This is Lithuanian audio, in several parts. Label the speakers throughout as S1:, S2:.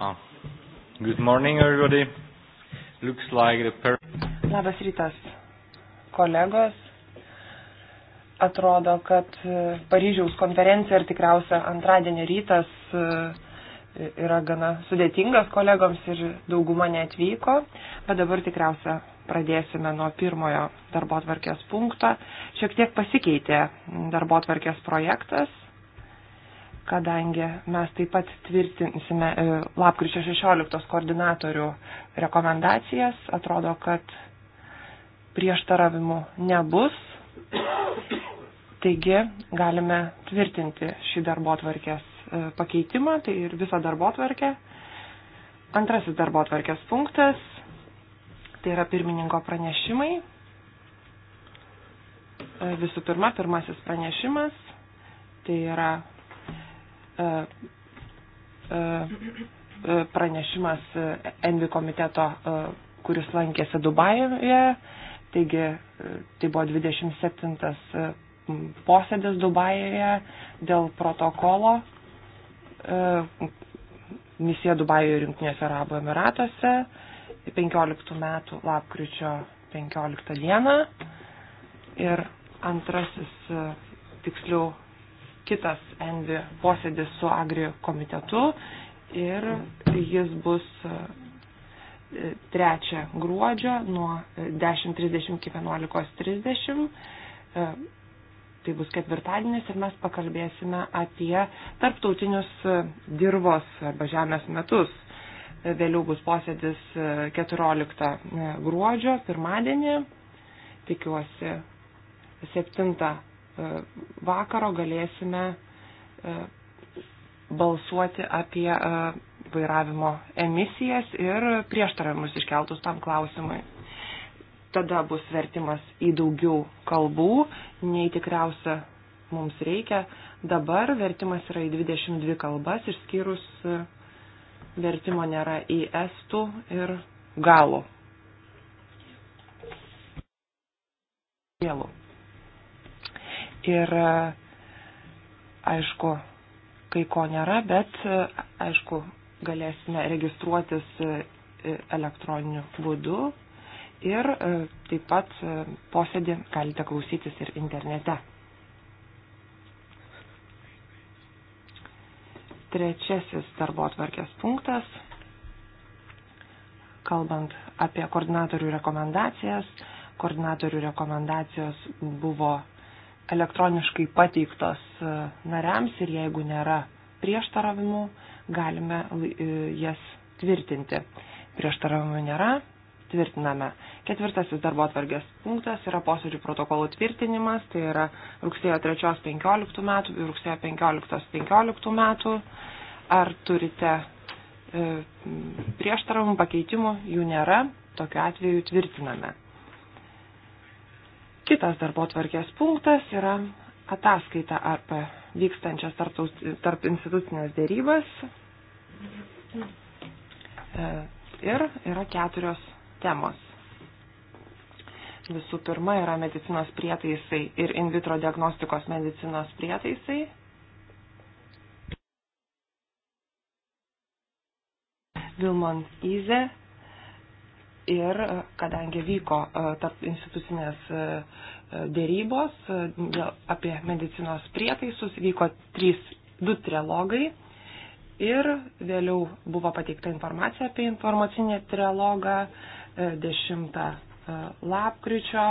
S1: Ah. Good morning, everybody.
S2: Looks like the per...
S3: Labas rytas, kolegos. Atrodo, kad e, Paryžiaus konferencija ir tikriausia antradienio rytas e, yra gana sudėtingas kolegoms ir dauguma neatvyko, bet dabar tikriausia pradėsime nuo pirmojo darbo tvarkės punkto. Šiek tiek pasikeitė darbo tvarkės projektas kadangi mes taip pat tvirtinsime e, lapkričio 16 koordinatorių rekomendacijas. Atrodo, kad prieštaravimų nebus. Taigi galime tvirtinti šį darbo tvarkės e, pakeitimą, tai ir visą darbo tvarkę. Antrasis darbo tvarkės punktas, tai yra pirmininko pranešimai. E, visų pirma, pirmasis pranešimas, tai yra E, e, e, pranešimas Envi komiteto, kuris lankėsi Dubajuje. Taigi tai buvo 27 posėdis Dubajuje dėl protokolo misija Dubajoje ir Junktinėse Arabų Emiratuose 15 metų lapkričio 15 dieną. Ir antrasis, tiksliau, kitas Envi posėdis su Agri komitetu ir jis bus 3 e, gruodžio nuo 10.30 e, iki 11.30. E, tai bus ketvirtadienis ir mes pakalbėsime apie tarptautinius dirbos arba žemės metus. Vėliau bus posėdis 14 gruodžio, pirmadienį, tikiuosi 7 E, vakaro galėsime e, balsuoti apie e, vairavimo emisijas ir prieštaravimus iškeltus tam klausimui. Tada bus vertimas į daugiau kalbų, nei tikriausia mums reikia. Dabar vertimas yra į 22 kalbas, išskyrus vertimo nėra į estų ir galų. Mielų. Ir aišku, kai ko nėra, bet aišku, galėsime registruotis e, elektroniniu būdu ir e, taip pat e, posėdį galite klausytis ir internete. Trečiasis darbo atvarkės punktas, kalbant apie koordinatorių rekomendacijas, koordinatorių rekomendacijos buvo elektroniškai pateiktos e, nariams ir jeigu nėra prieštaravimų, galime e, jas tvirtinti. Prieštaravimų nėra, tvirtiname. Ketvirtasis darbo atvargės punktas yra posėdžių protokolų tvirtinimas, tai yra rugsėjo 3.15 metų ir rugsėjo 15.15 metų. Ar turite e, prieštaravimų, pakeitimų, jų nėra, tokiu atveju tvirtiname. Kitas darbo tvarkės punktas yra ataskaita apie vykstančias tarp institucinės dėrybas. E, ir yra keturios temos. Visų pirma yra medicinos prietaisai ir in vitro diagnostikos medicinos prietaisai. Vilmon Ize Ir e, kadangi vyko e, tarp institucinės e, dėrybos apie medicinos prietaisus, vyko trys, du trilogai ir vėliau buvo pateikta informacija apie informacinį trilogą 10 lapkričio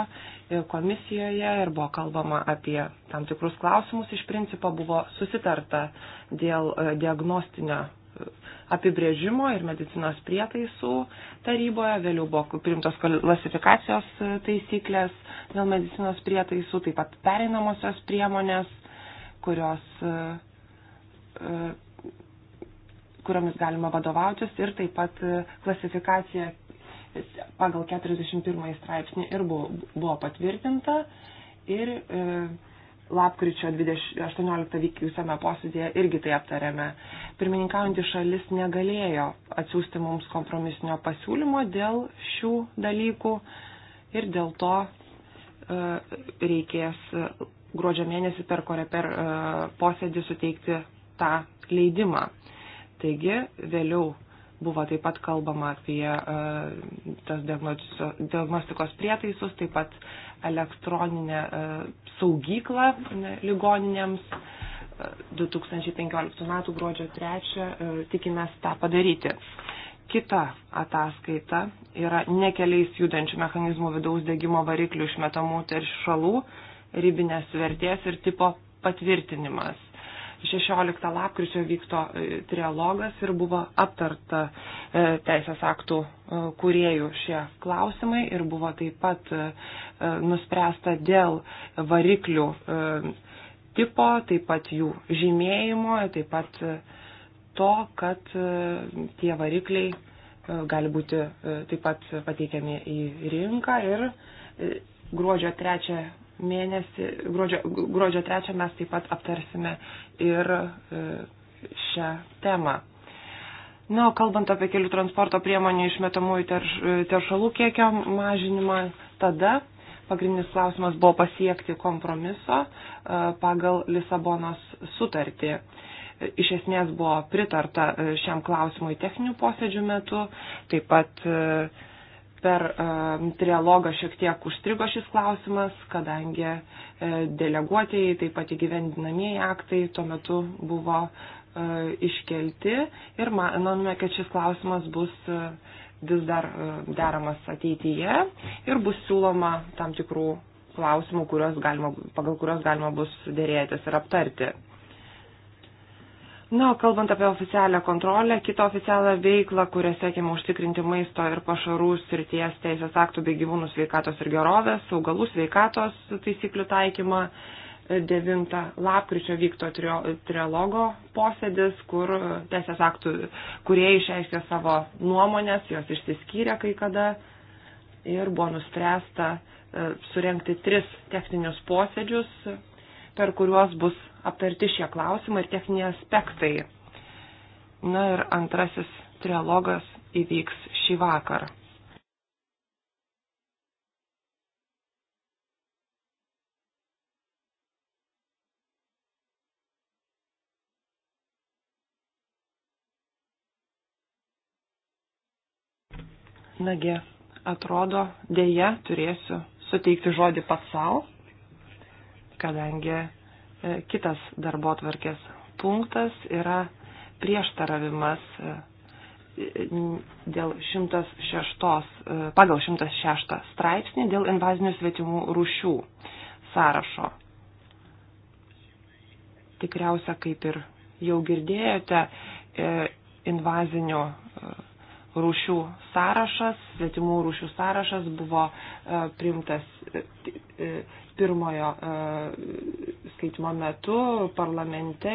S3: komisijoje ir buvo kalbama apie tam tikrus klausimus. Iš principo buvo susitarta dėl diagnostinio apibrėžimo ir medicinos prietaisų taryboje, vėliau buvo priimtos klasifikacijos e, taisyklės dėl medicinos prietaisų, taip pat pereinamosios priemonės, kurios, e, e, kuriomis galima vadovautis ir taip pat klasifikacija pagal 41 straipsnį ir buvo, buvo patvirtinta ir e, lapkričio 18 vykusiame posėdėje irgi tai aptarėme. Pirmininkaujantį šalis negalėjo atsiųsti mums kompromisinio pasiūlymo dėl šių dalykų ir dėl to e, reikės gruodžio mėnesį per koreper e, posėdį suteikti tą leidimą. Taigi vėliau Buvo taip pat kalbama apie e, tas diagnostikos prietaisus, taip pat elektroninę e, saugyklą ligoninėms. 2015 e, m. gruodžio 3 tikimės tą padaryti kita ataskaita yra nekeliais judančių mechanizmų vidaus degimo variklių išmetamų teršalų, ribinės vertės ir tipo patvirtinimas. 16 lapkričio vykto e, trialogas ir buvo aptarta e, teisės aktų e, kuriejų šie klausimai ir buvo taip pat nuspręsta dėl variklių tipo, taip pat jų žymėjimo, taip pat to, kad tie varikliai gali būti taip pat pateikiami į rinką ir gruodžio 3 mėnesį, gruodžio, gruodžio 3 mes taip pat aptarsime ir e, šią temą. Na, o kalbant apie kelių transporto priemonių išmetamųjų terš, teršalų kiekio mažinimą, tada pagrindinis klausimas buvo pasiekti kompromiso e, pagal Lisabonos sutartį. Iš esmės buvo pritarta e, šiam klausimui techninių posėdžių metu, taip pat Per um, trialogą šiek tiek užstrigo šis klausimas, kadangi e, deleguotieji, taip pat įgyvendinamieji aktai tuo metu buvo e, iškelti ir manome, kad šis klausimas bus e, vis dar e, deramas ateityje ir bus siūloma tam tikrų klausimų, kurios galima, pagal kurios galima bus dėrėtis ir aptarti. Na, kalbant apie oficialią kontrolę, kitą oficialią veiklą, kurią siekiama užtikrinti maisto ir pašarų srities teisės aktų bei gyvūnų sveikatos ir gerovės, augalų sveikatos taisyklių taikymą. 9 e, lapkričio vykto trilogo posėdis, kur e, teisės aktų, kurie išreiškė savo nuomonės, jos išsiskyrė kai kada ir buvo nuspręsta e, surenkti tris techninius posėdžius per kuriuos bus aptarti šie klausimai ir techniniai aspektai. Na ir antrasis trialogas įvyks šį vakarą. Nagi, atrodo, dėja turėsiu suteikti žodį pats savo kadangi e, kitas darbo atvarkės punktas yra prieštaravimas e, dėl 106, e, pagal 106 straipsnį dėl invazinių svetimų rūšių sąrašo. Tikriausia, kaip ir jau girdėjote, invazinių rūšių sąrašas, svetimų rūšių sąrašas buvo e, priimtas e, e, pirmojo skaitimo metu parlamente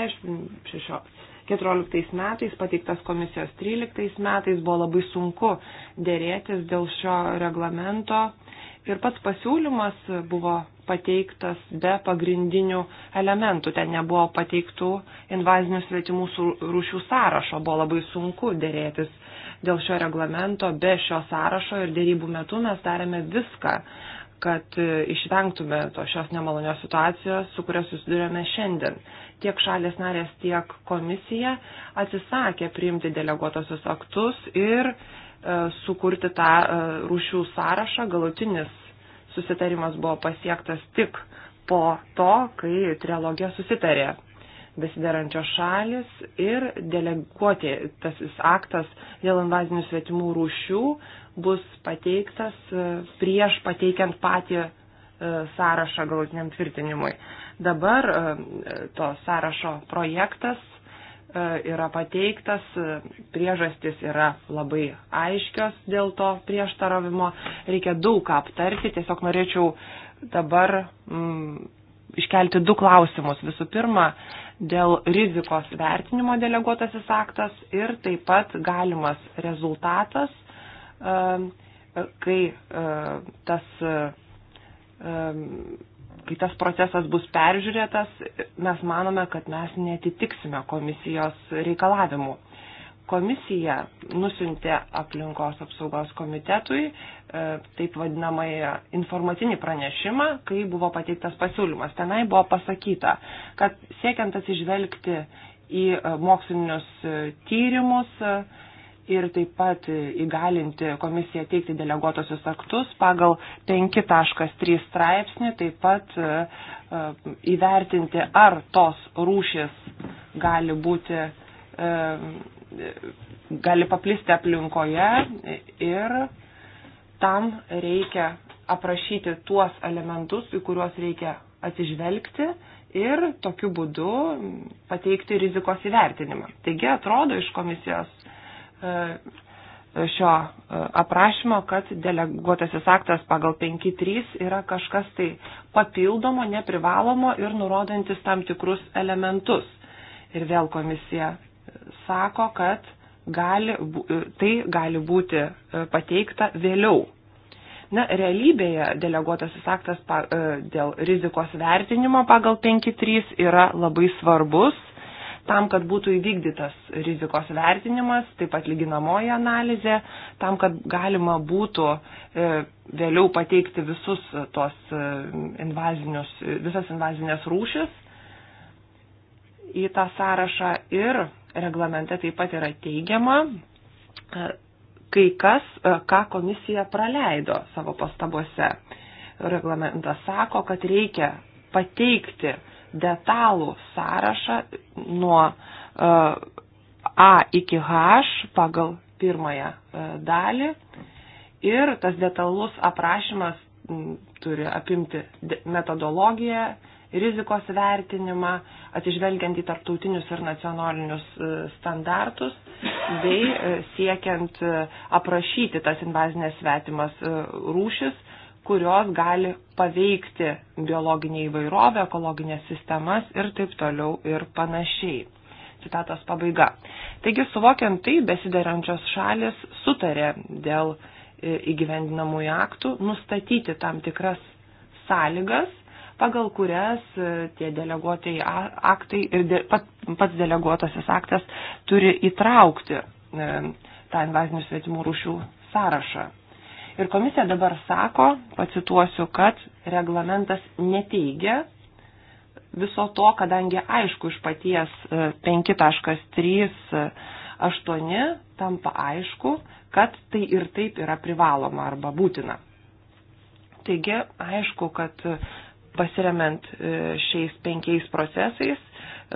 S3: 14 metais, pateiktas komisijos 13 metais, buvo labai sunku dėrėtis dėl šio reglamento ir pats pasiūlymas buvo pateiktas be pagrindinių elementų. Ten nebuvo pateiktų invazinių svetimų rūšių sąrašo, buvo labai sunku dėrėtis dėl šio reglamento, be šio sąrašo ir dėrybų metu mes darėme viską, kad e, išvengtume to šios nemalonios situacijos, su kuria susidurėme šiandien. Tiek šalės narės, tiek komisija atsisakė priimti deleguotosius aktus ir e, sukurti tą e, rūšių sąrašą. Galutinis susitarimas buvo pasiektas tik po to, kai trilogija susitarė besidarančios šalis ir deleguoti tasis aktas dėl invazinių svetimų rūšių bus pateiktas e, prieš pateikiant patį e, sąrašą galutiniam tvirtinimui. Dabar e, to sąrašo projektas yra pateiktas, priežastis yra labai aiškios dėl to prieštaravimo, reikia daug ką aptarti, tiesiog norėčiau dabar mm, iškelti du klausimus. Visų pirma, dėl rizikos vertinimo deleguotasis aktas ir taip pat galimas rezultatas, e, kai e, tas, e, kai tas procesas bus peržiūrėtas, mes manome, kad mes netitiksime komisijos reikalavimų. Komisija nusintė aplinkos apsaugos komitetui e, taip vadinamai informacinį pranešimą, kai buvo pateiktas pasiūlymas. Tenai buvo pasakyta, kad siekiant atsižvelgti į e, mokslinius e, tyrimus ir taip pat įgalinti komisiją teikti deleguotosius aktus pagal 5.3 straipsnį, taip pat įvertinti, ar tos rūšis gali būti gali paplisti aplinkoje ir tam reikia aprašyti tuos elementus, į kuriuos reikia atsižvelgti ir tokiu būdu pateikti rizikos įvertinimą. Taigi atrodo iš komisijos e, šio e, aprašymo, kad deleguotasis aktas pagal 5.3 yra kažkas tai papildomo, neprivalomo ir nurodantis tam tikrus elementus. Ir vėl komisija sako, kad gali, tai gali būti e, pateikta vėliau. Na, realybėje deleguotasis aktas pa, e, dėl rizikos vertinimo pagal 5.3 yra labai svarbus tam, kad būtų įvykdytas rizikos vertinimas, taip pat lyginamoji analizė, tam, kad galima būtų e, vėliau pateikti visus tos e, invazinius, visas invazinės rūšis į tą sąrašą ir reglamente taip pat yra teigiama e, kai kas, e, ką komisija praleido savo pastabuose. Reglamentas sako, kad reikia pateikti detalų sąrašą nuo e, A iki H pagal pirmąją dalį ir tas detalus aprašymas turi apimti metodologiją, rizikos vertinimą, atsižvelgiant į tarptautinius ir nacionalinius e, standartus, bei e, siekiant e, aprašyti tas invazinės svetimas rūšis, kurios gali paveikti biologinį įvairovę, ekologinės sistemas ir taip toliau ir panašiai. Citatos pabaiga. Taigi, suvokiant tai, besiderančios šalis sutarė dėl įgyvendinamųjų aktų nustatyti tam tikras sąlygas pagal kurias e, tie deleguotojai aktai ir de, pat, pats deleguotasis aktas turi įtraukti e, tą invazinių svetimų rūšių sąrašą. Ir komisija dabar sako, pacituosiu, kad reglamentas neteigia viso to, kadangi aišku iš paties 5.3 e, 8 tampa aišku, kad tai ir taip yra privaloma arba būtina. Taigi aišku, kad pasiremiant e, šiais penkiais procesais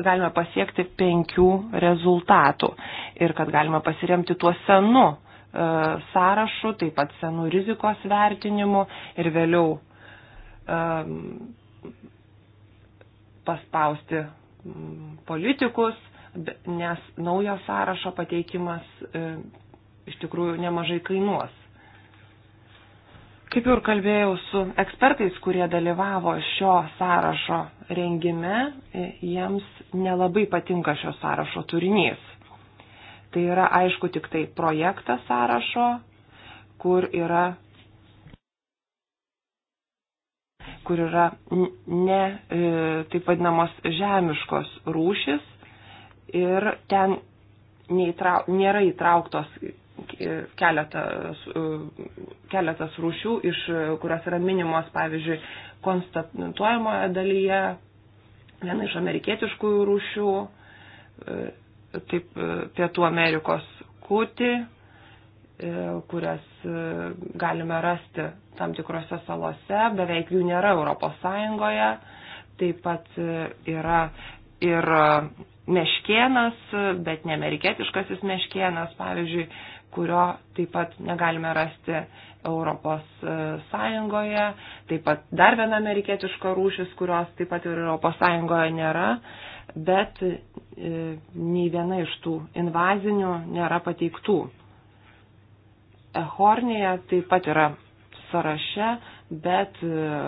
S3: galime pasiekti penkių rezultatų ir kad galima pasiremti tuo senu e, sąrašu, taip pat senų rizikos vertinimu ir vėliau e, paspausti politikus, nes naujo sąrašo pateikimas iš tikrųjų nemažai kainuos. Kaip jau ir kalbėjau su ekspertais, kurie dalyvavo šio sąrašo rengime, e, jiems nelabai patinka šio sąrašo turinys. Tai yra aišku tik tai projektas sąrašo, kur yra, kur yra ne e, taip vadinamos žemiškos rūšis ir ten neįtrau, nėra įtrauktos keletas, keletas rūšių, iš kurios yra minimos, pavyzdžiui, konstatuojamoje dalyje, viena iš amerikietiškų rūšių, e, taip e, Pietų Amerikos kūti, e, kurias galime rasti tam tikrose salose, beveik jų nėra Europos Sąjungoje, taip pat yra ir meškienas, bet ne amerikietiškasis meškienas, pavyzdžiui, kurio taip pat negalime rasti Europos e, Sąjungoje, taip pat dar viena amerikietiška rūšis, kurios taip pat ir Europos Sąjungoje nėra, bet e, nei viena iš tų invazinių nėra pateiktų. Ehornija taip pat yra sąraše, bet e,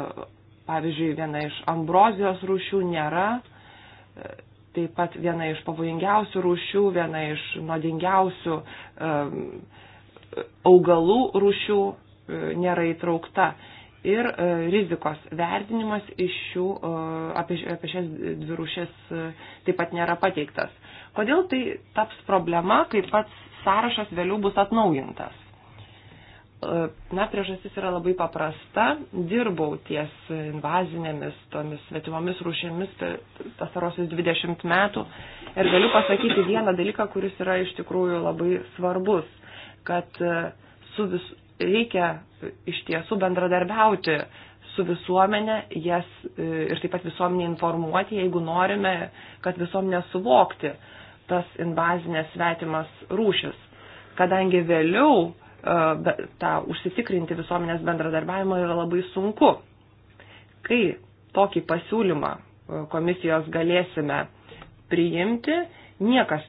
S3: pavyzdžiui viena iš ambrozijos rūšių nėra. E, taip pat viena iš pavojingiausių rūšių, viena iš nuodingiausių augalų rūšių e, nėra įtraukta. Ir e, rizikos vertinimas iš šių, e, apie, apie šias dvi rūšis taip pat nėra pateiktas. Kodėl tai taps problema, kai pats sąrašas vėliau bus atnaujintas? E, na, priežastis yra labai paprasta. Dirbau ties invazinėmis, tomis svetimomis rūšėmis pasarosius 20 metų ir galiu pasakyti vieną dalyką, kuris yra iš tikrųjų labai svarbus, kad e, su vis, reikia iš tiesų bendradarbiauti su visuomenė, jas e, ir taip pat visuomenė informuoti, jeigu norime, kad visuomenė suvokti tas invazinės svetimas rūšis. Kadangi vėliau E, tą užsitikrinti visuomenės bendradarbiavimą yra labai sunku. Kai tokį pasiūlymą e, komisijos galėsime priimti, niekas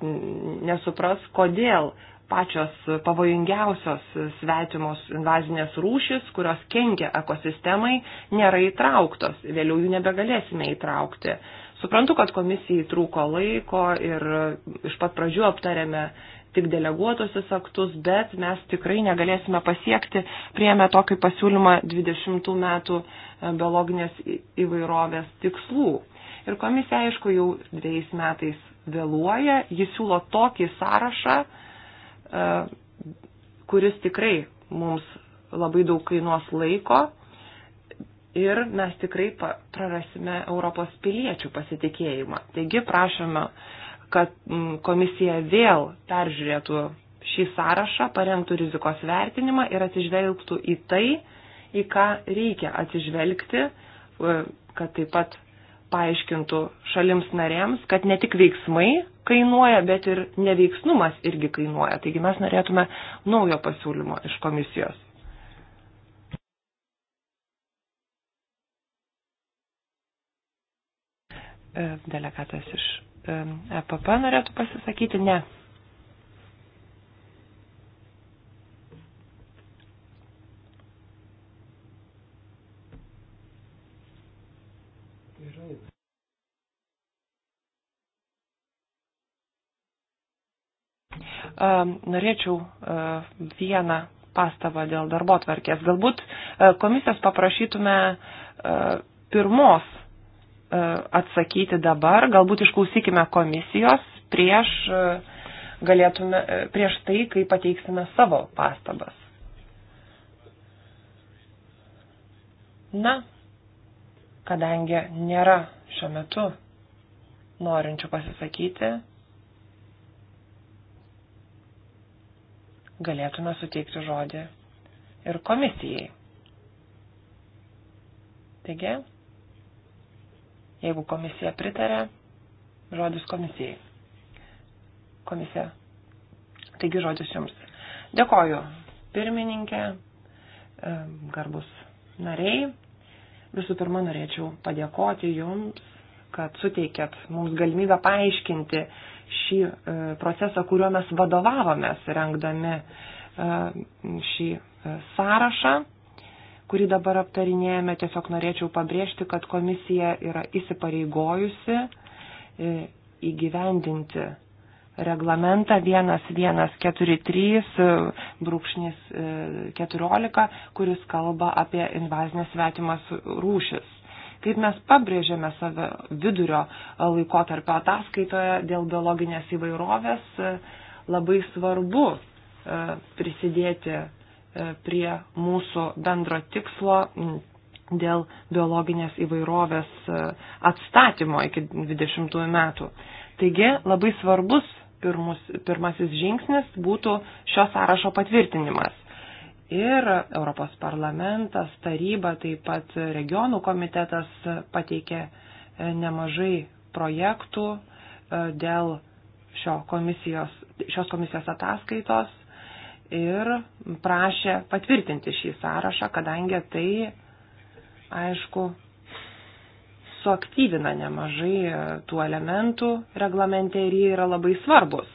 S3: nesupras, kodėl pačios pavojingiausios svetimos invazinės rūšis, kurios kenkia ekosistemai, nėra įtrauktos. Vėliau jų nebegalėsime įtraukti. Suprantu, kad komisijai trūko laiko ir iš pat pradžių aptarėme uh, tik deleguotosius aktus, bet mes tikrai negalėsime pasiekti, prieėmė tokį pasiūlymą 20 metų e, biologinės įvairovės tikslų. Ir komisija, aišku, jau dviejais metais vėluoja, jis siūlo tokį sąrašą, e, kuris tikrai mums labai daug kainuos laiko ir mes tikrai prarasime Europos piliečių pasitikėjimą. Taigi prašome kad mm, komisija vėl peržiūrėtų šį sąrašą, parengtų rizikos vertinimą ir atsižvelgtų į tai, į ką reikia atsižvelgti, e, kad taip pat paaiškintų šalims narėms, kad ne tik veiksmai kainuoja, bet ir neveiksnumas irgi kainuoja. Taigi mes norėtume naujo pasiūlymo iš komisijos. E, delegatas iš EPP e norėtų pasisakyti? Ne. E, norėčiau vieną pastabą dėl darbo tvarkės. Galbūt komisijos paprašytume pirmos E, atsakyti dabar. Galbūt išklausykime komisijos prieš, e, galėtume, e, prieš tai, kai pateiksime savo pastabas. Na, kadangi nėra šiuo metu norinčių pasisakyti, galėtume suteikti žodį ir komisijai. Taigi, Jeigu komisija pritarė, žodis komisijai. Komisija. Taigi žodis jums. Dėkoju pirmininkė, e, garbus nariai. Visų pirma, norėčiau padėkoti jums, kad suteikėt mums galimybę paaiškinti šį e, procesą, kuriuo mes vadovavomės, rengdami e, šį sąrašą kurį dabar aptarinėjame, tiesiog norėčiau pabrėžti, kad komisija yra įsipareigojusi e, įgyvendinti reglamentą 1143-14, e, e, kuris kalba apie invazinės svetimas rūšis. Kaip mes pabrėžėme save vidurio laikotarpio ataskaitoje dėl biologinės įvairovės, labai svarbu prisidėti E, prie mūsų bendro tikslo dėl biologinės įvairovės e, atstatymo iki 20 metų. Taigi labai svarbus pirmus, pirmasis žingsnis būtų šio sąrašo patvirtinimas. Ir Europos parlamentas, taryba, taip pat regionų komitetas pateikė e, nemažai projektų dėl šio komisijos, šios komisijos ataskaitos ir prašė patvirtinti šį sąrašą, kadangi tai, aišku, suaktyvina nemažai tų elementų reglamente ir jie yra labai svarbus,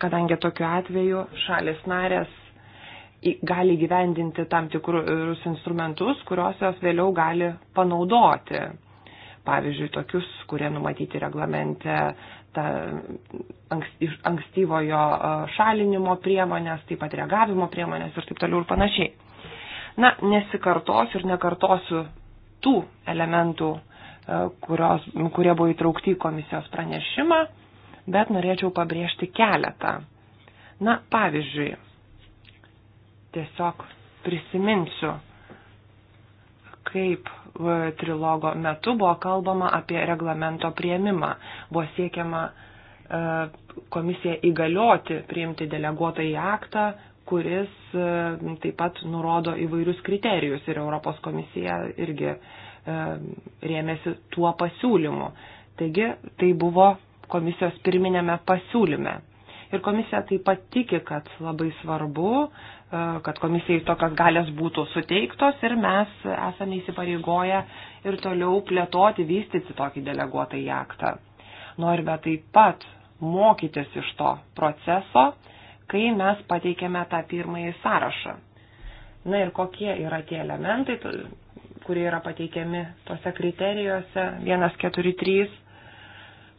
S3: kadangi tokiu atveju šalis narės gali gyvendinti tam tikrus instrumentus, kuriuos jos vėliau gali panaudoti. Pavyzdžiui, tokius, kurie numatyti reglamente ta ankstyvojo šalinimo priemonės, taip pat reagavimo priemonės ir taip toliau ir panašiai. Na, nesikartosiu ir nekartosiu tų elementų, kurios, kurie buvo įtraukti į komisijos pranešimą, bet norėčiau pabrėžti keletą. Na, pavyzdžiui, tiesiog prisiminsiu, kaip E, trilogo metu buvo kalbama apie reglamento prieimimą. Buvo siekiama e, komisiją įgalioti priimti deleguotą į aktą, kuris e, taip pat nurodo įvairius kriterijus ir Europos komisija irgi rėmėsi tuo pasiūlymu. Taigi tai buvo komisijos pirminėme pasiūlyme. Ir komisija taip pat tiki, kad labai svarbu E, kad komisijai tokios galės būtų suteiktos ir mes esame įsipareigoję ir toliau plėtoti, vystyti tokį deleguotą į aktą. Norime taip pat mokytis iš to proceso, kai mes pateikėme tą pirmąjį sąrašą. Na ir kokie yra tie elementai, kurie yra pateikiami tose kriterijuose 143,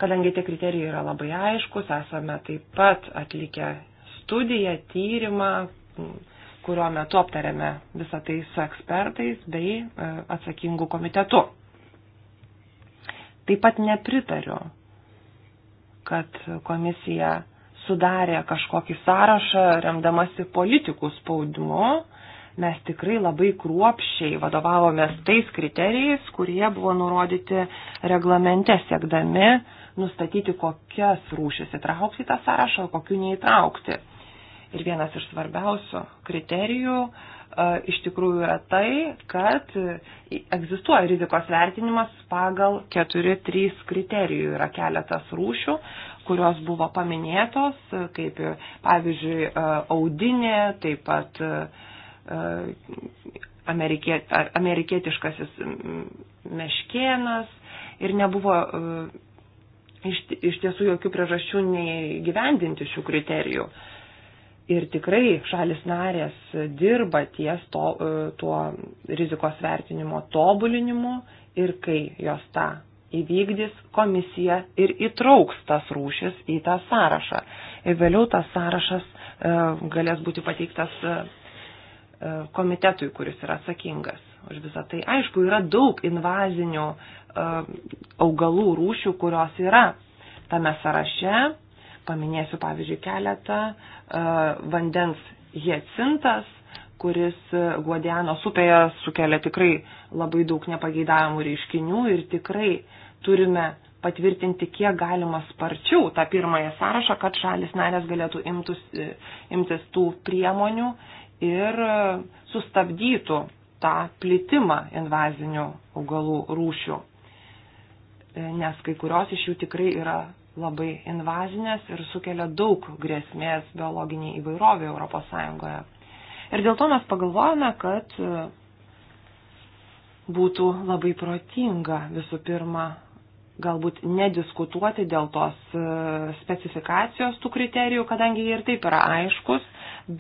S3: kadangi tie kriterijai yra labai aiškus, esame taip pat atlikę studiją, tyrimą, kurio metu aptarėme visą tai su ekspertais bei e, atsakingų komitetu. Taip pat nepritariu, kad komisija sudarė kažkokį sąrašą remdamasi politikų spaudimu. Mes tikrai labai kruopščiai vadovavomės tais kriterijais, kurie buvo nurodyti reglamente, siekdami nustatyti, kokias rūšis įtraukti į tą sąrašą, kokių neįtraukti. Ir vienas iš svarbiausių kriterijų e, iš tikrųjų yra tai, kad egzistuoja rizikos vertinimas pagal 4-3 kriterijų. Yra keletas rūšių, kurios buvo paminėtos, kaip pavyzdžiui e, audinė, taip pat e, amerikie, amerikietiškasis meškėnas ir nebuvo iš, iš tiesų jokių priežasčių nei gyvendinti šių kriterijų. Uh, Ir tikrai šalis narės dirba ties to, e, tuo rizikos vertinimo tobulinimu ir kai jos tą įvykdys, komisija ir įtrauks tas rūšis į tą sąrašą. Ir vėliau tas sąrašas e, galės būti pateiktas e, komitetui, kuris yra atsakingas už visą tai. Aišku, yra daug invazinių augalų rūšių, kurios yra tame sąraše Paminėsiu, pavyzdžiui, keletą e, vandens hiecintas, kuris e, Guadianos upėje sukelia tikrai labai daug nepageidavimų reiškinių ir tikrai turime patvirtinti kiek galima sparčiau tą pirmąją sąrašą, kad šalis narės galėtų imtus, e, imtis tų priemonių ir sustabdytų tą plitimą invazinių augalų rūšių, nes kai kurios iš jų tikrai yra labai invazinės ir sukelia daug grėsmės biologiniai įvairovė Europos Sąjungoje. Ir dėl to mes pagalvojame, kad e, būtų labai protinga visų pirma galbūt nediskutuoti dėl tos e, specifikacijos tų kriterijų, kadangi jie ir taip yra aiškus,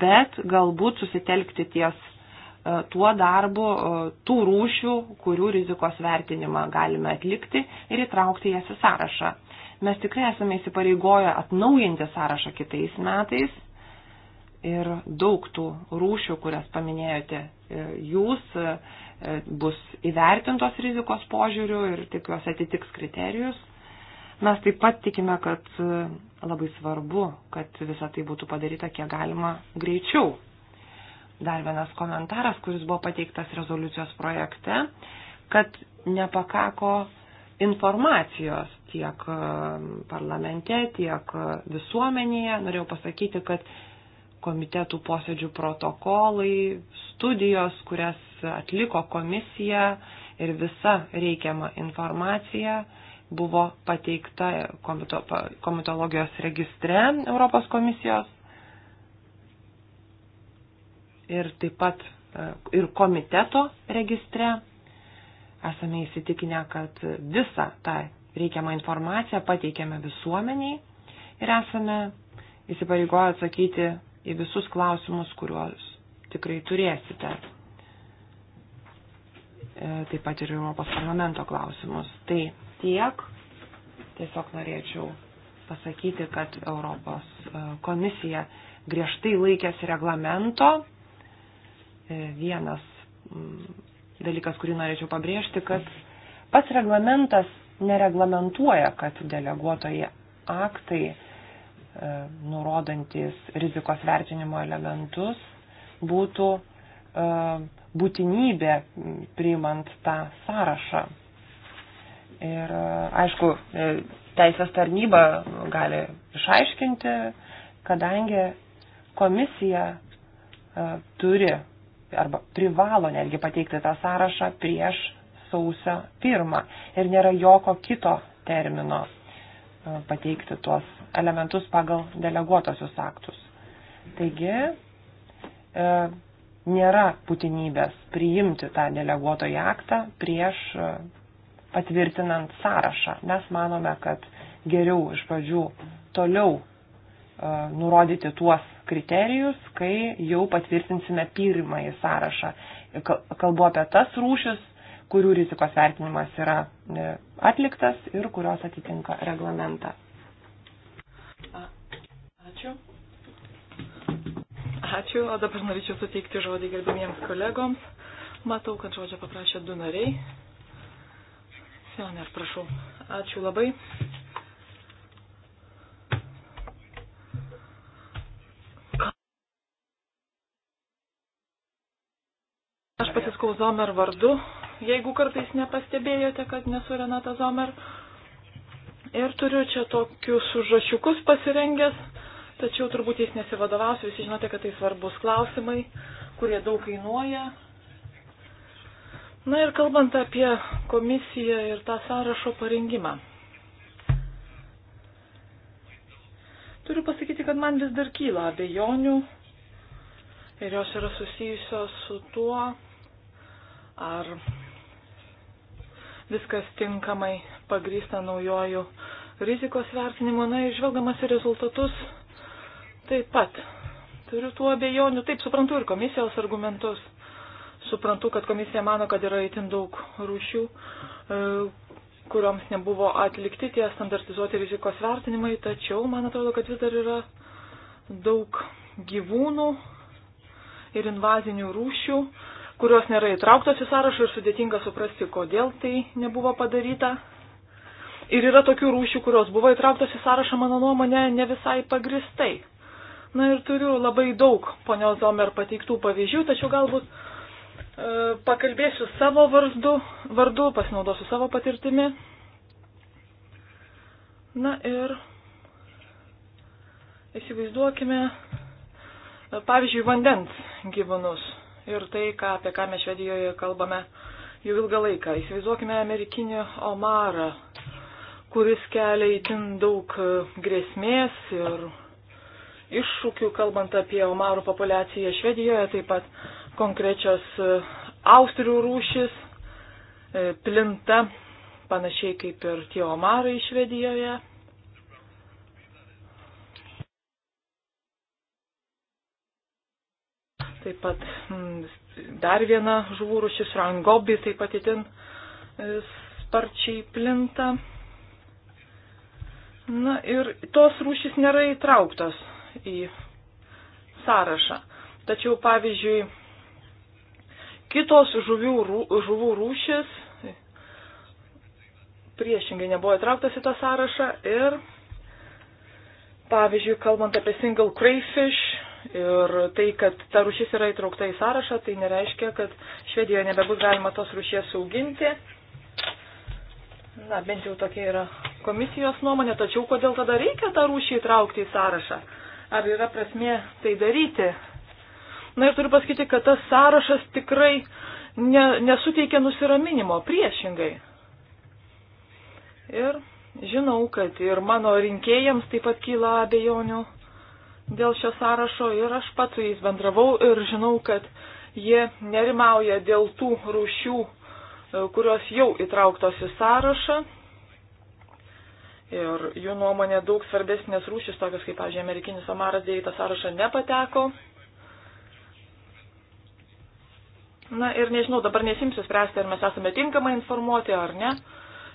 S3: bet galbūt susitelkti ties e, tuo darbu tų rūšių, kurių rizikos vertinimą galime atlikti ir įtraukti jas į sąrašą. Mes tikrai esame įsipareigoję atnaujinti sąrašą kitais metais ir daug tų rūšių, kurias paminėjote e, jūs, e, bus įvertintos rizikos požiūrių ir tik jos atitiks kriterijus. Mes taip pat tikime, kad e, labai svarbu, kad visa tai būtų padaryta kiek galima greičiau. Dar vienas komentaras, kuris buvo pateiktas rezoliucijos projekte, kad nepakako informacijos tiek e, parlamente, tiek e, visuomenėje. Norėjau pasakyti, kad komitetų posėdžių protokolai, studijos, kurias atliko komisija ir visa reikiama informacija buvo pateikta komito, komitologijos registre Europos komisijos. Ir taip pat e, ir komiteto registre Esame įsitikinę, kad visą tą reikiamą informaciją pateikėme visuomeniai ir esame įsipareigoję atsakyti į visus klausimus, kuriuos tikrai turėsite. E, taip pat ir Europos parlamento klausimus. Tai tiek. Tiesiog norėčiau pasakyti, kad Europos e, komisija griežtai laikėsi reglamento. E, vienas dalykas, kurį norėčiau pabrėžti, kad pats reglamentas nereglamentuoja, kad deleguotojai aktai, e, nurodantis rizikos vertinimo elementus, būtų e, būtinybė priimant tą sąrašą. Ir e, aišku, teisės tarnyba gali išaiškinti, kadangi komisija turi arba privalo netgi pateikti tą sąrašą prieš sausio pirmą ir nėra jokio kito termino e, pateikti tuos elementus pagal deleguotosius aktus. Taigi e, nėra būtinybės priimti tą deleguotojį aktą prieš e, patvirtinant sąrašą. Mes manome, kad geriau iš pradžių toliau e, nurodyti tuos kriterijus, kai jau patvirtinsime pirmąjį sąrašą. Kalbu apie tas rūšis, kurių rizikos vertinimas yra e, atliktas ir kurios atitinka reglamentą.
S4: Ačiū. Ačiū, o dabar norėčiau suteikti žodį gerbimiems kolegoms. Matau, kad žodžio paprašė du nariai. Sioner, prašau. Ačiū labai. Aš pasiskau Zomer vardu, jeigu kartais nepastebėjote, kad nesu Renata Zomer. Ir turiu čia tokius užrašiukus pasirengęs, tačiau turbūt jais nesivadovausiu, visi žinote, kad tai svarbus klausimai, kurie daug kainuoja. Na ir kalbant apie komisiją ir tą sąrašo parengimą. Turiu pasakyti, kad man vis dar kyla abejonių ir jos yra susijusios su tuo, ar viskas tinkamai pagrįsta naujojų rizikos vertinimu. Na, išvelgdamas į rezultatus, taip pat turiu tų abejonių. Taip, suprantu ir komisijos argumentus. Suprantu, kad komisija mano, kad yra itin daug rūšių, e, kurioms nebuvo atlikti tie standartizuoti rizikos vertinimai, tačiau man atrodo, kad vis dar yra daug gyvūnų ir invazinių rūšių, kurios nėra įtrauktos į sąrašą ir sudėtinga suprasti, kodėl tai nebuvo padaryta. Ir yra tokių rūšių, kurios buvo įtrauktos į sąrašą, mano nuomonė, ne visai pagristai. Na ir turiu labai daug ponios Zomer pateiktų pavyzdžių, tačiau galbūt e, pakalbėsiu savo vardu, vardu, pasinaudosiu savo patirtimi. Na ir įsivaizduokime, pavyzdžiui, vandens gyvūnus ir tai, ką, apie ką mes Švedijoje kalbame jau ilgą laiką. Įsivaizduokime amerikinį omarą, kuris kelia įtin daug e, grėsmės ir iššūkių, kalbant apie omarų populiaciją Švedijoje, taip pat konkrečios e, austrių rūšis e, plinta panašiai kaip ir tie omarai Švedijoje. Taip pat mm, dar viena žuvų rušis rangobi taip pat itin e, sparčiai plinta. Na ir tos rūšys nėra įtrauktos į sąrašą. Tačiau, pavyzdžiui, kitos žuvių, žuvų rūšis priešingai nebuvo įtrauktos į tą sąrašą ir, pavyzdžiui, kalbant apie single crayfish, Ir tai, kad ta rušis yra įtraukta į sąrašą, tai nereiškia, kad Švedijoje nebebus galima tos rušies auginti. Na, bent jau tokia yra komisijos nuomonė, tačiau kodėl tada reikia tą rūšį įtraukti į sąrašą? Ar yra prasmė tai daryti? Na ir turiu pasakyti, kad tas sąrašas tikrai ne, nesuteikia nusiraminimo, priešingai. Ir žinau, kad ir mano rinkėjams taip pat kyla abejonių dėl šio sąrašo ir aš pats su jais bendravau ir žinau, kad jie nerimauja dėl tų rūšių, e, kurios jau įtrauktos į sąrašą. Ir jų nuomonė daug svarbesnės rūšis, tokios kaip, pavyzdžiui, amerikinis amaras, dėja į tą sąrašą nepateko. Na ir nežinau, dabar nesimsiu spręsti, ar mes esame tinkamai informuoti ar ne.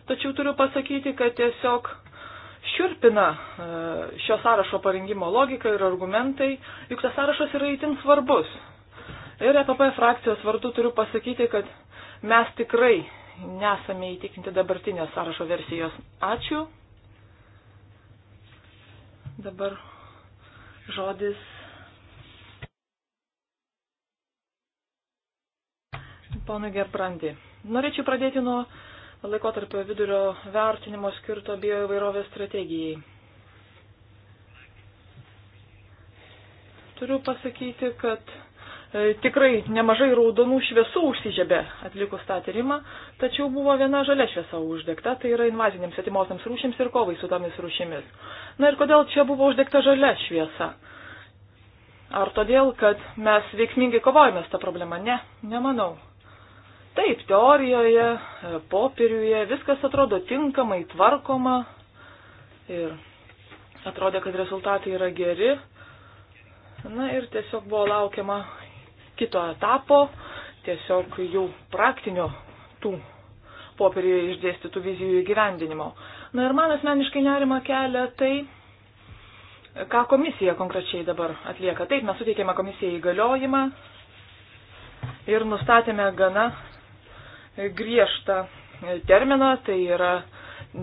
S4: Tačiau turiu pasakyti, kad tiesiog šiurpina e, šio sąrašo parengimo logika ir argumentai, juk tas sąrašas yra įtin svarbus. Ir EPP frakcijos vardu turiu pasakyti, kad mes tikrai nesame įtikinti dabartinės sąrašo versijos. Ačiū. Dabar žodis. Pana Gerbrandi. Norėčiau pradėti nuo laikotarpio vidurio vertinimo skirto bioįvairovės strategijai. Turiu pasakyti, kad e, tikrai nemažai raudonų šviesų užsižiebė atlikus tą tyrimą, tačiau buvo viena žalia šviesa uždegta, tai yra invazinėms atimosiams rūšims ir kovai su tomis rūšimis. Na ir kodėl čia buvo uždegta žalia šviesa? Ar todėl, kad mes veiksmingai kovojame su tą problemą? Ne, nemanau. Taip, teorijoje, e, popieriuje viskas atrodo tinkamai tvarkoma ir atrodė, kad rezultatai yra geri. Na ir tiesiog buvo laukiama kito etapo, tiesiog jau praktinio tų popieriuje išdėstytų vizijų įgyvendinimo. Na ir man asmeniškai nerima kelia tai, ką komisija konkrečiai dabar atlieka. Taip, mes suteikėme komisijai įgaliojimą ir nustatėme gana griežtą terminą, tai yra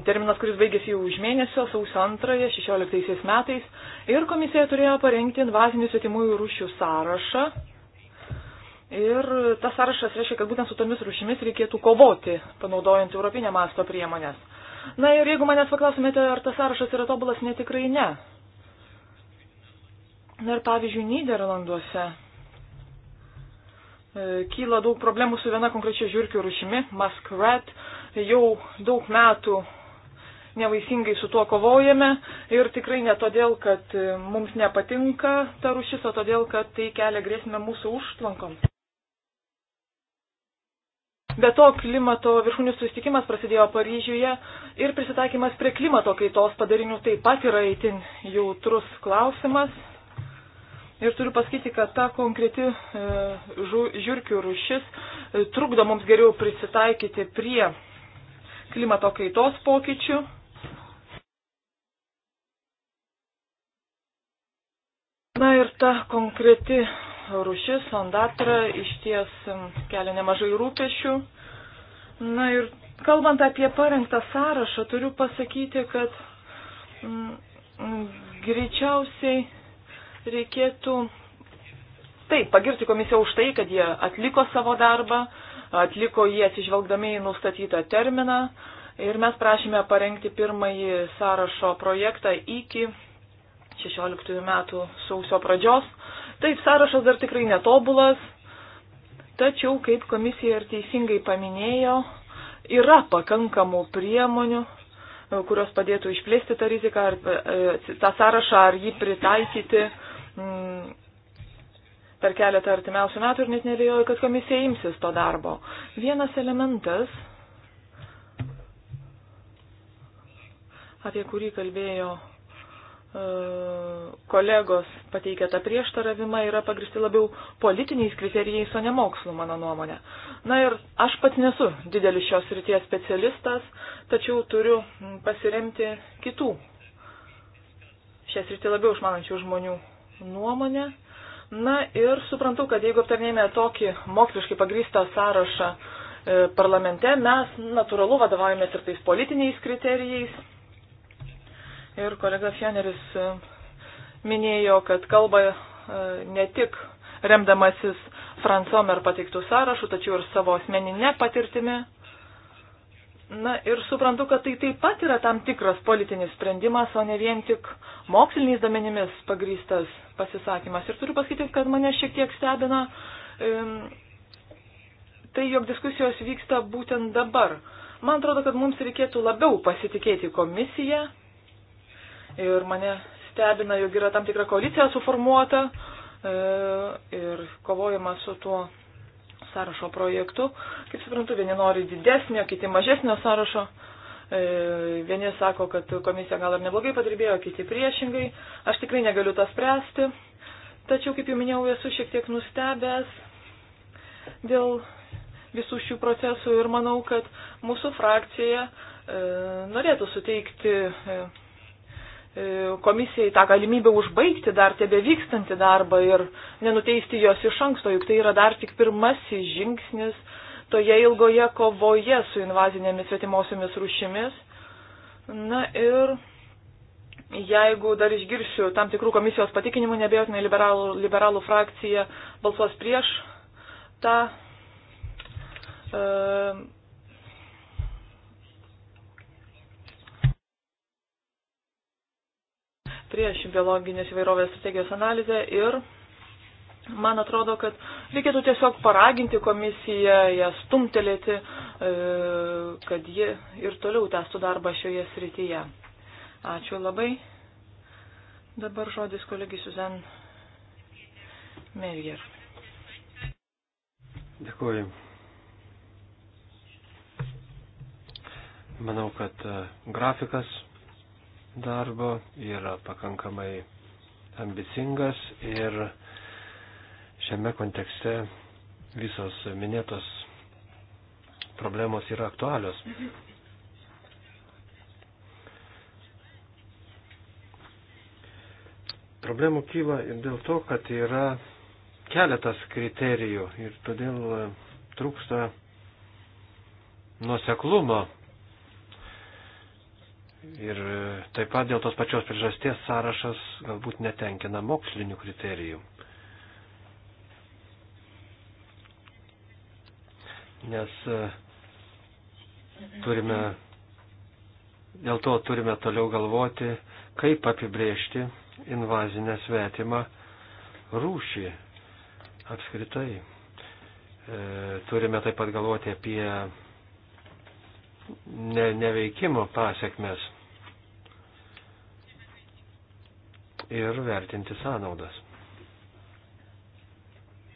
S4: terminas, kuris baigėsi jau už mėnesio, sausio 2, 16 metais, ir komisija turėjo parengti invazinių svetimųjų rūšių sąrašą. Ir tas sąrašas reiškia, kad būtent su tomis rūšimis reikėtų kovoti, panaudojant europinę masto priemonės. Na ir jeigu manęs paklausumėte, ar tas sąrašas yra tobulas, netikrai ne. Na ir pavyzdžiui, Niderlanduose E, kyla daug problemų su viena konkrečia žiūrkių rušimi, muskrat. Jau daug metų nevaisingai su tuo kovojame ir tikrai ne todėl, kad e, mums nepatinka ta rušis, o todėl, kad tai kelia grėsmę mūsų užtvankom. Be to, klimato viršūnių susitikimas prasidėjo Paryžiuje ir prisitaikymas prie klimato kaitos padarinių taip pat yra itin jautrus klausimas. Ir turiu pasakyti, kad ta konkreti e, žiūrkių rušis e, trukdo mums geriau prisitaikyti prie klimato kaitos pokyčių. Na ir ta konkreti rušis, sondatra, iš ties e, kelia nemažai rūpešių. Na ir kalbant apie parengtą sąrašą, turiu pasakyti, kad mm, greičiausiai reikėtų taip pagirti komisiją už tai, kad jie atliko savo darbą, atliko jį atsižvelgdami į nustatytą terminą ir mes prašėme parengti pirmąjį sąrašo projektą iki 16 metų sausio pradžios. Taip, sąrašas dar tikrai netobulas, tačiau, kaip komisija ir teisingai paminėjo, yra pakankamų priemonių, kurios padėtų išplėsti tą riziką, ar, e, e, tą sąrašą, ar jį pritaikyti m, mm, per keletą artimiausių metų ir net nebejoju, kad komisija imsis to darbo. Vienas elementas, apie kurį kalbėjo e, kolegos pateikė tą prieštaravimą yra pagristi labiau politiniais kriterijais, o ne mokslu, mano nuomonė. Na ir aš pats nesu didelis šios ryties specialistas, tačiau turiu pasiremti kitų šią sritį labiau išmanančių žmonių nuomonę. Na ir suprantu, kad jeigu aptarnėjame tokį moksliškai pagrįstą sąrašą e, parlamente, mes natūralu vadovaujamės ir tais politiniais kriterijais. Ir kolega Fioneris e, minėjo, kad kalba e, ne tik remdamasis Fransomer pateiktų sąrašų, tačiau ir savo asmeninę patirtimį. Na ir suprantu, kad tai taip pat yra tam tikras politinis sprendimas, o ne vien tik moksliniais domenimis pagrystas pasisakymas. Ir turiu pasakyti, kad mane šiek tiek stebina um, tai, jog diskusijos vyksta būtent dabar. Man atrodo, kad mums reikėtų labiau pasitikėti komisiją ir mane stebina, jog yra tam tikra koalicija suformuota e, ir kovojama su tuo sąrašo projektu. Kaip suprantu, vieni nori didesnio, kiti mažesnio sąrašo. E, vieni sako, kad komisija gal ir neblogai padirbėjo, kiti priešingai. Aš tikrai negaliu tą spręsti. Tačiau, kaip jau minėjau, esu šiek tiek nustebęs dėl visų šių procesų ir manau, kad mūsų frakcija e, norėtų suteikti. E, E, komisijai tą galimybę užbaigti dar tebe vykstantį darbą ir nenuteisti jos iš anksto, juk tai yra dar tik pirmasis žingsnis toje ilgoje kovoje su invazinėmis svetimosiomis rušimis. Na ir jeigu dar išgirsiu tam tikrų komisijos patikinimų, nebejotinai liberalų, liberalų frakcija balsuos prieš tą. E, prieš biologinės įvairovės strategijos analizę ir man atrodo, kad reikėtų tiesiog paraginti komisiją, ją stumtelėti, e, kad ji ir toliau tęstų darbą šioje srityje. Ačiū labai. Dabar žodis kolegi Suzan Merger.
S5: Dėkuoju. Manau, kad e, grafikas darbo yra pakankamai ambicingas ir šiame kontekste visos minėtos problemos yra aktualios. Problemų kyla ir dėl to, kad yra keletas kriterijų ir todėl trūksta nuoseklumo Ir e, taip pat dėl tos pačios priežasties sąrašas galbūt netenkina mokslinių kriterijų. Nes e, turime, dėl to turime toliau galvoti, kaip apibriežti invazinę svetimą rūšį apskritai. E, turime taip pat galvoti apie ne, neveikimo pasiekmes ir vertinti sąnaudas.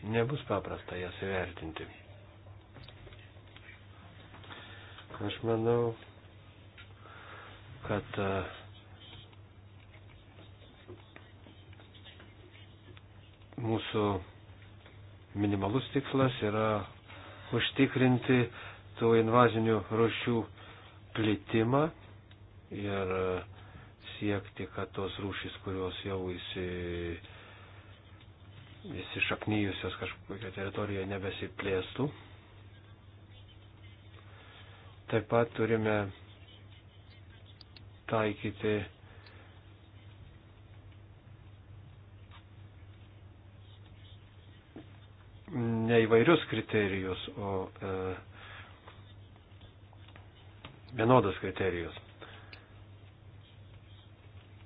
S5: Nebus paprasta jas įvertinti. Aš manau, kad e, mūsų minimalus tikslas yra užtikrinti tų invazinių rušių plitimą ir uh, siekti, kad tos rūšys, kurios jau įsi, įsišaknyjusios kažkokio teritorijoje nebesiplėstų. Taip pat turime taikyti ne įvairius kriterijus, o e, vienodas kriterijus.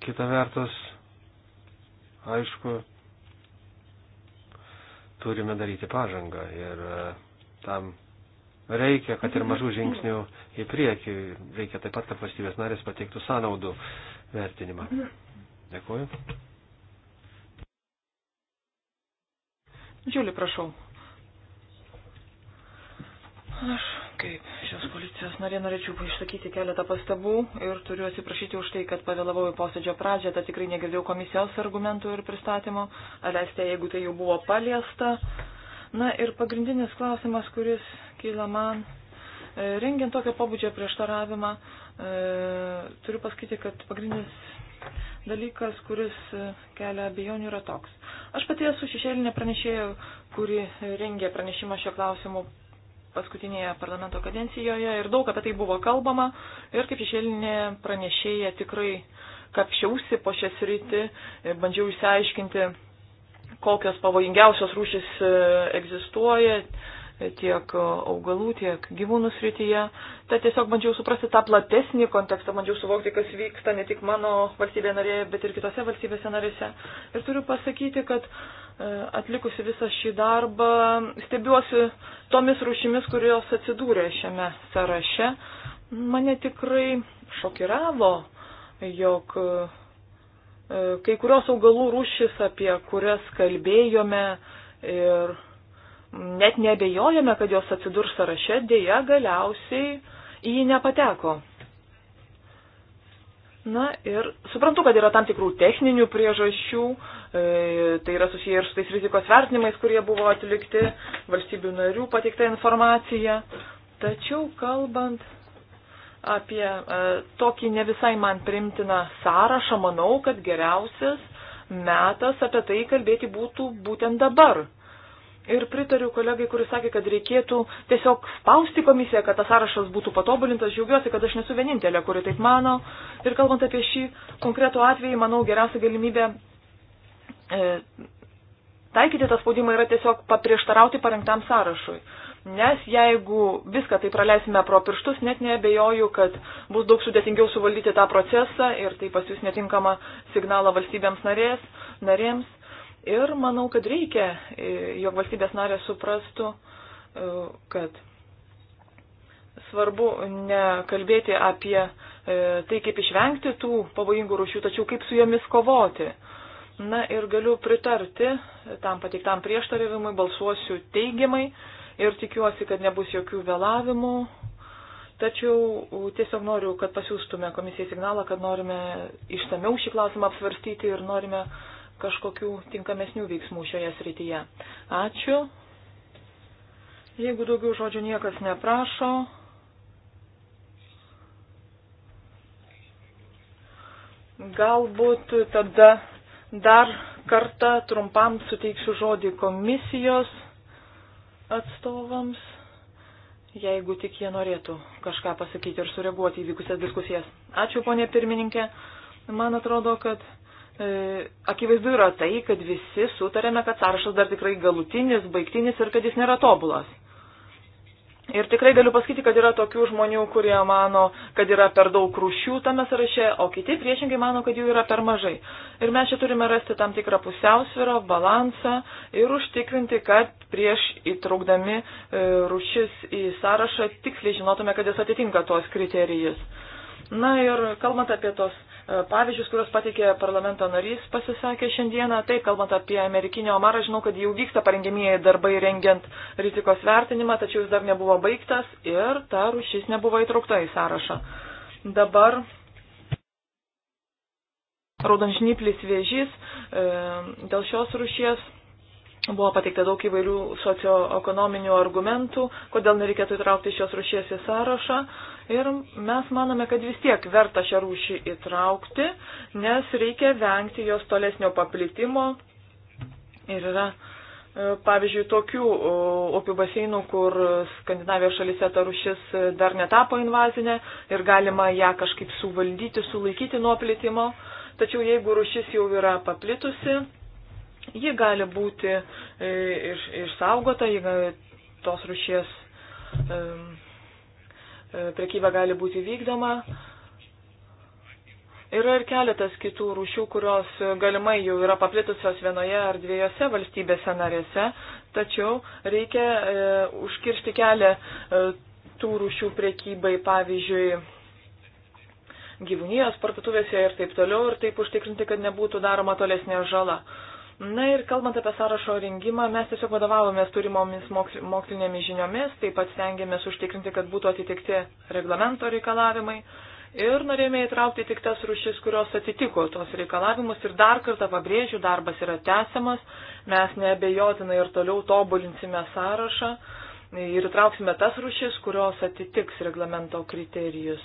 S5: Kita vertus, aišku, turime daryti pažangą ir e, tam reikia, kad ir mažų žingsnių į priekį, reikia taip pat, kad valstybės narės pateiktų sąnaudų vertinimą. Dėkuoju.
S4: Džiulį, prašau. Aš Kaip šios koalicijos narė norėčiau išsakyti keletą pastabų ir turiu atsiprašyti už tai, kad pavėlavau į posėdžio pradžią, tad tikrai negirdėjau komisijos argumentų ir pristatymo, alestė, jeigu tai jau buvo paliesta. Na ir pagrindinis klausimas, kuris kyla man, e, rengiant tokio pobūdžio prieštaravimą, e, turiu pasakyti, kad pagrindinis dalykas, kuris e, kelia abejonių, yra toks. Aš pati esu šešėlinė pranešėja, kuri rengė pranešimą šio klausimu paskutinėje parlamento kadencijoje ir daug apie tai buvo kalbama ir kaip išėlinė pranešėja tikrai kapšiausi po šią sritį, e, bandžiau išsiaiškinti, kokios pavojingiausios rūšis e, egzistuoja, tiek augalų, tiek gyvūnų srityje. Tad tiesiog bandžiau suprasti tą platesnį kontekstą, bandžiau suvokti, kas vyksta ne tik mano valstybėje narėje, bet ir kitose valstybėse narėse. Ir turiu pasakyti, kad e, atlikusi visą šį darbą, stebiuosi tomis rušimis, kurios atsidūrė šiame sąraše. Mane tikrai šokiravo, jog e, kai kurios augalų rušis, apie kurias kalbėjome ir net nebejojame, kad jos atsidurs sąraše, dėja galiausiai į jį nepateko. Na ir suprantu, kad yra tam tikrų techninių priežasčių, e, tai yra susiję ir su tais rizikos vertinimais, kurie buvo atlikti, valstybių narių pateikta informacija. Tačiau kalbant apie e, tokį ne visai man primtiną sąrašą, manau, kad geriausias metas apie tai kalbėti būtų būtent dabar. Ir pritariu kolegai, kuris sakė, kad reikėtų tiesiog spausti komisiją, kad tas sąrašas būtų patobulintas. Žiaugiuosi, kad aš nesu vienintelė, kuri taip mano. Ir kalbant apie šį konkretų atvejį, manau, geriausia galimybė e, taikyti tą spaudimą yra tiesiog paprieštarauti parengtam sąrašui. Nes jeigu viską tai praleisime pro pirštus, net nebejoju, kad bus daug sudėtingiau suvaldyti tą procesą ir tai pasiūs netinkamą signalą valstybėms narės, narėms. Ir manau, kad reikia, e, jog valstybės narė suprastų, e, kad svarbu ne kalbėti apie e, tai, kaip išvengti tų pavojingų rušių, tačiau kaip su jomis kovoti. Na ir galiu pritarti tam pateiktam prieštaravimui, balsuosiu teigiamai ir tikiuosi, kad nebus jokių vėlavimų. Tačiau tiesiog noriu, kad pasiūstume komisijai signalą, kad norime ištamiau šį klausimą apsvarstyti ir norime uh, kažkokių tinkamesnių veiksmų šioje srityje. Ačiū. Jeigu daugiau žodžių niekas neprašo, galbūt tada dar kartą trumpam suteiksiu žodį komisijos atstovams, jeigu tik jie norėtų kažką pasakyti ir sureaguoti į vykusias diskusijas. Ačiū, ponė pirmininkė. Man atrodo, kad E, akivaizdu yra tai, kad visi sutarėme, kad sąrašas dar tikrai galutinis, baigtinis ir kad jis nėra tobulas. Ir tikrai galiu pasakyti, kad yra tokių žmonių, kurie mano, kad yra per daug rūšių tame sąraše, o kiti priešingai mano, kad jų yra per mažai. Ir mes čia turime rasti tam tikrą pusiausvyrą, balansą ir užtikrinti, kad prieš įtraukdami e, rūšis į sąrašą tiksliai žinotume, kad jis atitinka tuos kriterijus. Na ir kalbant apie tos pavyzdžius, kuriuos pateikė parlamento narys, pasisakė šiandieną. Taip, kalbant apie amerikinį omarą, žinau, kad jau vyksta parengimieji darbai rengiant rizikos vertinimą, tačiau jis dar nebuvo baigtas ir ta rušis nebuvo įtraukta į sąrašą. Dabar raudonžnyplis vėžys e, dėl šios rušies buvo pateikta daug įvairių socioekonominių argumentų, kodėl nereikėtų įtraukti šios rušies į sąrašą. Ir mes manome, kad vis tiek verta šią rūšį įtraukti, nes reikia vengti jos tolesnio paplitimo. Ir yra, e, pavyzdžiui, tokių upių baseinų, kur Skandinavijos šalise ta rūšis dar netapo invazinė ir galima ją kažkaip suvaldyti, sulaikyti nuo plitimo. Tačiau jeigu rūšis jau yra paplitusi, ji gali būti e, iš, išsaugota, ji tos rūšies E, prekyba gali būti vykdoma. Yra ir keletas kitų rūšių, kurios galimai jau yra paplitusios vienoje ar dviejose valstybėse narėse, tačiau reikia e, užkirsti kelią e, tų rūšių prekybai, pavyzdžiui, gyvūnijos parduotuvėse ir taip toliau, ir taip užtikrinti, kad nebūtų daroma tolesnė žala. E, Na ir kalbant apie sąrašo rengimą, mes tiesiog vadovavomės turimomis mokslinėmis žiniomis, taip pat stengiamės užtikrinti, kad būtų atitikti reglamento reikalavimai ir norėjome įtraukti tik tas rušis, kurios atitiko tos reikalavimus ir dar kartą pabrėžiu, darbas yra tęsiamas, mes neabejotinai ir toliau tobulinsime sąrašą ir įtrauksime tas rušis, kurios atitiks reglamento kriterijus.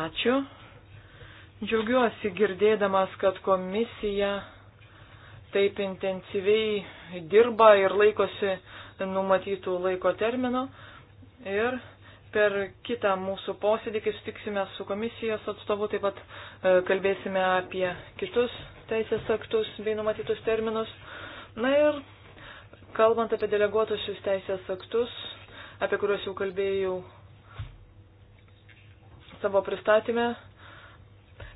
S4: Ačiū. Džiaugiuosi girdėdamas, kad komisija taip intensyviai dirba ir laikosi numatytų laiko termino. Ir per kitą mūsų posėdį, kai sutiksime su komisijos atstovu, taip pat e, kalbėsime apie kitus teisės aktus bei numatytus terminus. Na ir kalbant apie deleguotusius teisės aktus, apie kuriuos jau kalbėjau savo pristatymę,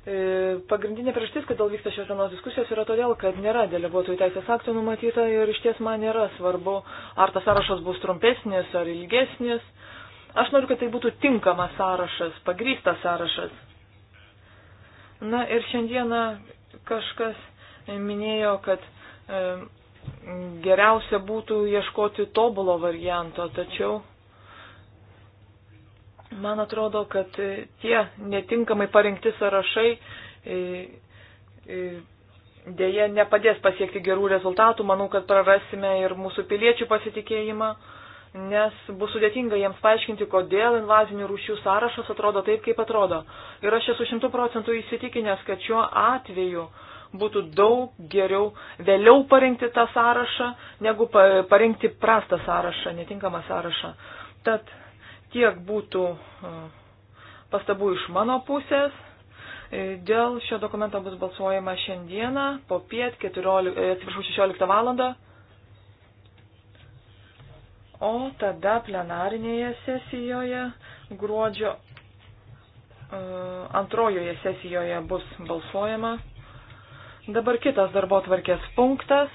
S4: E, pagrindinė priežastis, kodėl vyksta šios dienos diskusijos, yra todėl, kad nėra deleguotojų teisės aktų numatyta ir iš ties man nėra svarbu, ar tas sąrašas bus trumpesnis ar ilgesnis. Aš noriu, kad tai būtų tinkamas sąrašas, pagrystas sąrašas. Na ir šiandieną kažkas minėjo, kad e, geriausia būtų ieškoti tobulo varianto, tačiau Man atrodo, kad tie netinkamai parinkti sąrašai e, e, dėje nepadės pasiekti gerų rezultatų. Manau, kad prarasime ir mūsų piliečių pasitikėjimą, nes bus sudėtinga jiems paaiškinti, kodėl invazinių rūšių sąrašas atrodo taip, kaip atrodo. Ir aš esu šimtų procentų įsitikinęs, kad šiuo atveju būtų daug geriau vėliau parinkti tą sąrašą, negu parinkti prastą sąrašą, netinkamą sąrašą. Tad tiek būtų pastabų iš mano pusės. E, dėl šio dokumento bus balsuojama šiandieną, po piet, 14, atsiprašau, 16 valandą. O tada plenarinėje sesijoje gruodžio e, antrojoje sesijoje bus balsuojama. Dabar kitas darbo tvarkės punktas.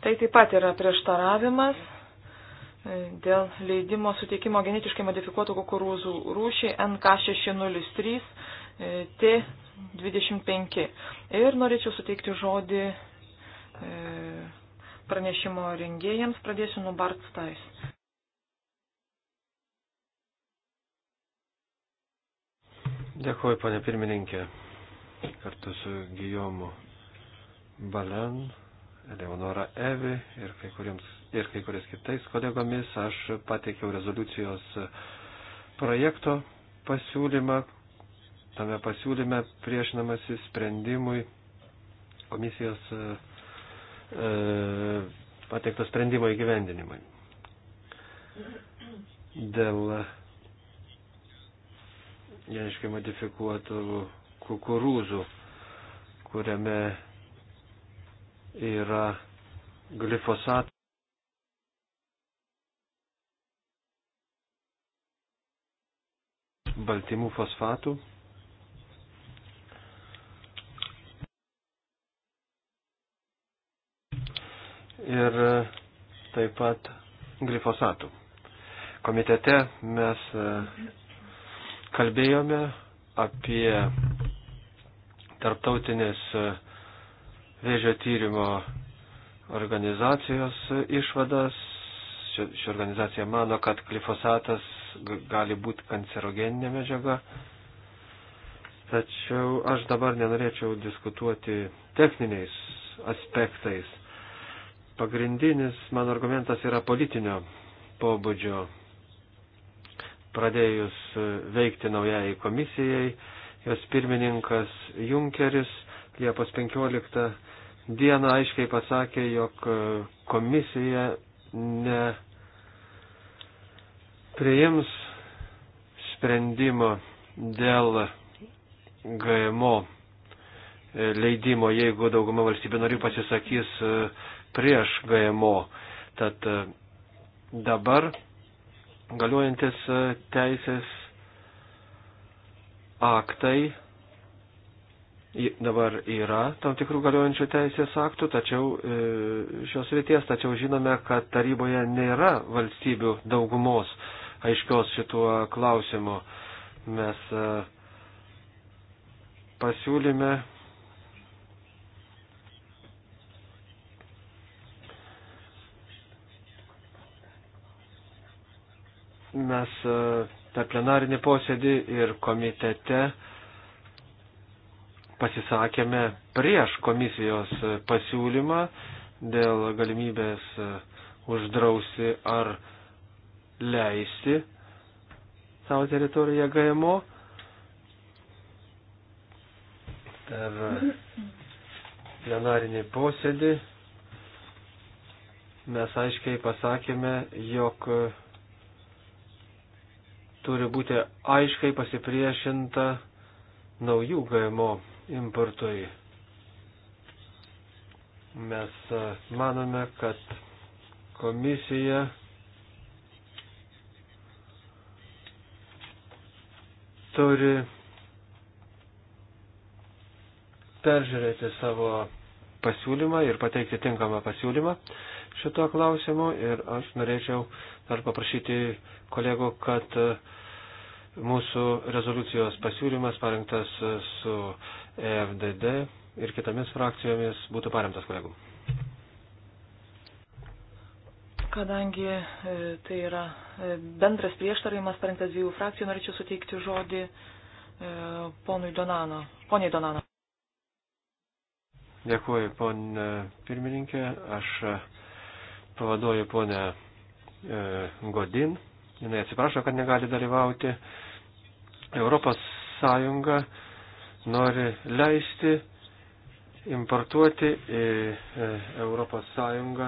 S4: Tai taip pat yra prieštaravimas dėl leidimo suteikimo genetiškai modifikuotų kukurūzų rūšiai e, NK603 T25. Ir norėčiau suteikti žodį e, pranešimo rengėjams. Pradėsiu nuo Bart Stais.
S5: Dėkuoju, ponė pirmininkė, kartu su Gijomu Balen Leonora Evi ir kai, kuriems, ir kai kuriais kitais kolegomis aš pateikiau rezoliucijos projekto pasiūlymą. Tame pasiūlyme priešinamasi sprendimui komisijos e, e pateikto sprendimo įgyvendinimui. Dėl geniškai modifikuotų kukurūzų, kuriame yra glifosat. baltymų fosfatų. Ir taip pat glifosatų. Komitete mes e, kalbėjome apie tarptautinės uh, vėžio tyrimo organizacijos išvadas. Ši, ši organizacija mano, kad glifosatas gali būti kancerogeninė medžiaga. Tačiau aš dabar nenorėčiau diskutuoti techniniais aspektais. Pagrindinis mano argumentas yra politinio pobūdžio. Pradėjus veikti naujai komisijai, jos pirmininkas Junkeris Liepos 15 dieną aiškiai pasakė, jog e, komisija ne priims sprendimo dėl GMO leidimo, jeigu dauguma valstybių narių pasisakys e, prieš GMO. Tad e, dabar galiuojantis teisės aktai dabar yra tam tikrų galiojančių teisės aktų, tačiau e, šios ryties, tačiau žinome, kad taryboje nėra valstybių daugumos aiškios šituo klausimu. Mes e, pasiūlyme mes per plenarinį posėdį ir komitete pasisakėme prieš komisijos pasiūlymą dėl galimybės uždrausi ar leisti savo teritoriją GMO. Per plenarinį posėdį mes aiškiai pasakėme, jog turi būti aiškiai pasipriešinta naujų GMO importui. Mes manome, kad komisija turi peržiūrėti savo pasiūlymą ir pateikti tinkamą pasiūlymą šituo klausimu ir aš norėčiau dar paprašyti kolegų, kad uh, Mūsų rezoliucijos pasiūlymas parengtas su EFDD ir kitomis frakcijomis būtų paremtas kolegų.
S4: Kadangi e, tai yra e, bendras prieštaravimas parengtas dviejų frakcijų, norėčiau suteikti žodį e, ponui Donano. Poniai Donano.
S5: Dėkuoju, ponė pirmininkė. Aš pavaduoju ponę Godin. Jis atsiprašo, kad negali dalyvauti Europos Sąjunga nori leisti importuoti į e, Europos Sąjungą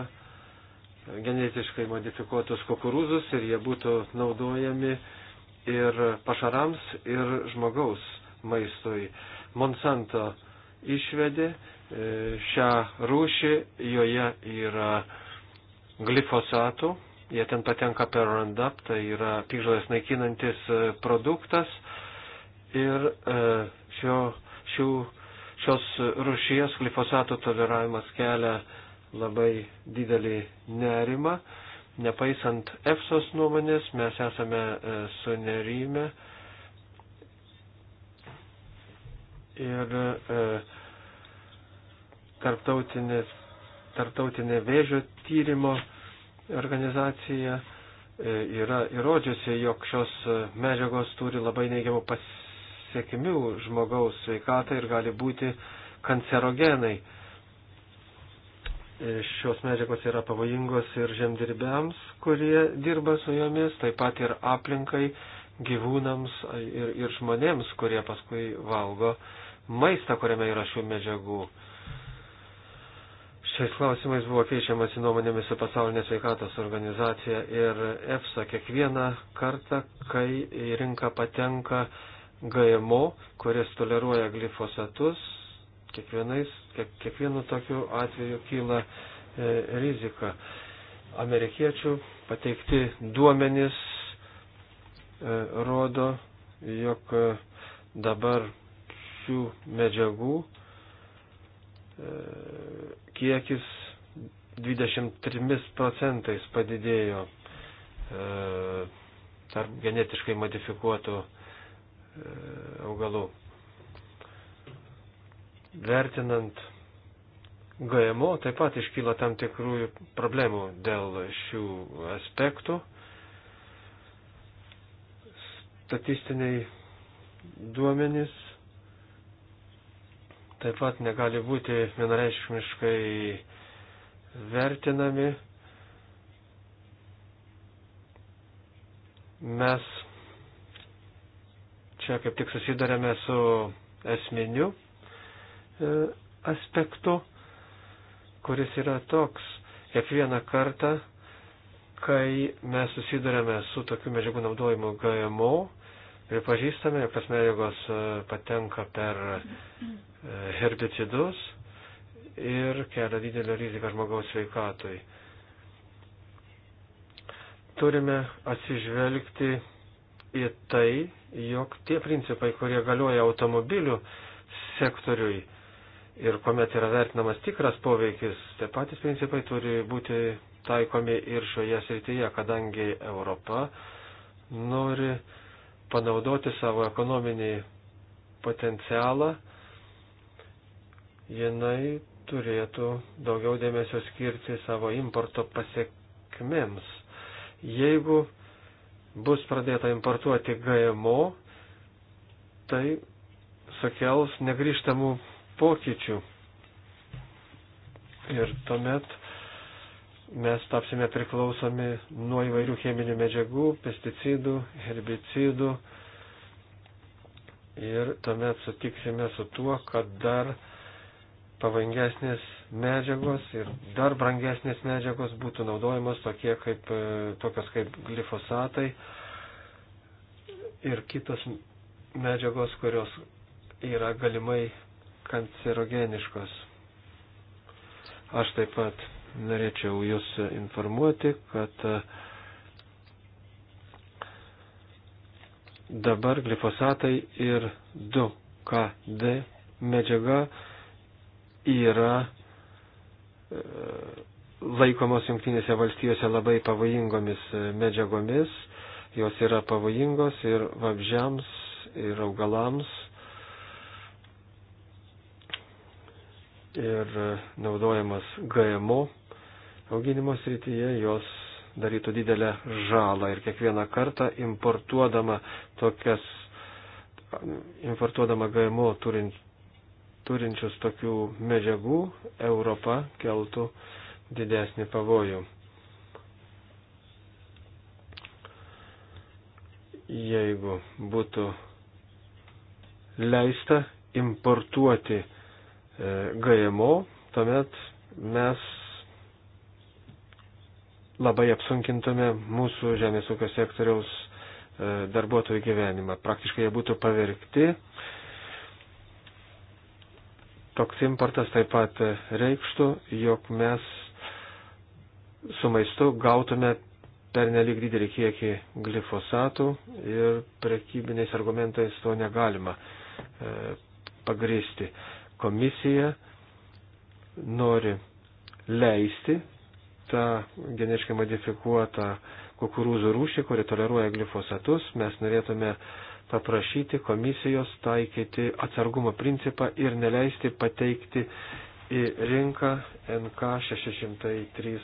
S5: genetiškai modifikuotus kukurūzus ir jie būtų naudojami ir pašarams, ir žmogaus maistui. Monsanto išvedė e, šią rūšį, joje yra glifosatų Jie ten patenka per Roundup, tai yra pikžolės naikinantis e, produktas. Ir e, šio, šių, šios rušies glifosato toleravimas kelia labai didelį nerimą. Nepaisant EFSOS nuomonės, mes esame e, sunerime. Ir e, tarptautinė vėžio tyrimo organizacija e, yra įrodžiusi, jog šios e, medžiagos turi labai neigiamų pasiekmių žmogaus sveikatai ir gali būti kancerogenai. E, šios medžiagos yra pavojingos ir žemdirbiams, kurie dirba su jomis, taip pat ir aplinkai, gyvūnams ir, ir žmonėms, kurie paskui valgo maistą, kuriame yra šių medžiagų. Šiais klausimais buvo keičiamasi nuomonėmis su pasaulinė sveikatos organizacija ir EFSA kiekvieną kartą, kai į rinką patenka GMO, kuris toleruoja glifosatus, kiekvienais, kiek, kiekvienu tokiu atveju kyla e, rizika. Amerikiečių pateikti duomenys e, rodo, jog e, dabar šių medžiagų E, kiekis 23 procentais padidėjo e, tarp genetiškai modifikuotų e, augalų. Vertinant GMO taip pat iškyla tam tikrų problemų dėl šių aspektų. Statistiniai duomenys taip pat negali būti vienareiškiškai vertinami. Mes čia kaip tik susidarėme su esminiu e, aspektu, kuris yra toks. Kiekvieną kartą, kai mes susidarėme su tokiu medžiagų naudojimu GMO, pripažįstame, jog tas medžiagos e, patenka per herbicidus ir kelia didelę riziką žmogaus sveikatui. Turime atsižvelgti į tai, jog tie principai, kurie galioja automobilių sektoriui ir kuomet yra vertinamas tikras poveikis, tie patys principai turi būti taikomi ir šioje srityje, kadangi Europa nori panaudoti savo ekonominį potencialą jinai turėtų daugiau dėmesio skirti savo importo pasiekmėms. Jeigu bus pradėta importuoti GMO, tai sukels negryžtamų pokyčių. Ir tuomet mes tapsime priklausomi nuo įvairių cheminių medžiagų, pesticidų, herbicidų. Ir tuomet sutiksime su tuo, kad dar pavangesnės medžiagos ir dar brangesnės medžiagos būtų naudojamos tokie kaip, e, tokios kaip glifosatai ir kitos medžiagos, kurios yra galimai kancerogeniškos. Aš taip pat norėčiau Jūs informuoti, kad e, dabar glifosatai ir 2KD medžiaga yra e, laikomos jungtinėse valstijose labai pavojingomis e, medžiagomis, jos yra pavojingos ir vabžiams, ir augalams, ir e, naudojamas GMO auginimo srityje, jos darytų didelę žalą ir kiekvieną kartą importuodama tokias, importuodama GMO turint turinčius tokių medžiagų Europa keltų didesnį pavojų. Jeigu būtų leista importuoti e, GMO, tuomet mes labai apsunkintume mūsų žemės ūkio sektoriaus e, darbuotojų gyvenimą. Praktiškai jie būtų pavirkti Toks importas taip pat reikštų, jog mes su maistu gautume per nelik didelį kiekį glifosatų ir prekybiniais argumentais to negalima e, pagristi. Komisija nori leisti tą geniškai modifikuotą kukurūzų rūšį, kuri toleruoja glifosatus. Mes norėtume e, paprašyti komisijos taikyti atsargumo principą ir neleisti pateikti į rinką NK 603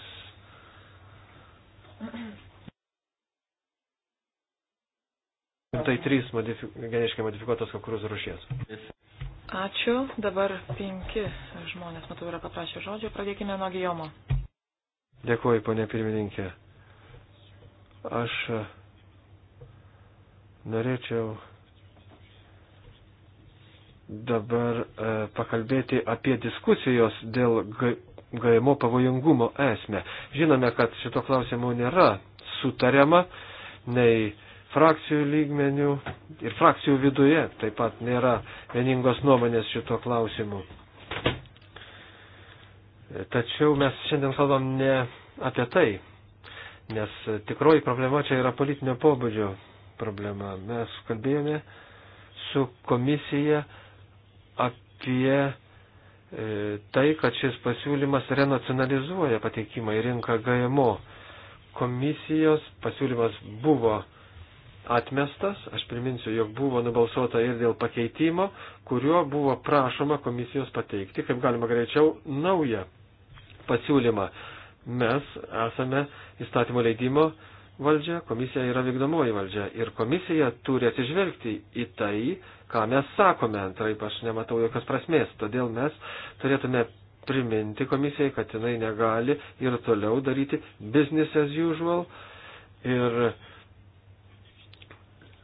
S5: 103 modifi geniškai modifikuotos kukurūzų rūšies.
S4: Ačiū. Dabar penki žmonės, matau, yra paprašę žodžio. Pradėkime nuo Gijomo.
S5: Dėkuoju, ponė pirmininkė. Aš Norėčiau dabar e, pakalbėti apie diskusijos dėl GMO pavojingumo esmę. Žinome, kad šito klausimu nėra sutariama nei frakcijų lygmenių ir frakcijų viduje taip pat nėra vieningos nuomonės šito klausimu. Tačiau mes šiandien kalbam ne apie tai, nes tikroji problema čia yra politinio pobūdžio problema. Mes kalbėjome su komisija apie e, tai, kad šis pasiūlymas renacionalizuoja pateikimą į rinką GMO. Komisijos pasiūlymas buvo atmestas, aš priminsiu, jog buvo nubalsuota ir dėl pakeitimo, kuriuo buvo prašoma komisijos pateikti, kaip galima greičiau, naują pasiūlymą. Mes esame įstatymo leidimo valdžia, komisija yra vykdomoji valdžia ir komisija turi atsižvelgti į tai, ką mes sakome, antraip aš nematau jokios prasmės. Todėl mes turėtume priminti komisijai, kad jinai negali ir toliau daryti business as usual ir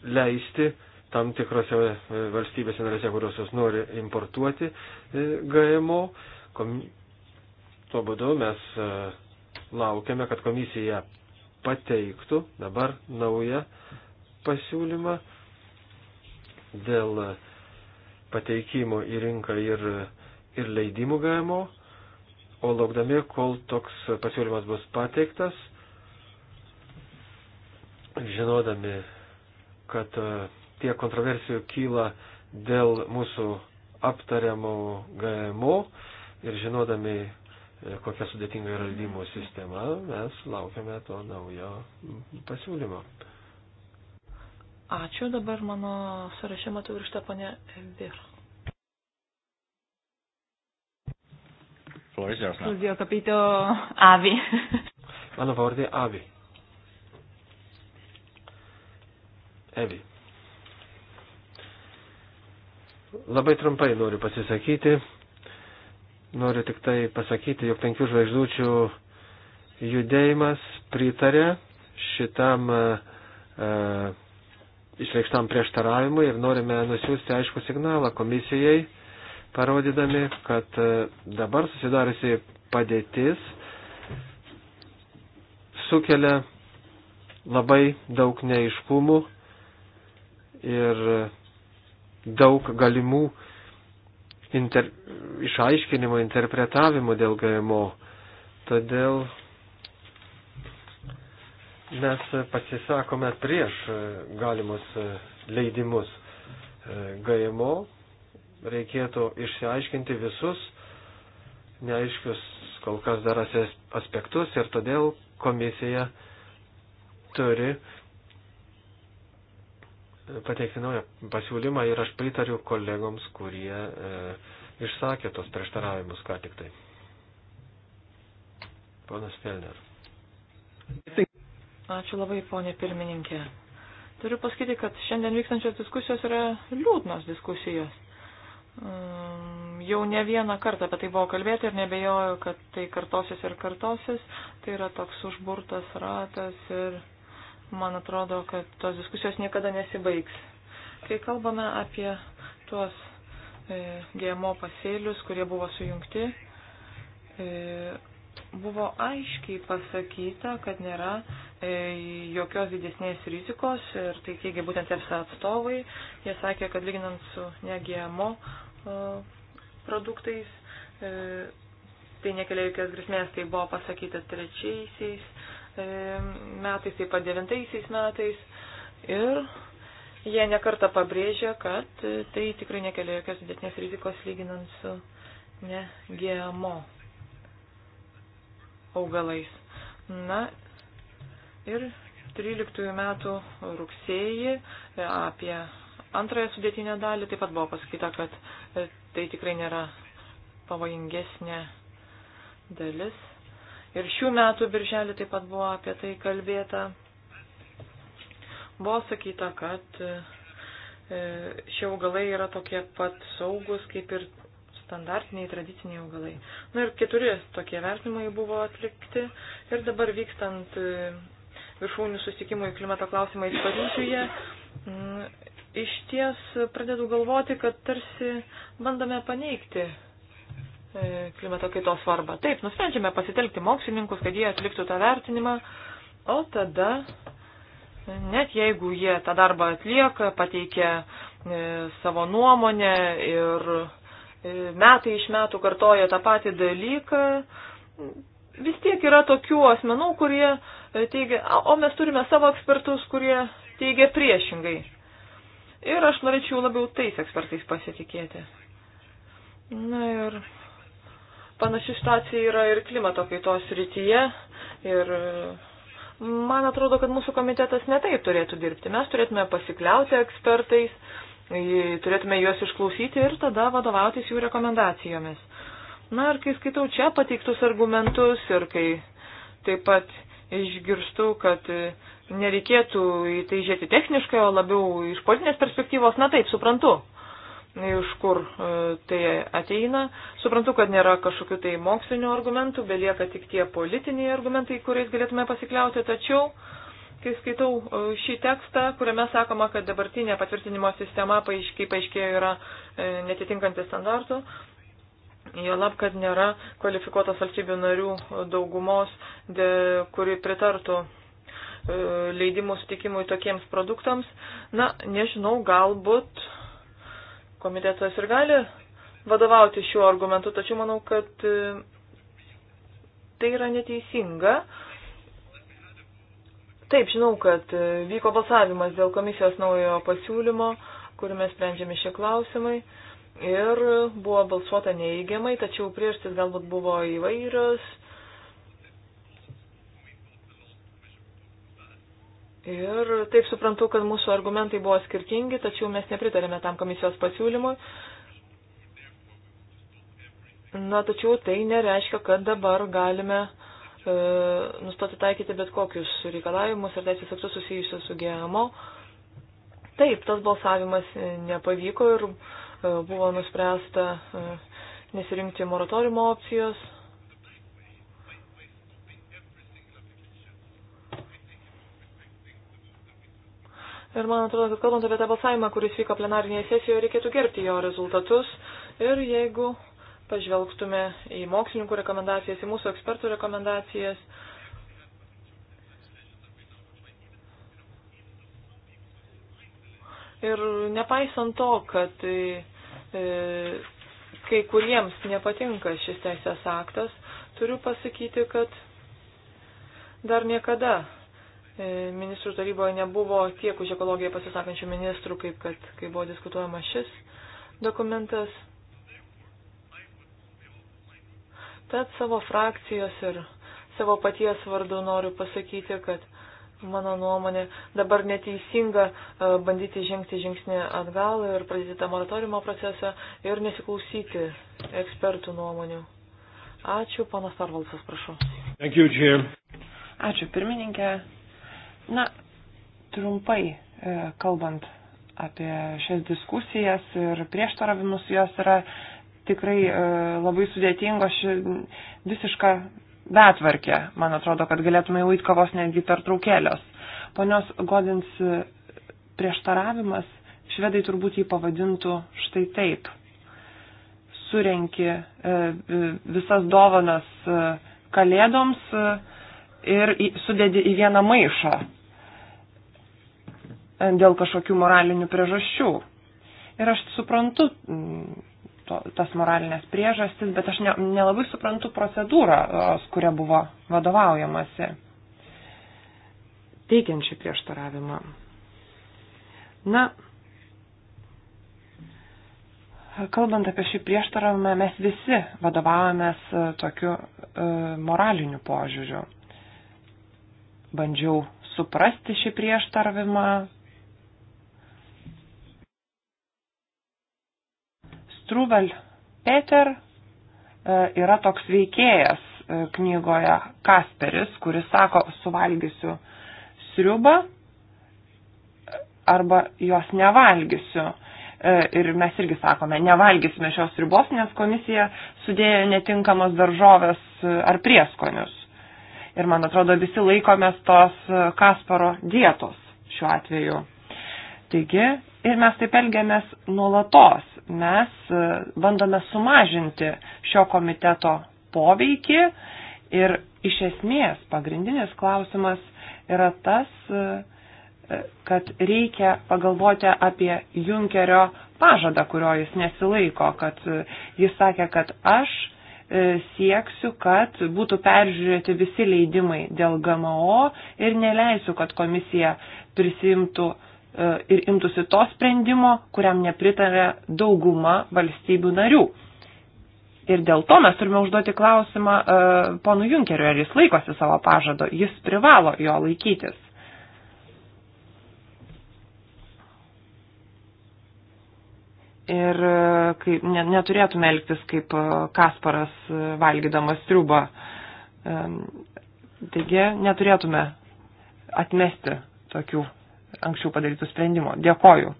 S5: leisti tam tikrose e, valstybėse narėse, kurios jos nori importuoti e, GMO. Kom... Tuo būdu mes e, laukiame, kad komisija pateiktų dabar naują pasiūlymą dėl pateikimo į rinką ir, ir leidimų gavimo, o laukdami, kol toks pasiūlymas bus pateiktas, žinodami, kad e, tiek kontroversijų kyla dėl mūsų aptariamų GMO ir žinodami, E, kokia sudėtinga yra leidimų sistema, mes laukiame to naujo pasiūlymo.
S4: Ačiū, dabar mano sąraše matau ir šitą ponę Vir.
S3: Florizijo kapito Avi.
S5: Mano pavardė Avi. Evi. Labai trumpai noriu pasisakyti. Noriu tik tai pasakyti, jog penkių žvaigždučių judėjimas pritarė šitam uh, išreikštam prieštaravimui ir norime nusiųsti aišku signalą komisijai, parodydami, kad uh, dabar susidariusi padėtis sukelia labai daug neiškumų ir daug galimų uh, inter, išaiškinimo, interpretavimo dėl GMO. Todėl mes pasisakome prieš galimus leidimus GMO. Reikėtų išsiaiškinti visus neaiškius kol kas dar aspektus ir todėl komisija turi pateikti naują pasiūlymą ir aš pritariu kolegoms, kurie e, išsakė tos prieštaravimus ką tik tai. Ponas Felner.
S4: Ačiū labai, ponė pirmininkė. Turiu pasakyti, kad šiandien vykstančios diskusijos yra liūdnos diskusijos. Mm, jau ne vieną kartą apie tai buvo kalbėti ir nebejoju, kad tai kartosis ir kartosis. Tai yra toks užburtas ratas ir Man atrodo, kad tos diskusijos niekada nesibaigs. Kai kalbame apie tuos e, GMO pasėlius, kurie buvo sujungti, e, buvo aiškiai pasakyta, kad nėra e, jokios didesnės rizikos ir tai teigia būtent EFSA atstovai. Jie sakė, kad lyginant su ne GMO e, produktais, e, tai nekelia jokios grėsmės, tai buvo pasakyta trečiaisiais E, metais, taip pat devintaisiais metais. Ir jie nekarta pabrėžia, kad tai tikrai nekelia jokios didesnės rizikos lyginant su ne GMO augalais. Na ir 13 metų rugsėjį e, apie antrąją sudėtinę dalį taip pat buvo pasakyta, kad e, tai tikrai nėra pavojingesnė dalis Ir šių metų birželį taip pat buvo apie tai kalbėta. Buvo sakyta, kad e, šie augalai yra tokie pat saugus kaip ir standartiniai tradiciniai augalai. Na ir keturi tokie vertinimai buvo atlikti ir dabar vykstant e, viršūnių susitikimui klimato klausimais Paryžiuje, iš ties pradedu galvoti, kad tarsi bandome paneigti E, klimato kaitos svarbą. Taip, nusprendžiame pasitelkti mokslininkus, kad jie atliktų tą vertinimą, o tada, net jeigu jie tą darbą atlieka, pateikia e, savo nuomonę ir e, metai iš metų kartoja tą patį dalyką, vis tiek yra tokių asmenų, kurie teigia, o mes turime savo ekspertus, kurie teigia priešingai. Ir aš norėčiau labiau tais ekspertais pasitikėti. Na ir Panaši situacija yra ir klimato kaitos rytyje. Ir e, man atrodo, kad mūsų komitetas netaip turėtų dirbti. Mes turėtume pasikliauti ekspertais, turėtume juos išklausyti ir tada vadovautis jų rekomendacijomis. Na ir kai skaitau čia pateiktus argumentus ir kai taip pat išgirstu, kad e, nereikėtų į tai žiūrėti techniškai, o labiau iš politinės perspektyvos, na taip, suprantu iš kur e, tai ateina. Suprantu, kad nėra kažkokių tai mokslinių argumentų, belieka tik tie politiniai argumentai, kuriais galėtume pasikliauti, tačiau, kai skaitau e, šį tekstą, kuriame sakoma, kad dabartinė patvirtinimo sistema, paaiškiai paaiškėjo, yra e, netitinkanti standartų, jo lab, kad nėra kvalifikuotos valstybių narių daugumos, de, kuri pritartų leidimų sutikimui tokiems produktams. Na, nežinau, galbūt komitetas ir gali vadovauti šiuo argumentu, tačiau manau, kad e, tai yra neteisinga. Taip, žinau, kad e, vyko balsavimas dėl komisijos naujojo pasiūlymo, kuriame sprendžiami šie klausimai ir buvo balsuota neįgiamai, tačiau priežastis galbūt buvo įvairios, Ir taip suprantu, kad mūsų argumentai buvo skirtingi, tačiau mes nepritarėme tam komisijos pasiūlymui. Na, tačiau tai nereiškia, kad dabar galime e, nustoti taikyti bet kokius reikalavimus ir teisės aktus susijusius su GMO. Taip, tas balsavimas nepavyko ir e, buvo nuspręsta e, nesirinkti moratoriumo opcijos. Ir man atrodo, kad kalbant apie tą balsavimą, kuris vyko plenarinėje sesijoje, reikėtų gerbti jo rezultatus. Ir jeigu pažvelgtume į mokslininkų rekomendacijas, į mūsų ekspertų rekomendacijas, Ir nepaisant to, kad e, e kai kuriems nepatinka šis teisės aktas, turiu pasakyti, kad dar niekada E, ministrų taryboje nebuvo tiek už ekologiją pasisakančių ministrų, kaip kad kai buvo diskutuojama šis dokumentas. Tad savo frakcijos ir savo paties vardu noriu pasakyti, kad mano nuomonė dabar neteisinga e, bandyti žengti žingsnį atgal ir pradėti tą moratoriumo procesą ir nesiklausyti ekspertų nuomonių. Ačiū, panas Tarvalsas, prašau.
S2: Thank you, Jim.
S3: Ačiū, pirmininkė. Na, trumpai e, kalbant apie šias diskusijas ir prieštaravimus, jos yra tikrai e, labai sudėtingos, visiška betvarkė. Man atrodo, kad galėtume jau įtkavos netgi pertraukėlios. Ponios Godins e, prieštaravimas, švedai turbūt jį pavadintų štai taip. Surenki visas dovanas kalėdoms ir sudedi į vieną maišą dėl kažkokių moralinių priežasčių. Ir aš suprantu mm, to, tas moralinės priežastis, bet aš ne, nelabai suprantu procedūrą, e, kuria buvo vadovaujamasi teikiant šį prieštaravimą. Na, kalbant apie šį prieštaravimą, mes visi vadovavomės e, tokiu e, moraliniu požiūriu. Bandžiau suprasti šį prieštaravimą, Trubel Peter e, yra toks veikėjas e, knygoje Kasperis, kuris sako, suvalgysiu sriubą arba jos nevalgysiu. E, ir mes irgi sakome, nevalgysime šios sriubos, nes komisija sudėjo netinkamas daržovės ar prieskonius. Ir man atrodo, visi laikomės tos Kasparo dietos šiuo atveju. Taigi, ir mes taip elgiamės nuolatos. Mes e, bandome sumažinti šio komiteto poveikį ir iš esmės pagrindinis klausimas yra tas, e, e, kad reikia pagalvoti apie Junkerio pažadą, kurio jis nesilaiko, kad jis sakė, kad aš sieksiu, kad būtų peržiūrėti visi leidimai dėl GMO ir neleisiu, kad komisija prisimtų uh, E, ir imtųsi to sprendimo, kuriam nepritarė dauguma valstybių narių. Ir dėl to mes turime užduoti klausimą uh, e, ponu Junkeriu, ar jis laikosi savo pažado. Jis privalo jo laikytis. Ir e, kaip, ne, neturėtume elgtis kaip Kasparas valgydamas triubą. Um, taigi neturėtume atmesti tokių anksčiau padarytų sprendimų. Dėkoju.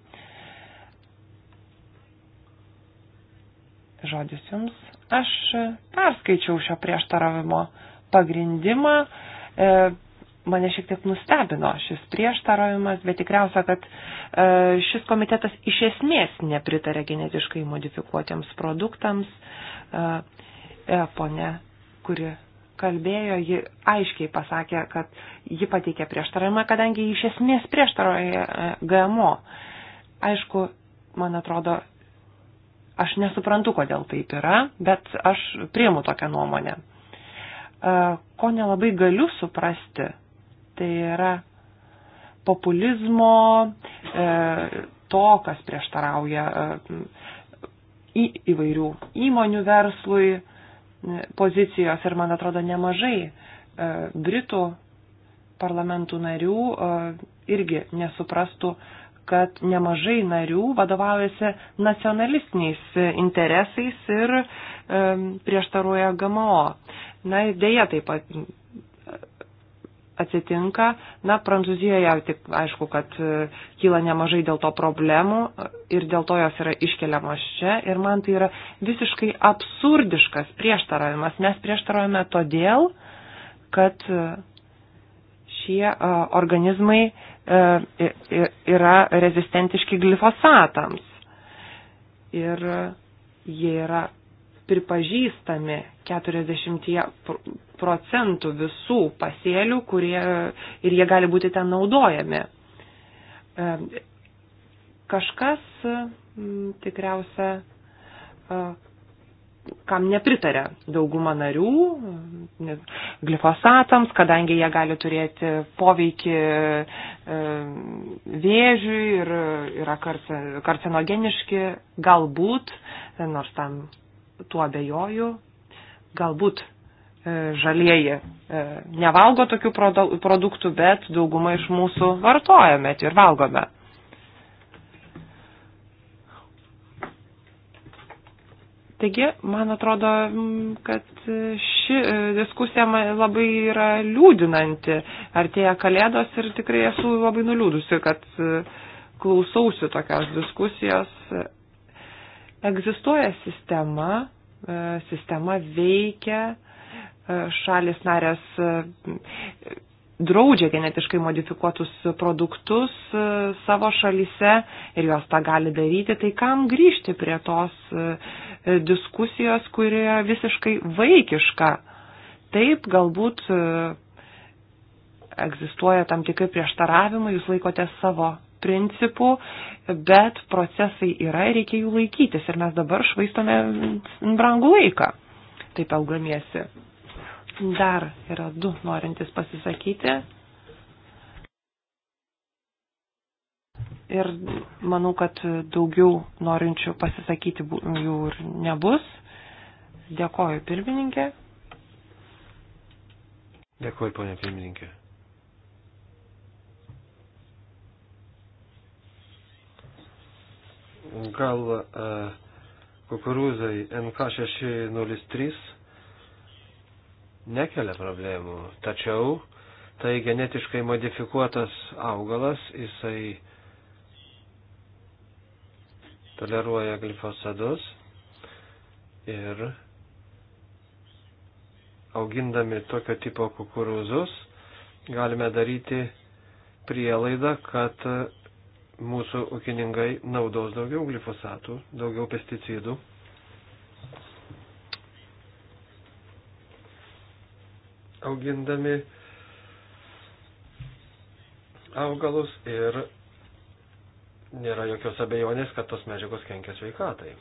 S3: Žodis jums. Aš perskaičiau šio prieštaravimo pagrindimą. E, mane šiek tiek nustebino šis prieštaravimas, bet tikriausia, kad e, šis komitetas iš esmės nepritarė genetiškai modifikuotiems produktams. E, e, pone, kuri kalbėjo, ji aiškiai pasakė, kad ji pateikė prieštaravimą, kadangi iš esmės prieštaroja e, GMO. Aišku, man atrodo, aš nesuprantu, kodėl taip yra, bet aš priimu tokią nuomonę. E, ko nelabai galiu suprasti, tai yra populizmo, e, to, kas prieštarauja įvairių įmonių verslui, pozicijos ir, man atrodo, nemažai e, Britų parlamentų narių e, irgi nesuprastų, kad nemažai narių vadovaujasi nacionalistiniais interesais ir e, prieštaruoja GMO. Na, dėja taip pat atsitinka. Na, Prancūzijoje tik aišku, kad e, kyla nemažai dėl to problemų ir dėl to jos yra iškeliamos čia. Ir man tai yra visiškai absurdiškas prieštaravimas. Mes prieštaraujame todėl, kad e, šie e, organizmai yra rezistentiški glifosatams. Ir jie yra pripažįstami 40 procentų visų pasėlių, kurie ir jie gali būti ten naudojami. E, kažkas tikriausia, e, kam nepritarė dauguma narių, glifosatams, kadangi jie gali turėti poveikį e, vėžiui ir yra karcinogeniški, galbūt, nors tam tuo abejoju, galbūt E, žalieji e, nevalgo tokių produktų, bet dauguma iš mūsų vartojame ir valgome. Taigi, man atrodo, kad ši e, diskusija labai yra liūdinanti. Artėja kalėdos ir tikrai esu labai nuliūdusi, kad klausausi tokios diskusijos. Egzistuoja sistema, sistema veikia, šalis narės e, draudžia genetiškai modifikuotus produktus e, savo šalyse ir jos tą gali daryti, tai kam grįžti prie tos e, diskusijos, kuri visiškai vaikiška. Taip, galbūt egzistuoja tam tikri prieštaravimai, jūs laikote savo principų, bet procesai yra ir reikia jų laikytis ir mes dabar švaistome brangų laiką taip elgamiesi. Dar yra du norintys pasisakyti. Ir manau, kad daugiau norinčių pasisakyti jų ir nebus. Dėkoju pirmininkė.
S5: Dėkoju, ponė pirmininkė. Gal uh, kukurūzai NK603 nekelia problemų, tačiau tai genetiškai modifikuotas augalas, jisai toleruoja glifosadus ir augindami tokio tipo kukurūzus galime daryti prielaidą, kad mūsų ūkininkai naudos daugiau glifosatų, daugiau pesticidų augindami augalus ir nėra jokios abejonės, kad tos medžiagos kenkia sveikatai.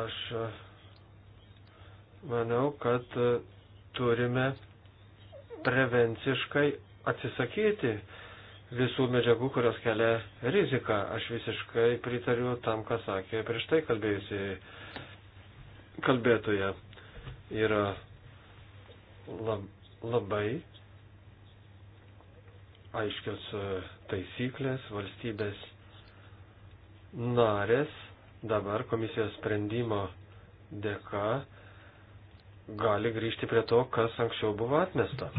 S5: Aš e, manau, kad e, turime prevenciškai atsisakyti visų medžiagų, kurios kelia riziką. Aš visiškai pritariu tam, ką sakė prieš tai kalbėjusi kalbėtoja yra lab, labai aiškios e, taisyklės, valstybės narės dabar komisijos sprendimo dėka gali grįžti prie to, kas anksčiau buvo atmesta.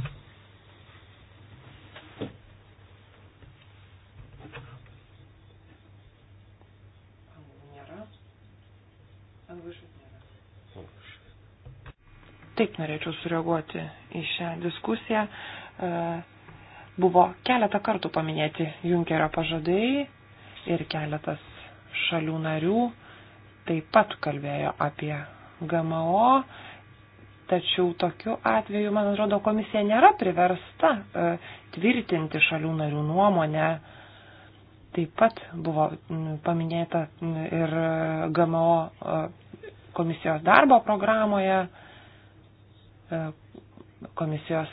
S3: Taip norėčiau sureaguoti į šią diskusiją. E, buvo keletą kartų paminėti Junkerio pažadai ir keletas šalių narių taip pat kalbėjo apie GMO, tačiau tokiu atveju, man atrodo, komisija nėra priversta e, tvirtinti šalių narių nuomonę. Taip pat buvo paminėta ir e, GMO komisijos darbo programoje E, komisijos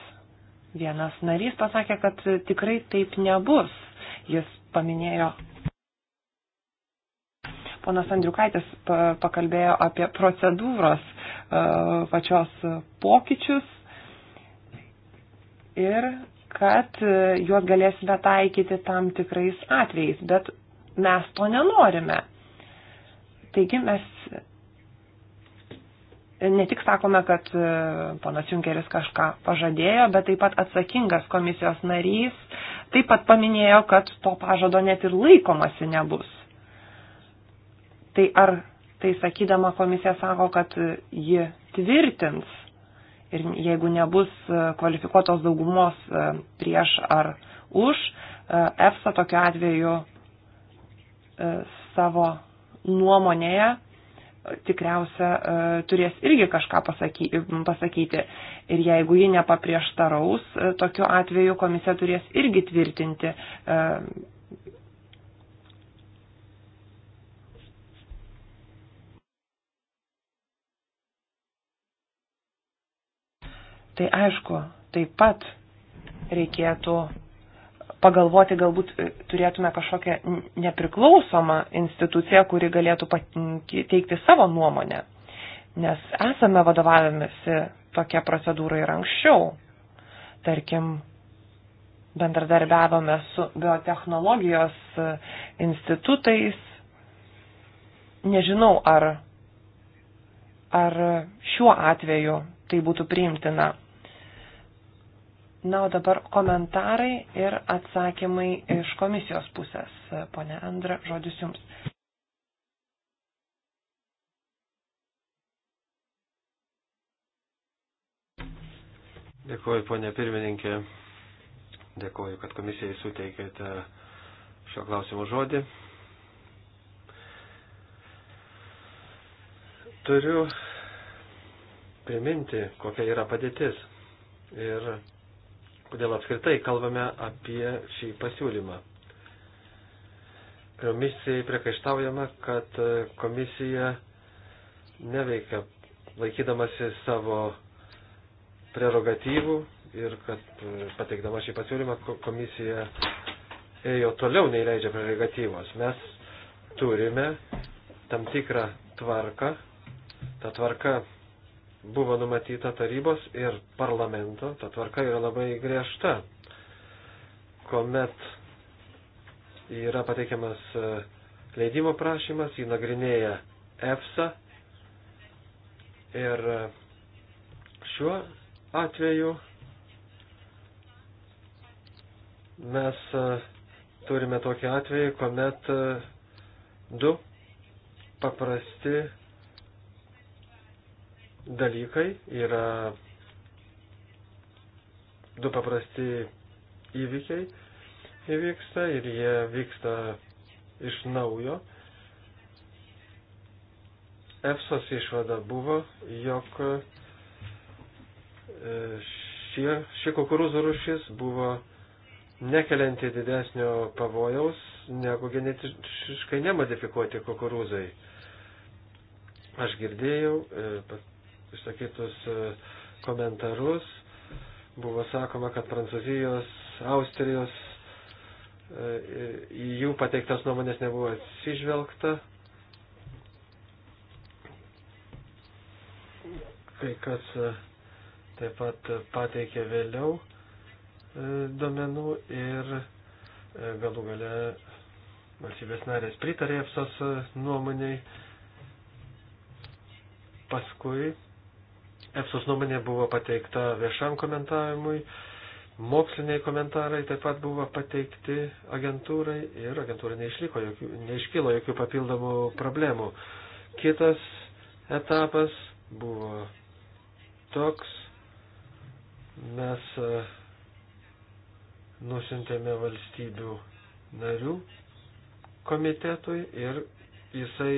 S3: vienas narys pasakė, kad tikrai taip nebus. Jis paminėjo. Ponas Andriukaitis pakalbėjo apie procedūros e, pačios pokyčius ir kad e, juos galėsime taikyti tam tikrais atvejais, bet mes to nenorime. Taigi mes ne tik sakome, kad e, ponas Junkeris kažką pažadėjo, bet taip pat atsakingas komisijos narys taip pat paminėjo, kad to pažado net ir laikomasi nebus. Tai ar tai sakydama komisija sako, kad ji tvirtins ir jeigu nebus e, kvalifikuotos daugumos e, prieš ar už, EFSA tokiu atveju savo nuomonėje tikriausia e, turės irgi kažką pasakyti. Ir jeigu ji nepaprieštaraus, e, tokiu atveju komisija turės irgi tvirtinti. E, tai aišku, taip pat reikėtų pagalvoti, galbūt e, turėtume kažkokią nepriklausomą instituciją, kuri galėtų teikti savo nuomonę. Nes esame vadovavimėsi tokia procedūra ir anksčiau. Tarkim, bendradarbiavome su biotehnologijos e, institutais. Nežinau, ar, ar šiuo atveju tai būtų priimtina. Na, o dabar komentarai ir atsakymai iš komisijos pusės. Pone Andra, žodis jums.
S5: Dėkuoju, ponė pirmininkė. Dėkuoju, kad komisijai suteikėte šio klausimo žodį. Turiu priminti, kokia yra padėtis. Ir kodėl apskritai kalbame apie šį pasiūlymą. Komisijai priekaištaujama, kad komisija neveikia laikydamasi savo prerogatyvų ir kad pateikdama šį pasiūlymą komisija ėjo toliau nei leidžia prerogatyvos. Mes turime tam tikrą tvarką. Ta tvarka buvo numatyta tarybos ir parlamento, ta tvarka yra labai griežta, kuomet yra pateikiamas e, leidimo prašymas, jį nagrinėja EFSA ir e, šiuo atveju mes e, turime tokį atvejį, kuomet du paprasti dalykai yra du paprasti įvykiai įvyksta ir jie vyksta iš naujo. EFSOS išvada buvo, jog e, šie, šie kukurūzų rušis buvo nekelianti didesnio pavojaus negu genetiškai nemodifikuoti kukurūzai. Aš girdėjau, e, išsakytus e, komentarus. Buvo sakoma, kad Prancūzijos, Austrijos e, į jų pateiktas nuomonės nebuvo atsižvelgta. Kai kas e, taip pat pateikė vėliau duomenų ir galų gale valstybės narės pritarė EFSOS nuomoniai. Paskui EFSOS nuomonė buvo pateikta viešam komentavimui, moksliniai komentarai taip pat buvo pateikti agentūrai ir agentūrai neišliko, jokių, neiškilo jokių papildomų problemų. Kitas etapas buvo toks, mes e, nusintėme valstybių narių komitetui ir jisai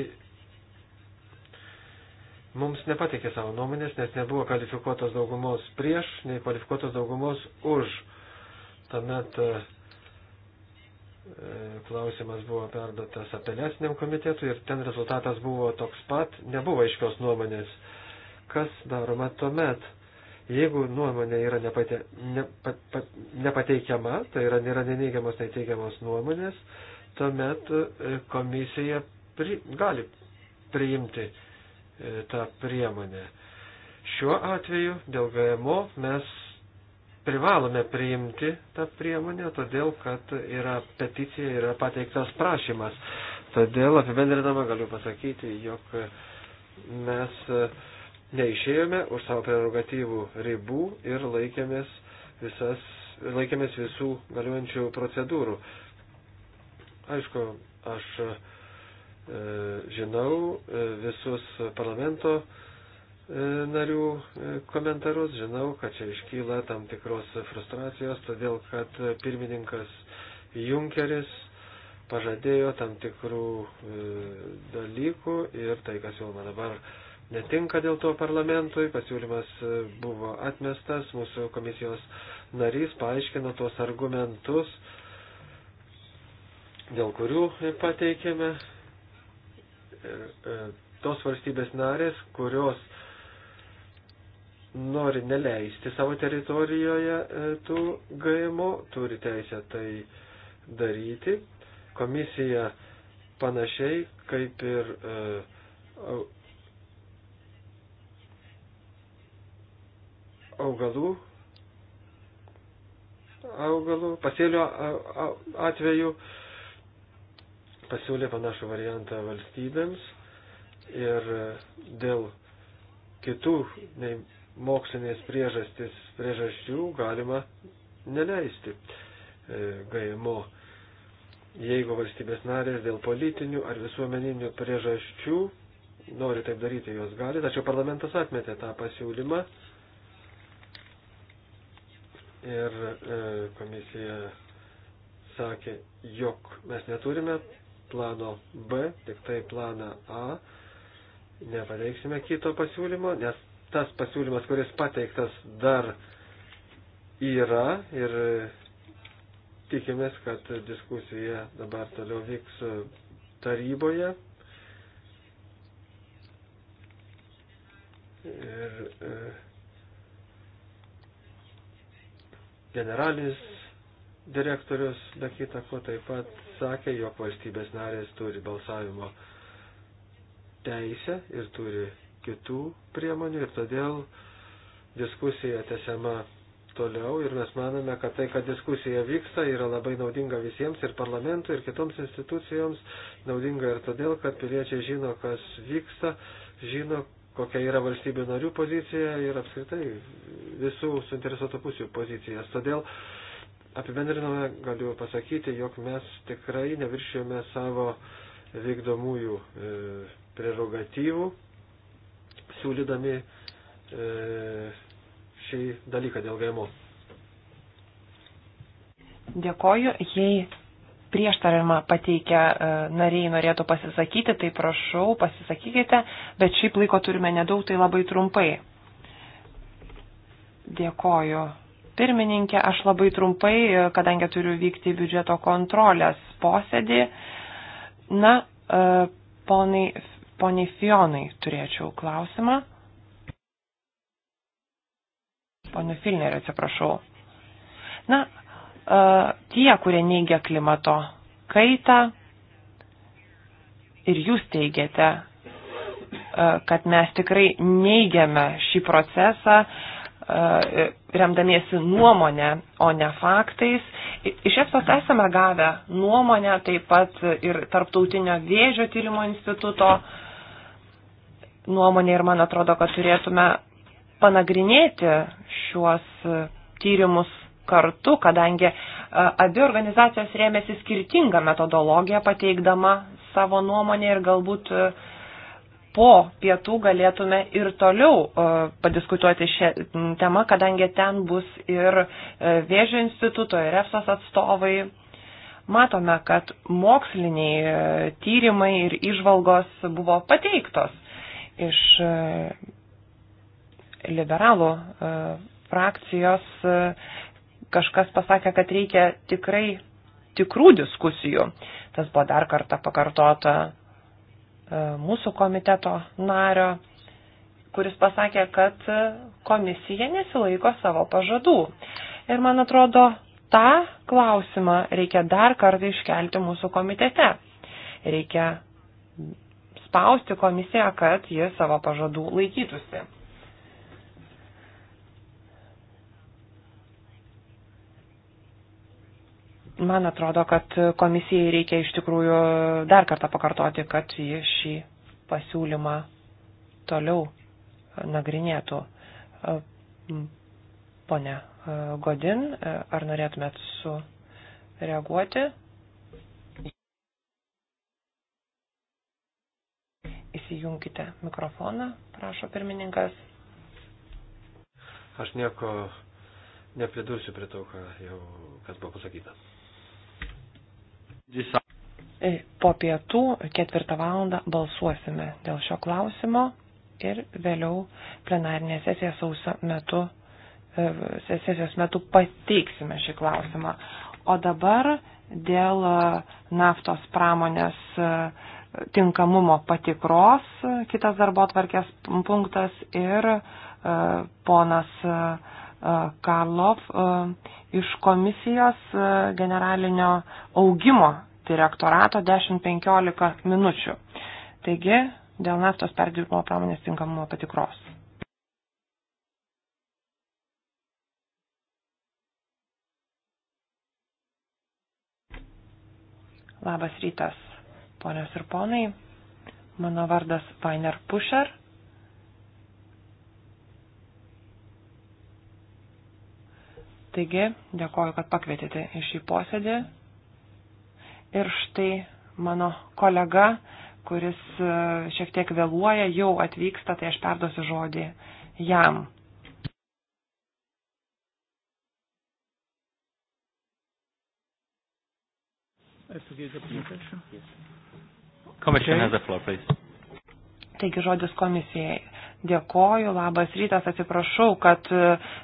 S5: mums nepateikė savo nuomonės, nes nebuvo kvalifikuotos daugumos prieš, nei kvalifikuotos daugumos už. Tuomet e, e, klausimas buvo perdotas apeliaciniam komitetui ir ten rezultatas buvo toks pat, nebuvo aiškios nuomonės. Kas daroma tuomet? Jeigu nuomonė yra nepate, nepa, pa, nepateikiama, tai yra nėra neneigiamos, nei teigiamos nuomonės, tuomet e, komisija pri, gali priimti tą priemonę. Šiuo atveju dėl GMO mes privalome priimti tą priemonę, todėl kad yra peticija, yra pateiktas prašymas. Todėl apibendrinama galiu pasakyti, jog mes e, neišėjome už savo prerogatyvų ribų ir laikėmės, visas, laikėmės visų galiuojančių procedūrų. Aišku, aš E, žinau e, visus parlamento e, narių komentarus, žinau, kad čia iškyla tam tikros frustracijos, todėl kad pirmininkas Junkeris pažadėjo tam tikrų dalykų ir tai, kas siūloma dabar, netinka dėl to parlamentui, pasiūlymas buvo atmestas, mūsų komisijos narys paaiškino tuos argumentus, dėl kurių pateikėme E, e, tos valstybės narės, kurios nori neleisti savo teritorijoje e, tų GMO, turi teisę tai daryti. Komisija panašiai kaip ir augalų, augalų pasėlio atveju pasiūlė panašų variantą valstybėms ir dėl kitų nei mokslinės priežastis, priežasčių galima neleisti e, GMO. Jeigu valstybės narės dėl politinių ar visuomeninių priežasčių nori taip daryti, jos gali, tačiau parlamentas atmetė tą pasiūlymą ir e, komisija sakė, jog mes neturime plano B, tik tai planą A, nepateiksime kito pasiūlymo, nes tas pasiūlymas, kuris pateiktas dar yra ir tikimės, kad diskusija dabar toliau vyks taryboje. Ir e, generalinis direktorius, be kita ko, taip pat sakė, jog valstybės narės turi balsavimo teisę ir turi kitų priemonių ir todėl diskusija tesiama toliau ir mes manome, kad tai, kad diskusija vyksta, yra labai naudinga visiems ir parlamentui, ir kitoms institucijoms, naudinga ir todėl, kad piliečiai žino, kas vyksta, žino, kokia yra valstybių narių pozicija ir apskritai visų suinteresuotų pusių pozicijas. Todėl apibendrinome, galiu pasakyti, jog mes tikrai neviršėjome savo vykdomųjų e, prerogatyvų, siūlydami e, šį dalyką dėl GMO.
S3: Dėkoju. Jei prieštaravimą pateikę e, nariai norėtų pasisakyti, tai prašau, pasisakykite, bet šiaip laiko turime nedaug, tai labai trumpai. Dėkoju pirmininkė. Aš labai trumpai, kadangi turiu vykti į biudžeto kontrolės posėdį. Na, e, ponai, poniai Fionai turėčiau klausimą. Pone Filnerį, atsiprašau. Na, e, tie, kurie neigia klimato kaitą ir jūs teigiate, e, kad mes tikrai neigiame šį procesą, remdamiesi nuomonę, o ne faktais. Iš ESPOS esame gavę nuomonę taip pat ir Tarptautinio vėžio tyrimo instituto nuomonė ir man atrodo, kad turėtume panagrinėti šiuos tyrimus kartu, kadangi e, abi organizacijos rėmėsi skirtingą metodologiją pateikdama savo nuomonę ir galbūt uh, po pietų galėtume ir toliau e, padiskutuoti šią temą, kadangi ten bus ir e, Vėžio instituto, ir EFSAS atstovai. Matome, kad moksliniai e, tyrimai ir išvalgos buvo pateiktos iš liberalų frakcijos. Kažkas pasakė, kad reikia tikrai tikrų diskusijų. Tas buvo dar kartą pakartota E, mūsų komiteto nario, kuris pasakė, kad komisija nesilaiko savo pažadų. Ir man atrodo, tą klausimą reikia dar kartą iškelti mūsų komitete. Reikia spausti komisiją, kad ji savo pažadų laikytųsi. Man atrodo, kad komisijai reikia iš tikrųjų dar kartą pakartoti, kad ji šį pasiūlymą toliau nagrinėtų. Pone Godin, ar norėtumėt sureaguoti? Įsijunkite mikrofoną, prašo pirmininkas.
S5: Aš nieko nepridursiu prie to, ką jau, kas buvo pasakyta.
S3: Po pietų ketvirtą valandą balsuosime dėl šio klausimo ir vėliau plenarinė sesija sausio metu, e, sesijos metu pateiksime šį klausimą. O dabar dėl e, naftos pramonės e, tinkamumo patikros, kitas darbo atvarkės punktas ir ponas Karlov iš komisijos generalinio augimo direktorato 10-15 minučių. Taigi, dėl naftos perdirbimo pramonės tinkamumo patikros. Labas rytas, ponios ir ponai. Mano vardas Vainer Pusher Taigi, dėkoju, kad pakvietėte į šį posėdį. Ir štai mano kolega, kuris e, šiek tiek vėluoja, jau atvyksta, tai aš perduosiu žodį jam. Taigi žodis komisijai. Dėkoju, labas rytas, atsiprašau, kad e,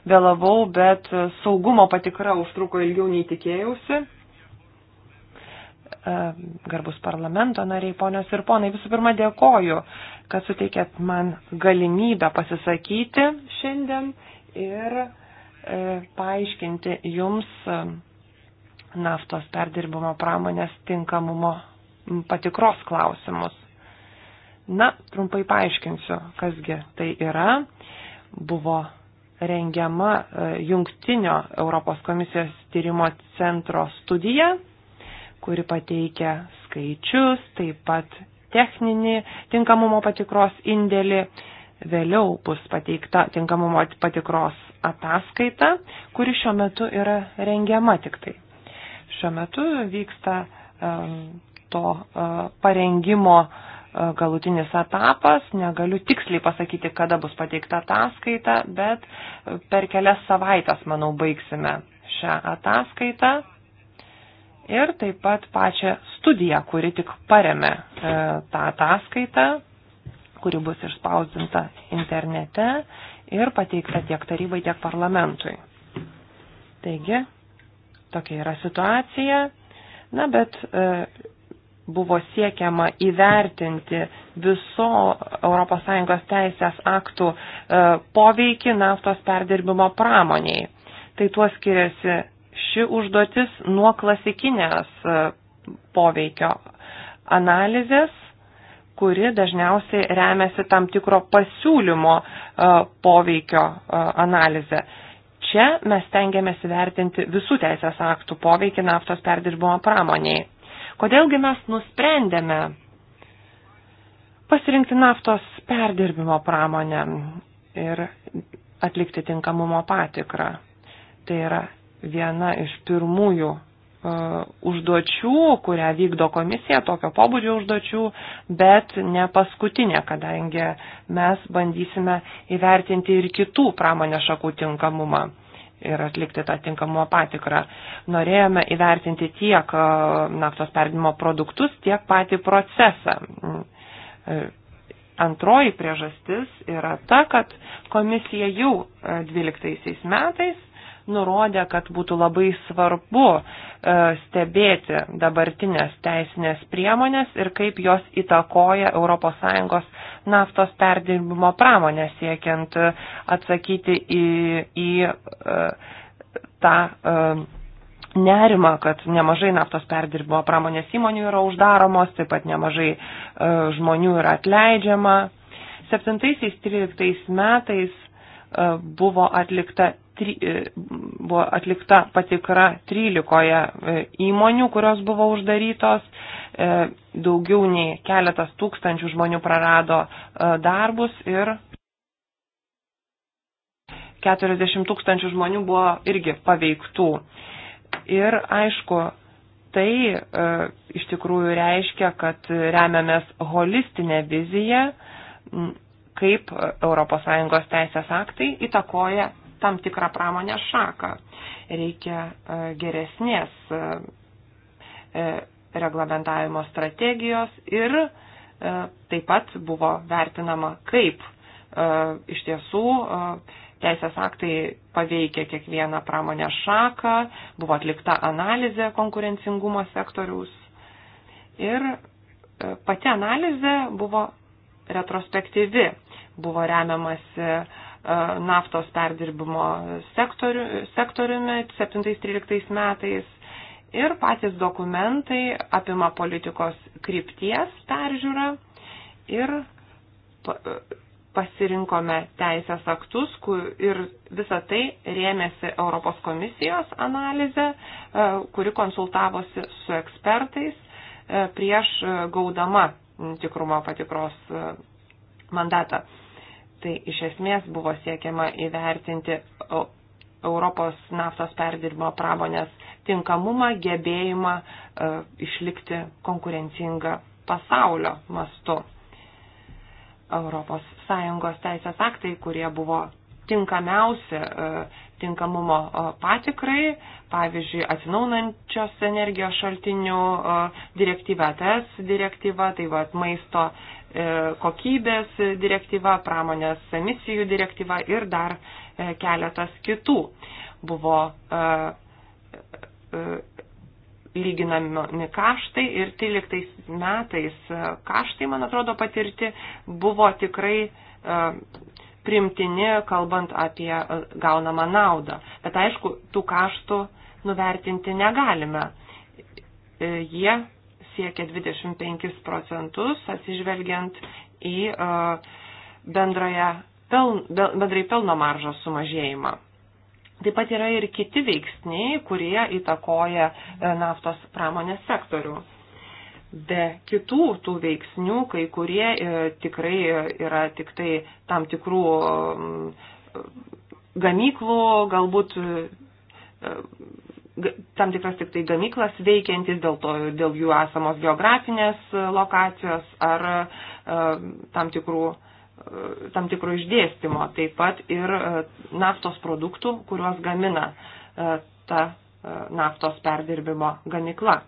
S3: vėlavau, bet e, saugumo patikra užtruko ilgiau nei tikėjausi. E, garbus parlamento nariai, ponios ir ponai, visų pirma dėkoju, kad suteikėt man galimybę pasisakyti šiandien ir e, paaiškinti jums naftos perdirbimo pramonės tinkamumo patikros klausimus. Na, trumpai paaiškinsiu, kasgi tai yra. Buvo rengiama e, jungtinio Europos komisijos tyrimo centro studija, kuri pateikia skaičius, taip pat techninį tinkamumo patikros indėlį. Vėliau bus pateikta tinkamumo patikros ataskaita, kuri šiuo metu yra rengiama tik tai. Šiuo metu vyksta um, to uh, parengimo uh, galutinis etapas, negaliu tiksliai pasakyti, kada bus pateikta ataskaita, bet per kelias savaitės, manau, baigsime šią ataskaitą ir taip pat pačią studiją, kuri tik paremė e, tą ataskaitą, kuri bus išspausdinta internete ir pateikta tiek tarybai, tiek parlamentui. Taigi, tokia yra situacija. Na, bet e, buvo siekiama įvertinti viso ES teisės aktų e, poveikį naftos perdirbimo pramoniai. Tai tuo skiriasi ši užduotis nuo klasikinės e, poveikio analizės, kuri dažniausiai remiasi tam tikro pasiūlymo e, poveikio analizę. Čia mes tengiamės įvertinti visų teisės aktų poveikį naftos perdirbimo pramoniai. Kodėlgi mes nusprendėme pasirinkti naftos perdirbimo pramonę ir atlikti tinkamumo patikrą. Tai yra viena iš pirmųjų e, užduočių, kurią vykdo komisija, tokio pobūdžio užduočių, bet ne paskutinė, kadangi mes bandysime įvertinti ir kitų pramonės šakų tinkamumą ir atlikti tą tinkamumo patikrą. Norėjome įvertinti tiek e, naftos perdimo produktus, tiek patį procesą. Mm. E, antroji priežastis yra ta, kad komisija jau 12 e, metais nurodė, kad būtų labai svarbu e, stebėti dabartinės teisinės priemonės ir kaip jos įtakoja ES naftos perdirbimo pramonę siekiant e, atsakyti į, į e, tą nerimą, kad nemažai naftos perdirbimo pramonės įmonių yra uždaromos, taip pat nemažai žmonių yra atleidžiama. 7-13 metais buvo atlikta tri, e, buvo atlikta patikra 13 e, įmonių, kurios buvo uždarytos, e, daugiau nei keletas tūkstančių žmonių prarado darbus ir 40 tūkstančių žmonių buvo irgi paveiktų. Ir aišku, tai e, iš tikrųjų reiškia, kad remiamės holistinę viziją, kaip ES teisės aktai įtakoja tam tikrą pramonę šaką. Reikia e, geresnės e, e, reglamentavimo strategijos ir taip pat buvo vertinama, kaip iš tiesų teisės aktai paveikia kiekvieną pramonę šaką, buvo atlikta analizė konkurencingumo sektoriaus ir pati analizė buvo retrospektyvi, buvo remiamasi E, naftos perdirbimo sektoriu, sektoriumi 17-13 metais ir patys dokumentai apima politikos krypties peržiūrą ir e, pasirinkome teisės aktus kur, ir visa tai rėmėsi Europos komisijos analizė, e, kuri konsultavosi su ekspertais prieš gaudama tikrumo patikros mandatą tai iš esmės buvo siekiama įvertinti Europos naftos perdirbimo pramonės tinkamumą, gebėjimą e, išlikti konkurencingą pasaulio mastu. ES teisės aktai, kurie buvo tinkamiausi e, tinkamumo e, patikrai, pavyzdžiui, atsinaunančios energijos šaltinių direktyva, TS direktyva, tai va, maisto E, kokybės direktyva, pramonės emisijų direktyva ir dar e, keletas kitų buvo e, lyginami kaštai ir 13 metais kaštai, man atrodo, patirti buvo tikrai primtini, kalbant apie gaunamą naudą. Bet aišku, tų kaštų nuvertinti negalime. Jie siekia 25 procentus, atsižvelgiant į e, bendrąją peln, bendrai pelno maržos sumažėjimą. Taip pat yra ir kiti veiksniai, kurie įtakoja e, naftos pramonės sektorių. Be kitų tų veiksnių, kai kurie e, tikrai yra tik tai tam tikrų gamyklų, galbūt tam tikras tik tai gamyklas veikiantis dėl, to, dėl jų esamos geografinės e, lokacijos ar e, tam tikrų e, tam tikro išdėstymo, taip pat ir naftos produktų, kuriuos gamina ta naftos perdirbimo gamikla.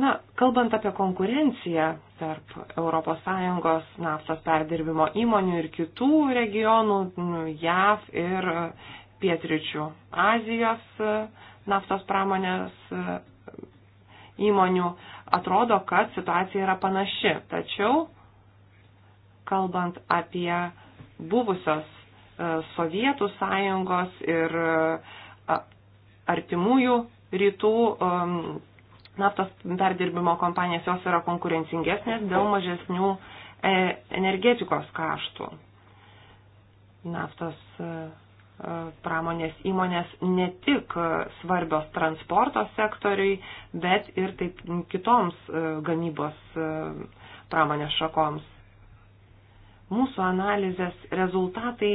S3: Na, kalbant apie konkurenciją tarp ES naftos perdirbimo įmonių ir kitų regionų, JAV ir pietričių Azijos e, naftos pramonės e, įmonių, atrodo, kad situacija yra panaši. Tačiau, kalbant apie buvusios e, Sovietų sąjungos ir artimųjų rytų naftos perdirbimo kompanijas, jos yra konkurencingesnės dėl mažesnių energetikos kaštų. Naftos pramonės įmonės ne tik svarbios transporto sektoriui, bet ir taip kitoms e, gamybos e, pramonės šakoms. Mūsų analizės rezultatai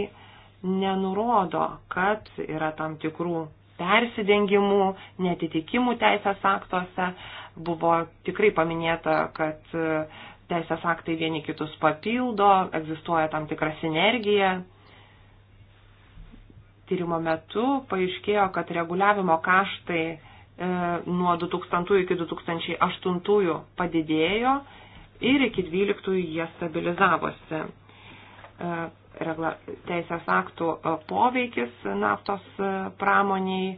S3: nenurodo, kad yra tam tikrų persidengimų, netitikimų teisės aktuose. Buvo tikrai paminėta, kad e, teisės aktai vieni kitus papildo, egzistuoja tam tikra sinergija tyrimo metu paaiškėjo, kad reguliavimo kaštai e, nuo 2000 iki 2008 padidėjo ir iki 12 jie stabilizavosi. E, regla, teisės aktų e, poveikis naftos pramoniai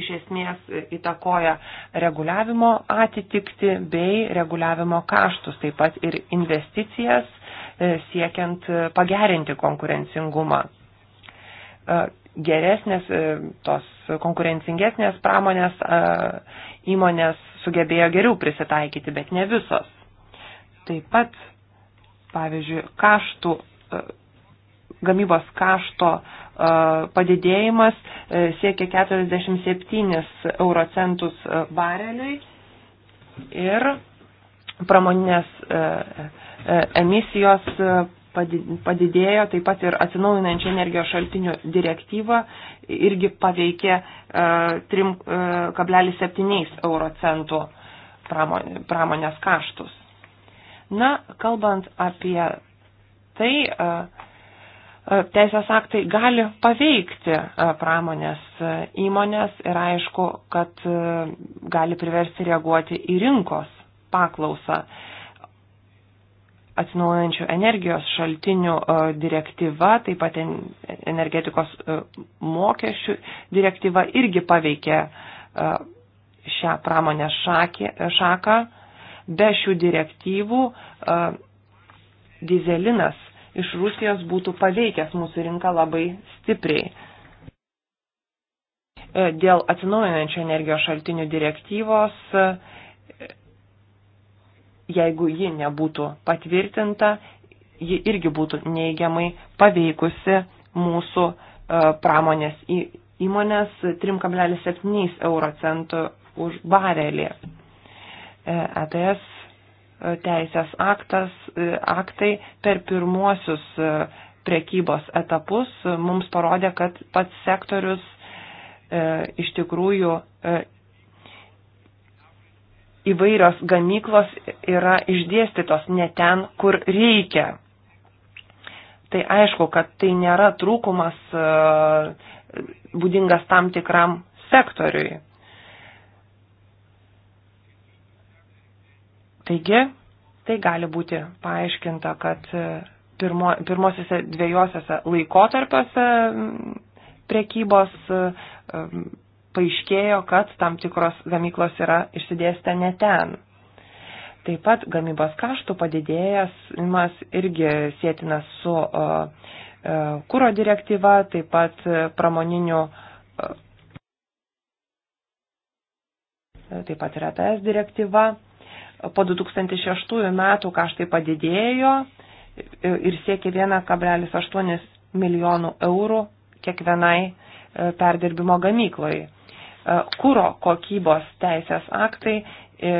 S3: iš esmės įtakoja reguliavimo atitikti bei reguliavimo kaštus, taip pat ir investicijas siekiant pagerinti konkurencingumą. E, geresnės, e, tos konkurencingesnės pramonės e, įmonės sugebėjo geriau prisitaikyti, bet ne visos. Taip pat, pavyzdžiui, kaštų, gamybos kašto padidėjimas siekia 47 euro centus bareliui ir pramoninės emisijos padidėjo, taip pat ir atsinaujinančių energijos šaltinių direktyva irgi paveikė 3,7 e, e, euro centų pramonės kaštus. Na, kalbant apie tai, e, teisės aktai gali paveikti pramonės įmonės ir aišku, kad gali priversti reaguoti į rinkos paklausą atsinaujančių energijos šaltinių e, direktyva, taip pat energetikos e, mokesčių direktyva irgi paveikė e, šią pramonę šakį, šaką. Be šių direktyvų dizelinas iš Rusijos būtų paveikęs mūsų rinką labai stipriai. Dėl atsinaujančių energijos šaltinių direktyvos jeigu ji nebūtų patvirtinta, ji irgi būtų neigiamai paveikusi mūsų e, pramonės įmonės 3,7 euro centų už barelį. ETS e e, teisės aktas, aktai per pirmuosius prekybos etapus mums parodė, kad pats sektorius iš tikrųjų įvairios gamyklos yra išdėstytos ne ten, kur reikia. Tai aišku, kad tai nėra trūkumas e, būdingas tam tikram sektoriui. Taigi, tai gali būti paaiškinta, kad e, pirmo, pirmosiuose dviejosiuose laikotarpiuose prekybos e, paaiškėjo, kad tam tikros gamyklos yra išsidėstę ne ten. Taip pat gamybos kaštų padidėjimas irgi sėtinas su e, kūro direktyva, taip pat e, pramoninių, e, taip pat yra TS direktyva. Po 2006 metų kaštai padidėjo ir siekė 1,8 milijonų eurų kiekvienai perdirbimo gamyklai. E, kūro kokybos teisės aktai e,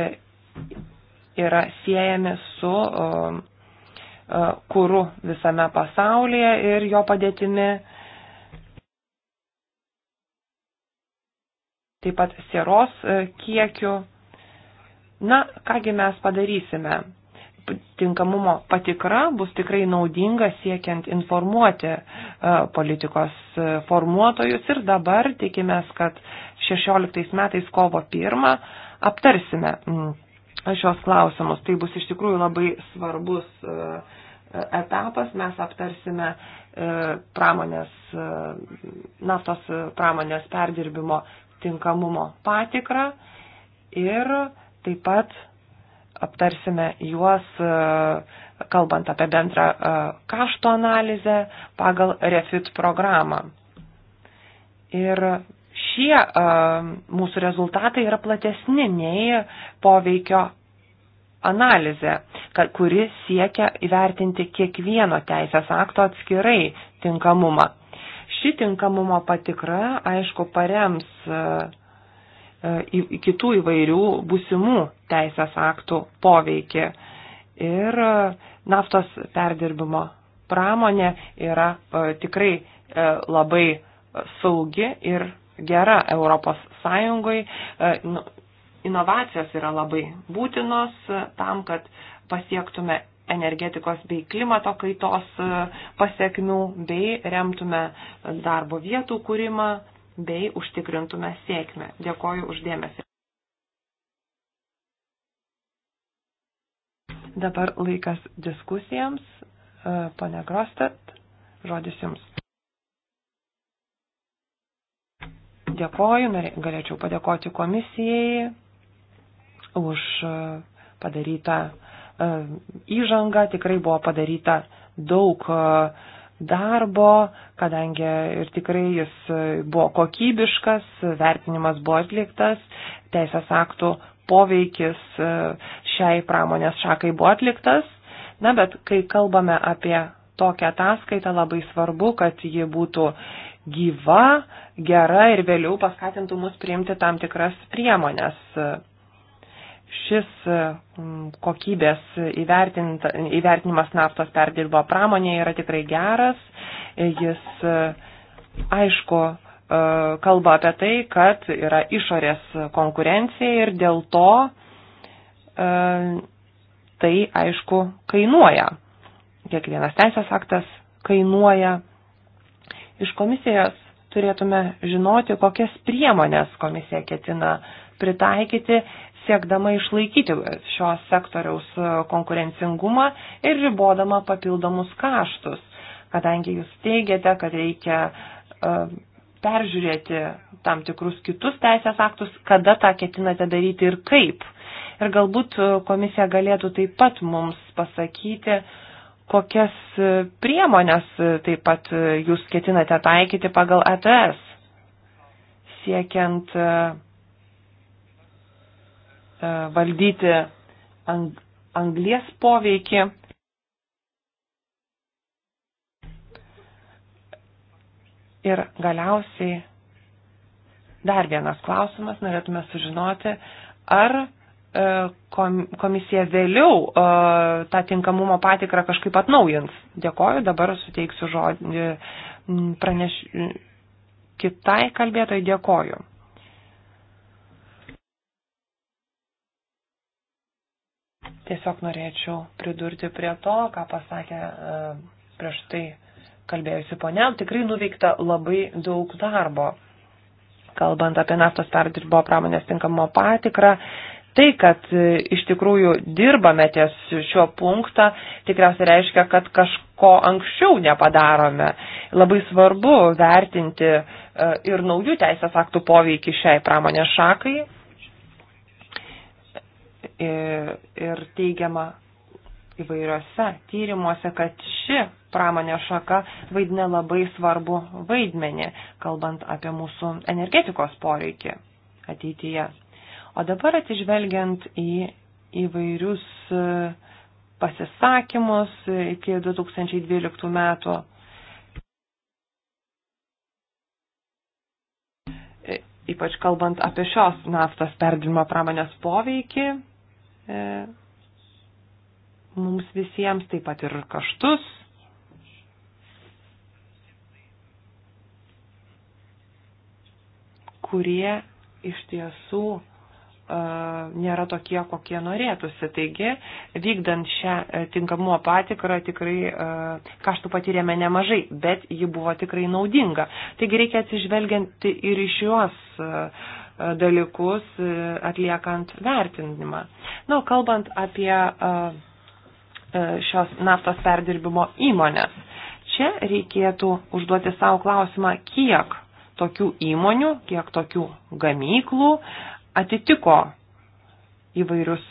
S3: yra siejami su e, kūru visame pasaulyje ir jo padėtimi. Taip pat sieros kiekiu. Na, kągi mes padarysime? tinkamumo patikra bus tikrai naudinga siekiant informuoti e, politikos e, formuotojus ir dabar tikimės, kad 16 metais kovo 1 aptarsime šios klausimus. Tai bus iš tikrųjų labai svarbus e, etapas. Mes aptarsime pramonės, naftos pramonės perdirbimo tinkamumo patikrą ir taip pat aptarsime juos, e, kalbant apie bendrą e, kašto analizę pagal REFIT programą. Ir šie e, mūsų rezultatai yra platesni nei poveikio analizė, kuri siekia įvertinti kiekvieno teisės akto atskirai tinkamumą. Ši tinkamumo patikra, aišku, parems E, kitų įvairių būsimų teisės aktų poveikį. Ir e, naftos perdirbimo pramonė yra e, tikrai labai saugi ir gera Europos Sąjungoje. Nu, inovacijos yra labai būtinos tam, kad pasiektume energetikos bei klimato kaitos pasiekmių, bei remtume darbo vietų kūrimą, bei užtikrintume sėkmę. Dėkoju uždėmesi. Dabar laikas diskusijams. E, Pone Grostat, žodis jums. Dėkoju, galėčiau padėkoti komisijai už e, padarytą e, įžangą. Tikrai buvo padaryta daug uh, darbo, kadangi ir tikrai jis buvo kokybiškas, vertinimas buvo atliktas, teisės aktų poveikis e, šiai pramonės šakai buvo atliktas. Na, bet kai kalbame apie tokią ataskaitą, labai svarbu, kad ji būtų gyva, gera ir vėliau paskatintų mus priimti tam tikras priemonės šis mm, kokybės įvertinimas naftos perdirbo pramonėje yra tikrai geras. Jis, aišku, e, kalba apie tai, kad yra išorės konkurencija ir dėl to e, tai, aišku, kainuoja. Kiekvienas teisės aktas kainuoja. Iš komisijos turėtume žinoti, kokias priemonės komisija ketina pritaikyti siekdama išlaikyti šios sektoriaus konkurencingumą ir ribodama papildomus kaštus, kadangi jūs teigiate, kad reikia e, peržiūrėti tam tikrus kitus teisės aktus, kada tą ketinate daryti ir kaip. Ir galbūt komisija galėtų taip pat mums pasakyti, kokias priemonės taip pat jūs ketinate taikyti pagal ETS, siekiant uh, E, valdyti ang, anglies poveikį. Ir galiausiai dar vienas klausimas, norėtume sužinoti, ar e, komisija vėliau e, tą tinkamumo patikrą kažkaip atnaujins. Dėkoju, dabar suteiksiu žodį praneš kitai kalbėtojai, dėkoju. Tiesiog norėčiau pridurti prie to, ką pasakė e, prieš tai kalbėjusi ponia. Tikrai nuveikta labai daug darbo, kalbant apie naftos perdirbo pramonės tinkamo patikrą. Tai, kad e, iš tikrųjų dirbame ties šiuo punktą, tikriausiai reiškia, kad kažko anksčiau nepadarome. Labai svarbu vertinti e, ir naujų teisės aktų poveikį šiai pramonės šakai, ir teigiama įvairiose tyrimuose, kad ši pramonė šaka vaidina labai svarbu vaidmenį, kalbant apie mūsų energetikos poreikį ateityje. O dabar atsižvelgiant į įvairius e, pasisakymus iki 2012 metų. E, ypač kalbant apie šios naftos perdirbimo pramonės poveikį E, mums visiems, taip pat ir kaštus. kurie iš tiesų e, nėra tokie, kokie norėtųsi. Taigi, vykdant šią e, tinkamumo patikrą, tikrai kaštų patyrėme nemažai, bet ji buvo tikrai naudinga. Taigi reikia atsižvelgianti ir iš juos dalykus e, atliekant vertinimą. Na, nu, kalbant apie e, e, šios naftos perdirbimo įmonės, čia reikėtų užduoti savo klausimą, kiek tokių įmonių, kiek tokių gamyklų atitiko įvairius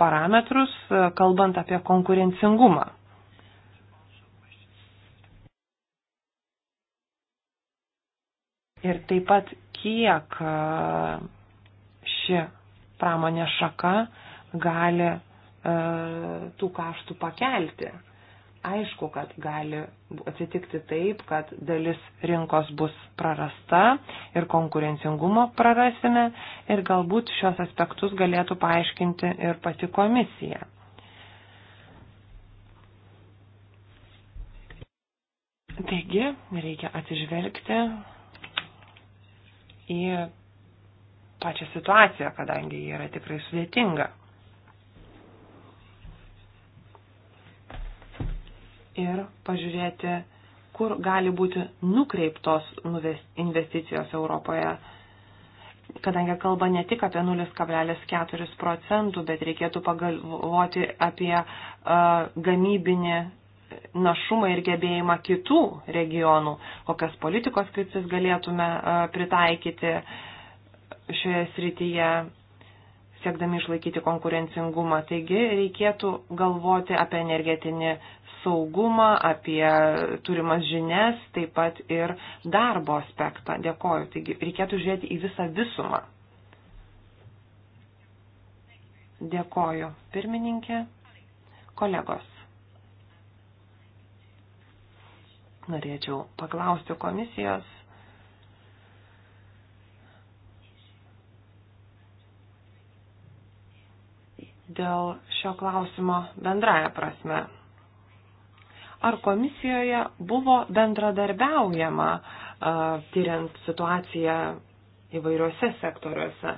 S3: parametrus, kalbant apie konkurencingumą. Ir taip pat, kiek ši pramonė šaka gali tų kaštų pakelti. Aišku, kad gali atsitikti taip, kad dalis rinkos bus prarasta ir konkurencingumo prarasime ir galbūt šios aspektus galėtų paaiškinti ir pati komisija. Taigi, reikia atsižvelgti į pačią situaciją, kadangi ji yra tikrai sudėtinga. Ir pažiūrėti, kur gali būti nukreiptos investicijos Europoje, kadangi kalba ne tik apie 0,4 procentų, bet reikėtų pagalvoti apie uh, gamybinį našumą ir gebėjimą kitų regionų, kokias politikos kryptis galėtume e, pritaikyti šioje srityje, siekdami išlaikyti konkurencingumą. Taigi reikėtų galvoti apie energetinį saugumą, apie turimas žinias, taip pat ir darbo aspektą. Dėkoju. Taigi reikėtų žiūrėti į visą visumą. Dėkoju. Pirmininkė, kolegos. Norėčiau paklausti komisijos. Dėl šio klausimo bendraja prasme. Ar komisijoje buvo bendradarbiaujama tyriant situaciją įvairiuose sektoriuose?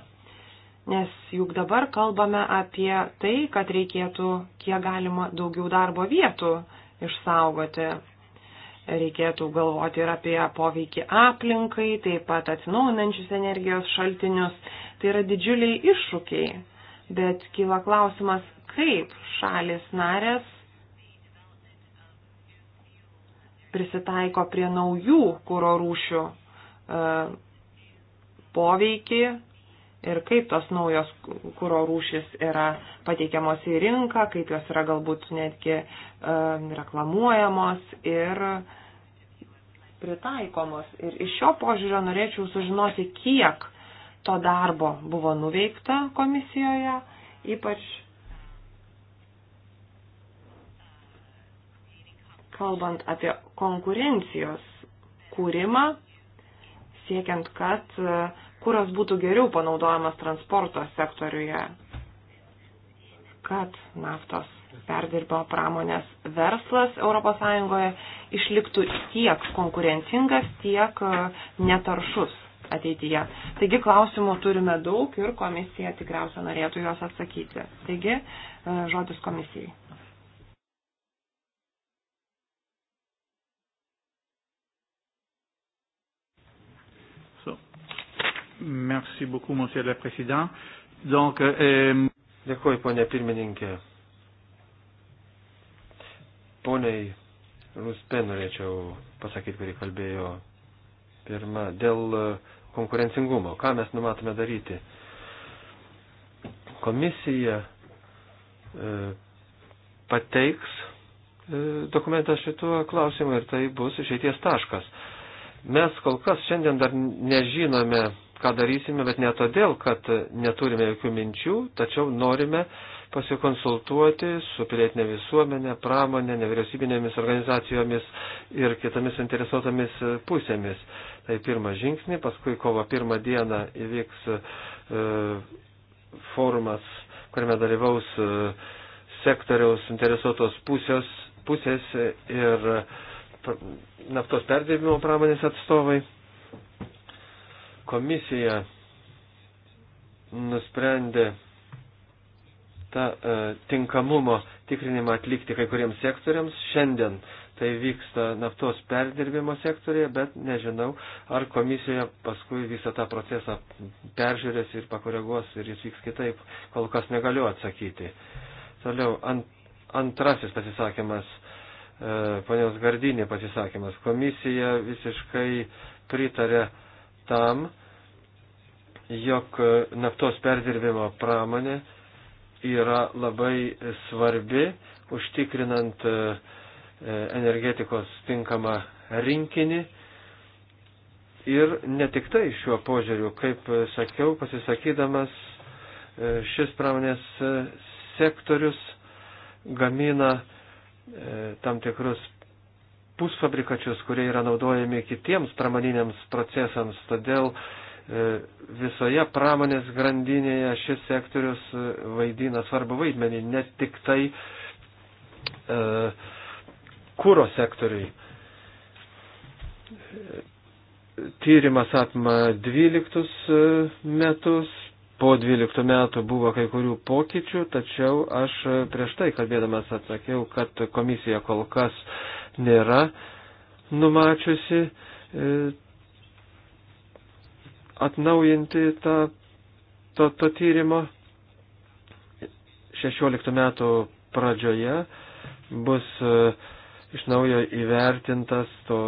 S3: nes juk dabar kalbame apie tai, kad reikėtų kiek galima daugiau darbo vietų išsaugoti reikėtų galvoti ir apie poveikį aplinkai, taip pat atsinaujinančius energijos šaltinius. Tai yra didžiuliai iššūkiai, bet kyla klausimas, kaip šalis narės prisitaiko prie naujų kūro rūšių e, poveikį ir kaip tos naujos kūro rūšis yra pateikiamos į rinką, kaip jos yra galbūt netgi e, reklamuojamos ir pritaikomos. Ir iš šio požiūrio norėčiau sužinoti, kiek to darbo buvo nuveikta komisijoje, ypač kalbant apie konkurencijos kūrimą, siekiant, kad kuras būtų geriau panaudojamas transporto sektoriuje, kad naftos perdirbimo pramonės verslas ES išliktų tiek konkurencingas, tiek e, netaršus ateityje. Taigi klausimų turime daug ir komisija tikriausia norėtų juos atsakyti. Taigi, e, žodis komisijai.
S5: Merci beaucoup, monsieur le président. Donc, um... Dėkuoju, ponė pirmininkė. Poniai Ruspe norėčiau pasakyti, kurį kalbėjo pirmą, dėl e, konkurencingumo. Ką mes numatome daryti? Komisija e, pateiks e, dokumentą šituo klausimu ir tai bus išeities taškas. Mes kol kas šiandien dar nežinome ką darysime, bet ne todėl, kad neturime jokių minčių, tačiau norime pasikonsultuoti su pilietinė visuomenė, pramonė, nevyriausybinėmis organizacijomis ir kitomis interesuotomis pusėmis. Tai pirmas žingsnis, paskui kovo pirmą dieną įvyks e, forumas, kuriame dalyvaus e, sektoriaus interesuotos pusės, pusės ir e, naftos perdirbimo pramonės atstovai komisija nusprendė tą e, tinkamumo tikrinimą atlikti kai kuriems sektoriams. Šiandien tai vyksta naftos perdirbimo sektorėje, bet nežinau, ar komisija paskui visą tą procesą peržiūrės ir pakoreguos ir jis vyks kitaip, kol kas negaliu atsakyti. Toliau, ant, antrasis pasisakymas, e, ponios Gardinė pasisakymas. Komisija visiškai pritarė tam, jog e, naftos perdirbimo pramonė yra labai svarbi, užtikrinant e, e, energetikos tinkamą rinkinį. Ir ne tik tai šiuo požiūriu, kaip sakiau, pasisakydamas, šis pramonės sektorius gamina tam tikrus pusfabrikačius, kurie yra naudojami kitiems pramoniniams procesams. Todėl E, visoje pramonės grandinėje šis sektorius e, vaidina svarbu vaidmenį, ne tik tai e, kūro sektoriui. Tyrimas apima 12 metus, po 12 metų buvo kai kurių pokyčių, tačiau aš prieš tai kalbėdamas atsakiau, kad komisija kol kas nėra numačiusi atnaujinti tą, tą, tą tyrimą. 16 metų pradžioje bus e, iš naujo įvertintas to,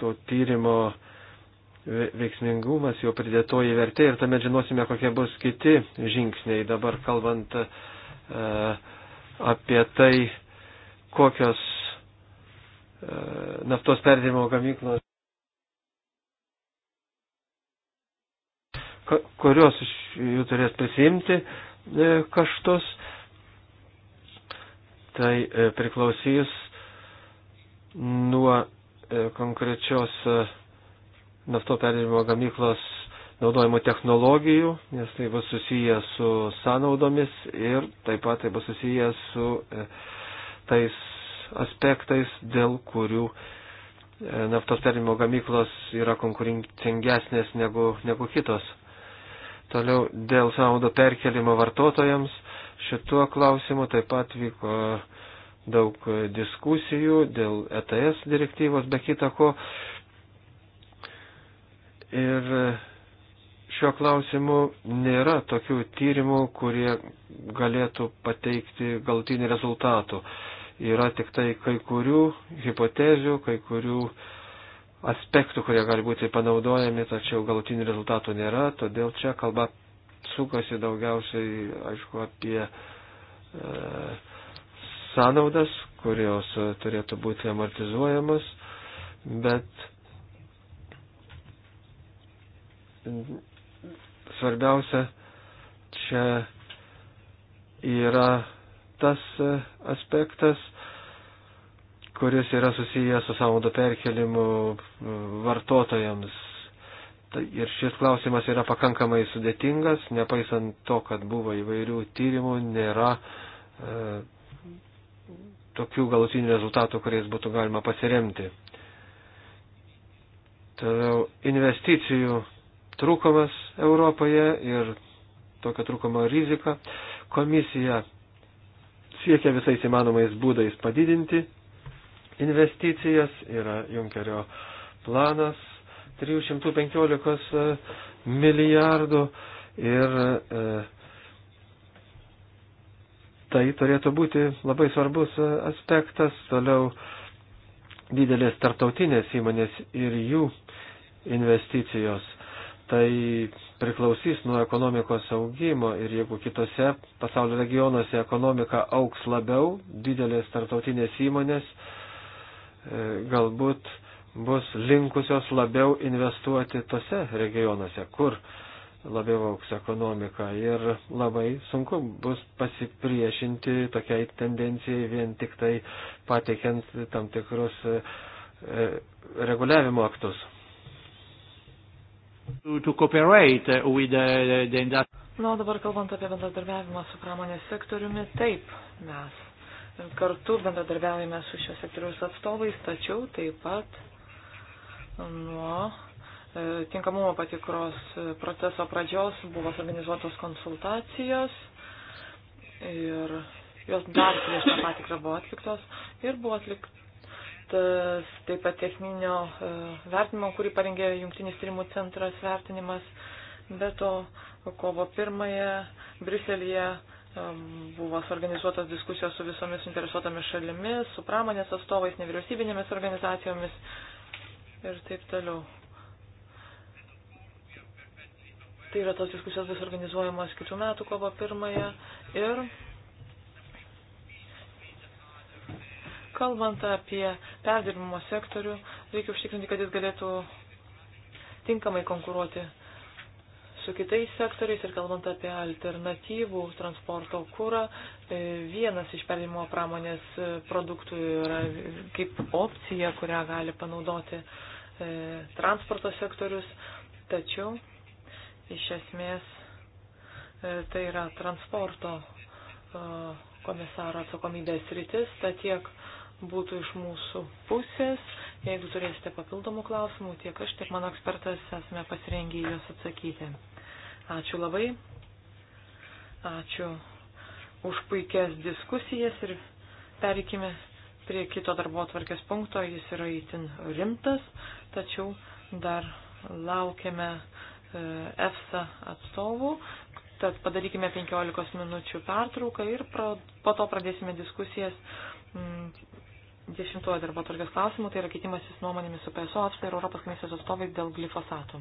S5: to tyrimo veiksmingumas, jo pridėtoji vertė ir tame žinosime, kokie bus kiti žingsniai. Dabar kalbant e, apie tai, kokios e, naftos perdėmo gamyklos kurios iš jų turės prisimti e, kaštus, tai e, priklausys nuo e, konkrečios nafto perdirbimo gamyklos naudojimo technologijų, nes tai bus susiję su sąnaudomis ir taip pat tai bus susiję su tais aspektais, dėl kurių naftos perdirbimo gamyklos yra konkurencingesnės negu, negu kitos. Toliau dėl sąnaudo perkelimo vartotojams šituo klausimu taip pat vyko daug diskusijų dėl ETS direktyvos be kitako. Ir šiuo klausimu nėra tokių tyrimų, kurie galėtų pateikti galtinį rezultatų. Yra tik tai kai kurių hipotezių, kai kurių uh, aspektų, kurie gali būti panaudojami, tačiau galutinių rezultatų nėra, todėl čia kalba sukasi daugiausiai, aišku, apie e, sąnaudas, kurios e, turėtų būti amortizuojamas, bet svarbiausia čia yra tas e, aspektas, kuris yra susijęs su sąnaudų perkelimu e, vartotojams. Tai ir šis klausimas yra pakankamai sudėtingas, nepaisant to, kad buvo įvairių tyrimų, nėra e, tokių galutinių rezultatų, kuriais būtų galima pasiremti. Toliau investicijų trūkumas Europoje ir tokio trūkumo rizika. Komisija siekia visais įmanomais būdais padidinti investicijas, yra Junkerio planas 315 e, milijardų ir e, tai turėtų būti labai svarbus e, aspektas. Toliau didelės tartautinės įmonės ir jų investicijos. Tai priklausys nuo ekonomikos augimo ir jeigu kitose pasaulio regionuose ekonomika auks labiau, didelės tartautinės įmonės, e, E, galbūt bus linkusios labiau investuoti tose regionuose, kur labiau auks ekonomika ir labai sunku bus pasipriešinti tokiai tendencijai vien tik tai pateikiant tam tikrus e, e, reguliavimo aktus.
S2: To, to cooperate with the, the industry.
S4: Na, o dabar kalbant apie bendradarbiavimą su pramonės sektoriumi, taip, mes kartu bendradarbiaujame su šios sektoriaus atstovais, tačiau taip pat nuo e, tinkamumo patikros proceso pradžios buvo organizuotos konsultacijos ir jos dar prieš tą patikrą buvo atliktos ir buvo atliktas taip pat techninio e, vertinimo, kurį parengė Junktinis tyrimų centras vertinimas. Be to, kovo pirmąją Briuselėje Buvo suorganizuotos diskusijos su visomis interesuotomis šalimis, su pramonės atstovais, nevyriausybinėmis organizacijomis ir taip toliau. Tai yra tos diskusijos bus organizuojamos kitų metų kovo pirmąją ir kalbant apie perdirbimo sektorių, reikia užtikrinti, kad jis galėtų tinkamai konkuruoti su kitais sektoriais ir kalbant apie alternatyvų transporto kūrą, e, vienas iš perimo pramonės e, produktų yra kaip opcija, kurią gali panaudoti e, transporto sektorius, tačiau iš esmės tai yra transporto komisaro atsakomybės rytis, tad tiek būtų iš mūsų pusės. Jeigu turėsite papildomų klausimų, tiek aš, tiek mano ekspertas esame pasirengę juos atsakyti. Ačiū labai. Ačiū už puikias diskusijas ir perikime prie kito darbo atvarkės punkto. Jis yra įtin rimtas, tačiau dar laukiame e, EFSA atstovų. Tad padarykime 15 minučių pertrauką ir pra, po to pradėsime diskusijas dešimtojo darbo tvarkės klausimų, tai yra keitimasis nuomonėmis su PSO atstovai ir Europos komisijos atstovais dėl glifosatų.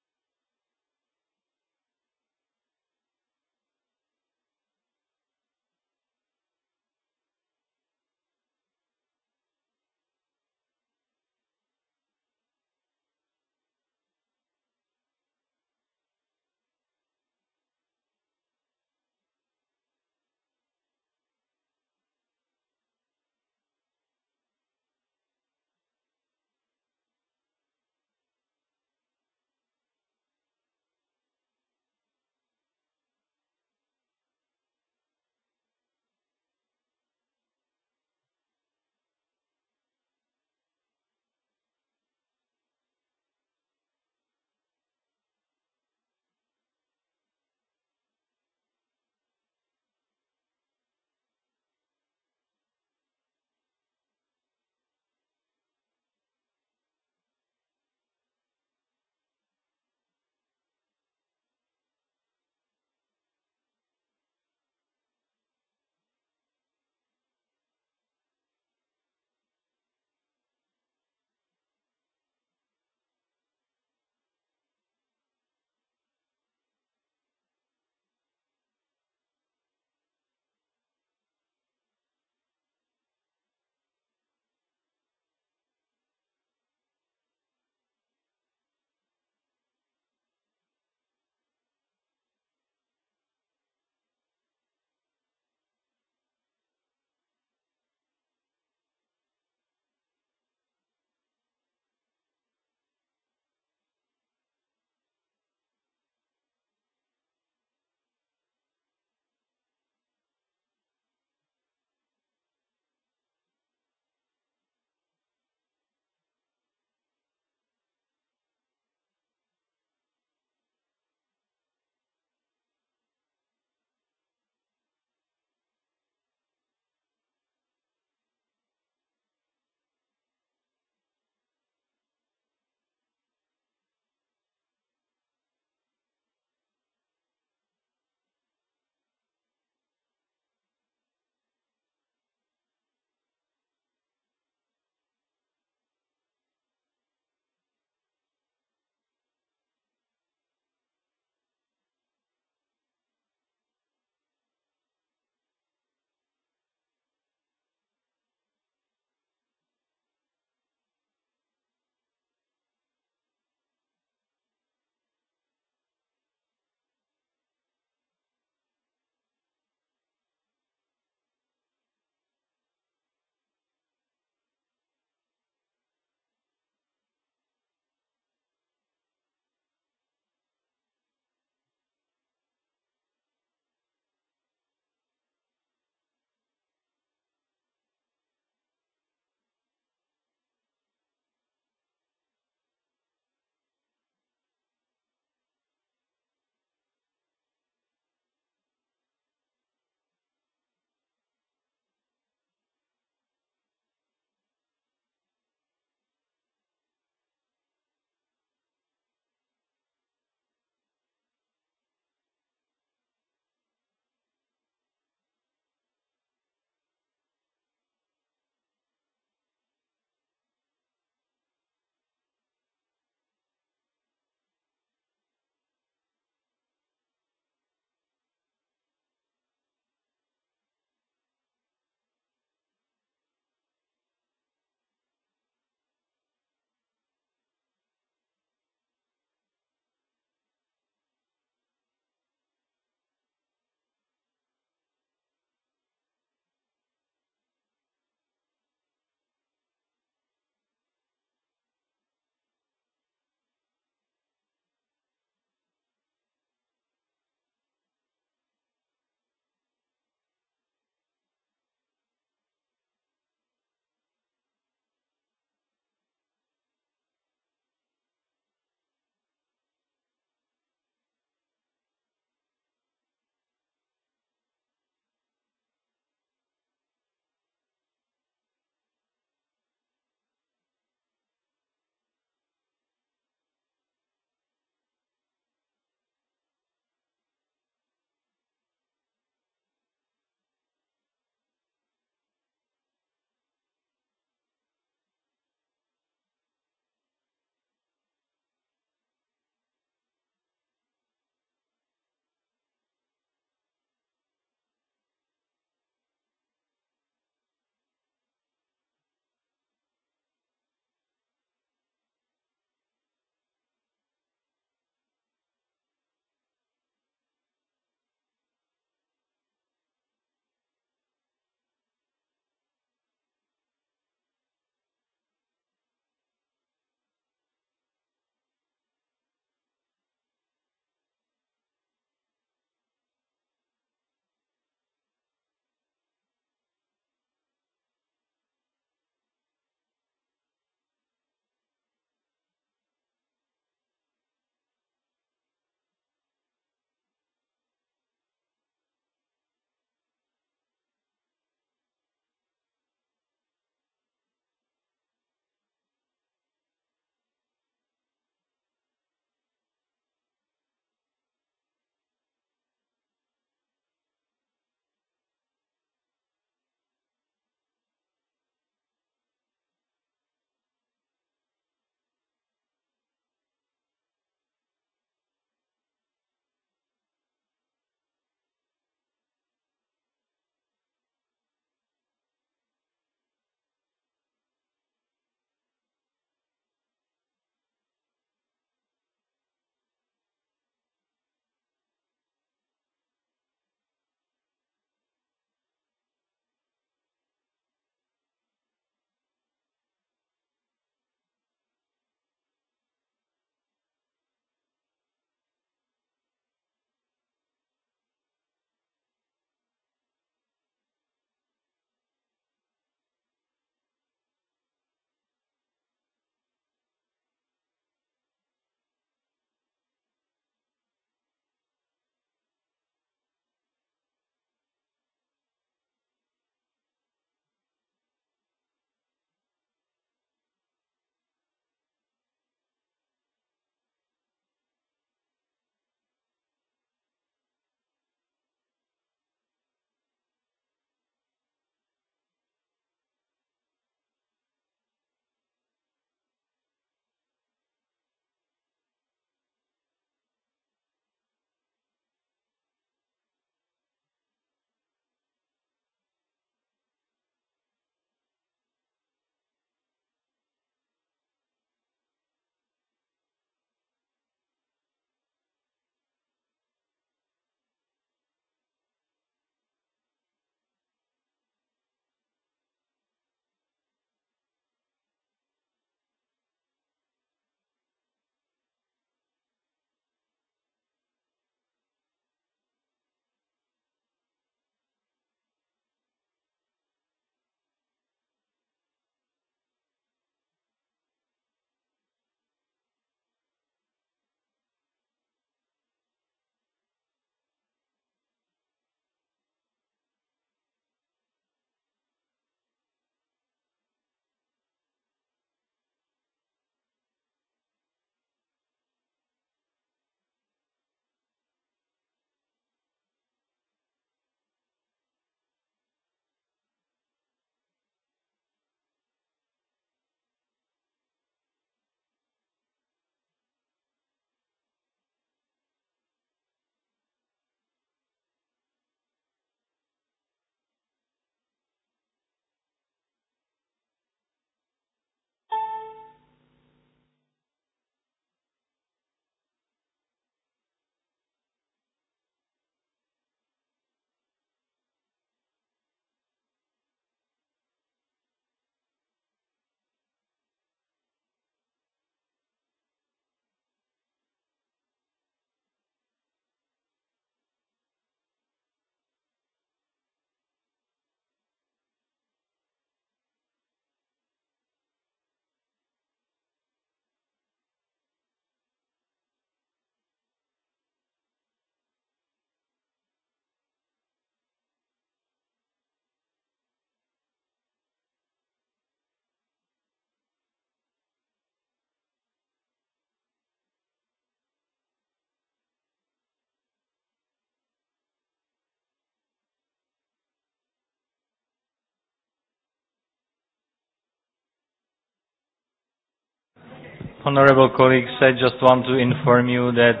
S5: Honorable colleagues, I just want to inform you that.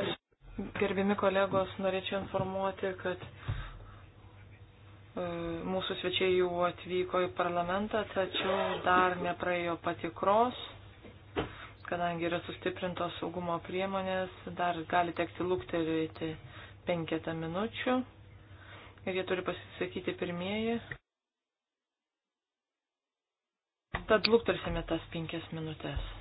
S4: Gerbimi kolegos, norėčiau informuoti, kad e, mūsų svečiai jau atvyko į parlamentą, tačiau dar nepraėjo patikros, kadangi yra sustiprintos saugumo priemonės, dar gali tekti lukterėti penketą minučių ir jie turi pasisakyti pirmieji. Tad luktarsime tas penkias minutės.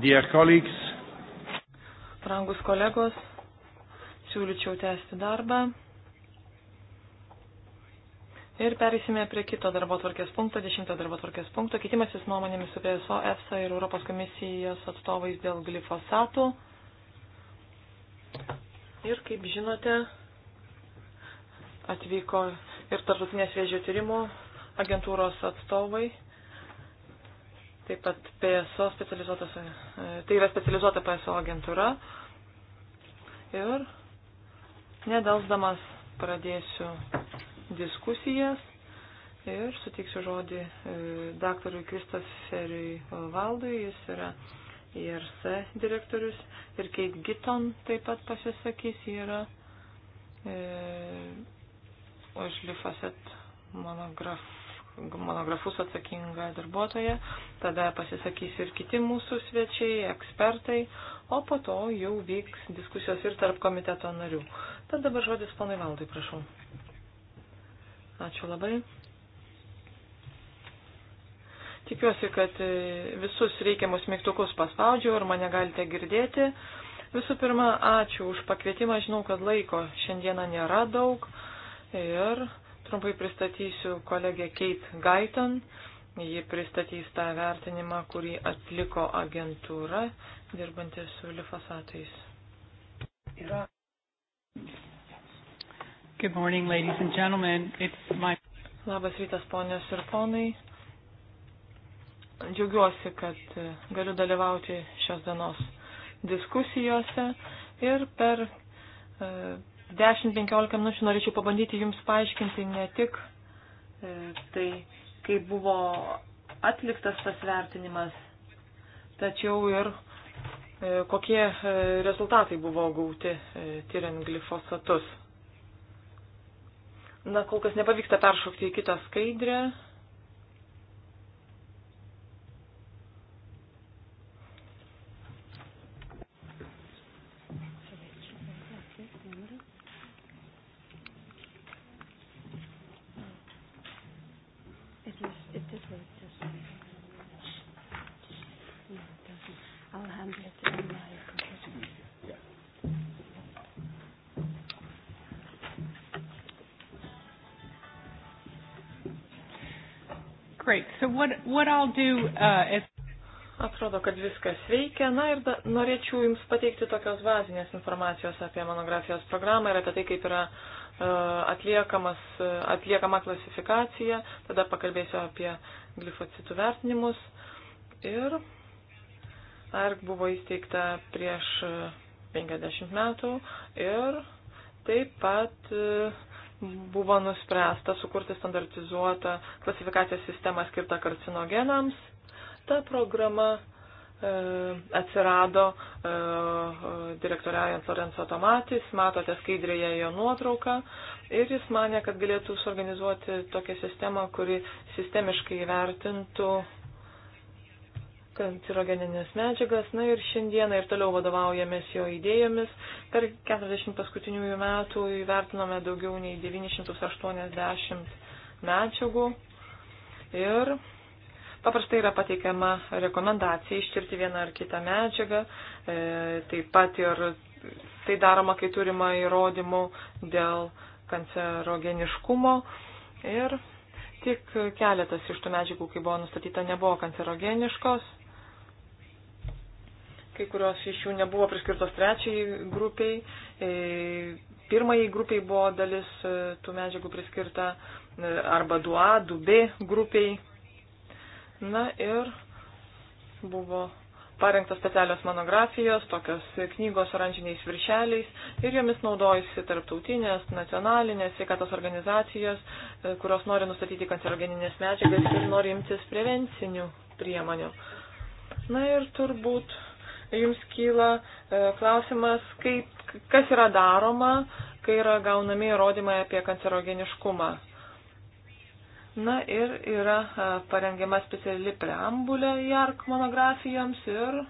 S1: Dear
S2: colleagues.
S4: Prangus kolegos, siūlyčiau tęsti darbą. Ir perėsime prie kito darbo tvarkės punkto, dešimto darbo tvarkės punkto, keitimasis nuomonėmis su PSO, EFSA ir Europos komisijos atstovais dėl glifosatų. Ir kaip žinote, atvyko ir tarptautinės vėžio tyrimų agentūros atstovai Taip pat PSO specializuotas, e, tai yra specializuota PSO agentūra. Ir nedelsdamas pradėsiu diskusijas ir sutiksiu žodį e, daktarui Kristoferiui Valdui, jis yra IRC direktorius ir Kate Gitton taip pat pasisakys, yra e, už Lifaset monografą monografus atsakinga darbuotoja, tada pasisakys ir kiti mūsų svečiai, ekspertai, o po to jau vyks diskusijos ir tarp komiteto narių. Tad dabar žodis ponai Valdai, prašau. Ačiū labai. Tikiuosi, kad visus reikiamus mygtukus paspaudžiau ir mane galite girdėti. Visų pirma, ačiū už pakvietimą. Žinau, kad laiko šiandieną nėra daug. Ir Trumpai pristatysiu kolegę Kate Gaiton. Ji pristatys tą vertinimą, kurį atliko agentūra, dirbantys su lifosatais. Yra. Good morning, ladies and gentlemen. It's my... Labas rytas, ponios ir ponai. Džiaugiuosi, kad galiu dalyvauti šios dienos diskusijose ir per e, 10-15 minučių norėčiau pabandyti Jums paaiškinti ne tik e, tai, kaip buvo atliktas tas vertinimas, tačiau ir e, kokie e, rezultatai buvo gauti tyriant glifosatus. Na, kol kas nepavyksta peršokti į kitą skaidrę. what, what I'll do, uh, is... Atrodo, kad viskas veikia. Na ir da, norėčiau Jums pateikti tokios bazinės informacijos apie monografijos programą ir apie tai, kaip yra uh, atliekamas, uh, atliekama klasifikacija. Tada pakalbėsiu apie glifocitų vertinimus. Ir ARG buvo įsteigta prieš 50 uh, metų ir taip pat uh, buvo nuspręsta sukurti standartizuotą klasifikacijos sistemą skirtą karcinogenams. Ta programa e, atsirado e, direktoriaujant Lorenzo Tomatis, matote skaidrėje jo nuotrauką ir jis mane, kad galėtų suorganizuoti tokią sistemą, kuri sistemiškai įvertintų kancerogeninės medžiagas. Na ir šiandieną ir toliau vadovaujamės jo idėjomis. Per 40 paskutiniųjų metų įvertinome daugiau nei 980 medžiagų. Ir paprastai yra pateikiama rekomendacija ištirti vieną ar kitą medžiagą. E, taip pat ir tai daroma, kai turima įrodymų dėl kancerogeniškumo. Ir tik keletas iš tų medžiagų, kai buvo nustatyta, nebuvo kancerogeniškos kai kurios iš jų nebuvo priskirtos trečiai grupiai. E, Pirmai grupiai buvo dalis e, tų medžiagų priskirta e, arba 2A, 2B grupiai. Na ir buvo parengtos specialios monografijos, tokios knygos oranžiniais viršeliais ir jomis naudojasi tarptautinės, nacionalinės sveikatos organizacijos, kurios nori nustatyti kancerogeninės medžiagas ir nori imtis prevencinių priemonių. Na ir turbūt jums kyla e, klausimas, kaip, kas yra daroma, kai yra gaunami įrodymai apie kancerogeniškumą. Na ir yra e, parengiama speciali preambulė JARK monografijoms ir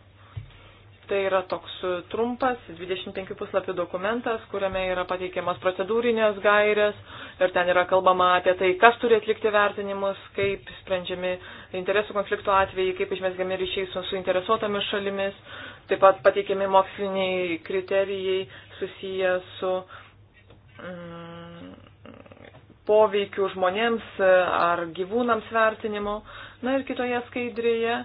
S4: Tai yra toks trumpas 25 puslapių dokumentas, kuriame yra pateikiamas procedūrinės gairės ir ten yra kalbama apie tai, kas turi atlikti vertinimus, kaip sprendžiami interesų konflikto atvejai, kaip išmesgami ryšiai su suinteresuotomis šalimis, taip pat pateikiami moksliniai kriterijai susiję su mm, poveikiu žmonėms ar gyvūnams vertinimu. Na ir kitoje skaidrėje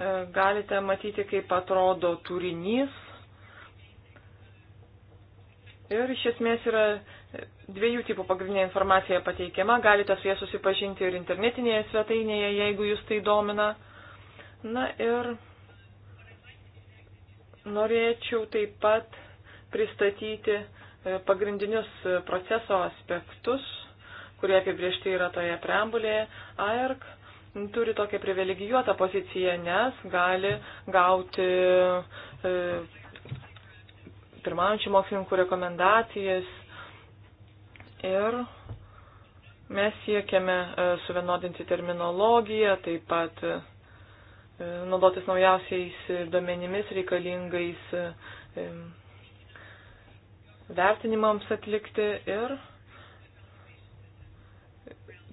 S4: E, galite matyti, kaip atrodo turinys. Ir iš esmės yra dviejų tipų pagrindinė informacija pateikiama. Galite su jie susipažinti ir internetinėje svetainėje, jeigu jūs tai domina. Na ir norėčiau taip pat pristatyti e, pagrindinius proceso aspektus, kurie apibriežti yra toje preambulėje. AERG turi tokią privilegijuotą poziciją, nes gali gauti e, pirmaujančių mokslininkų rekomendacijas ir mes siekiame e, suvienodinti terminologiją, taip pat e, naudotis naujausiais duomenimis reikalingais. E, vertinimams atlikti ir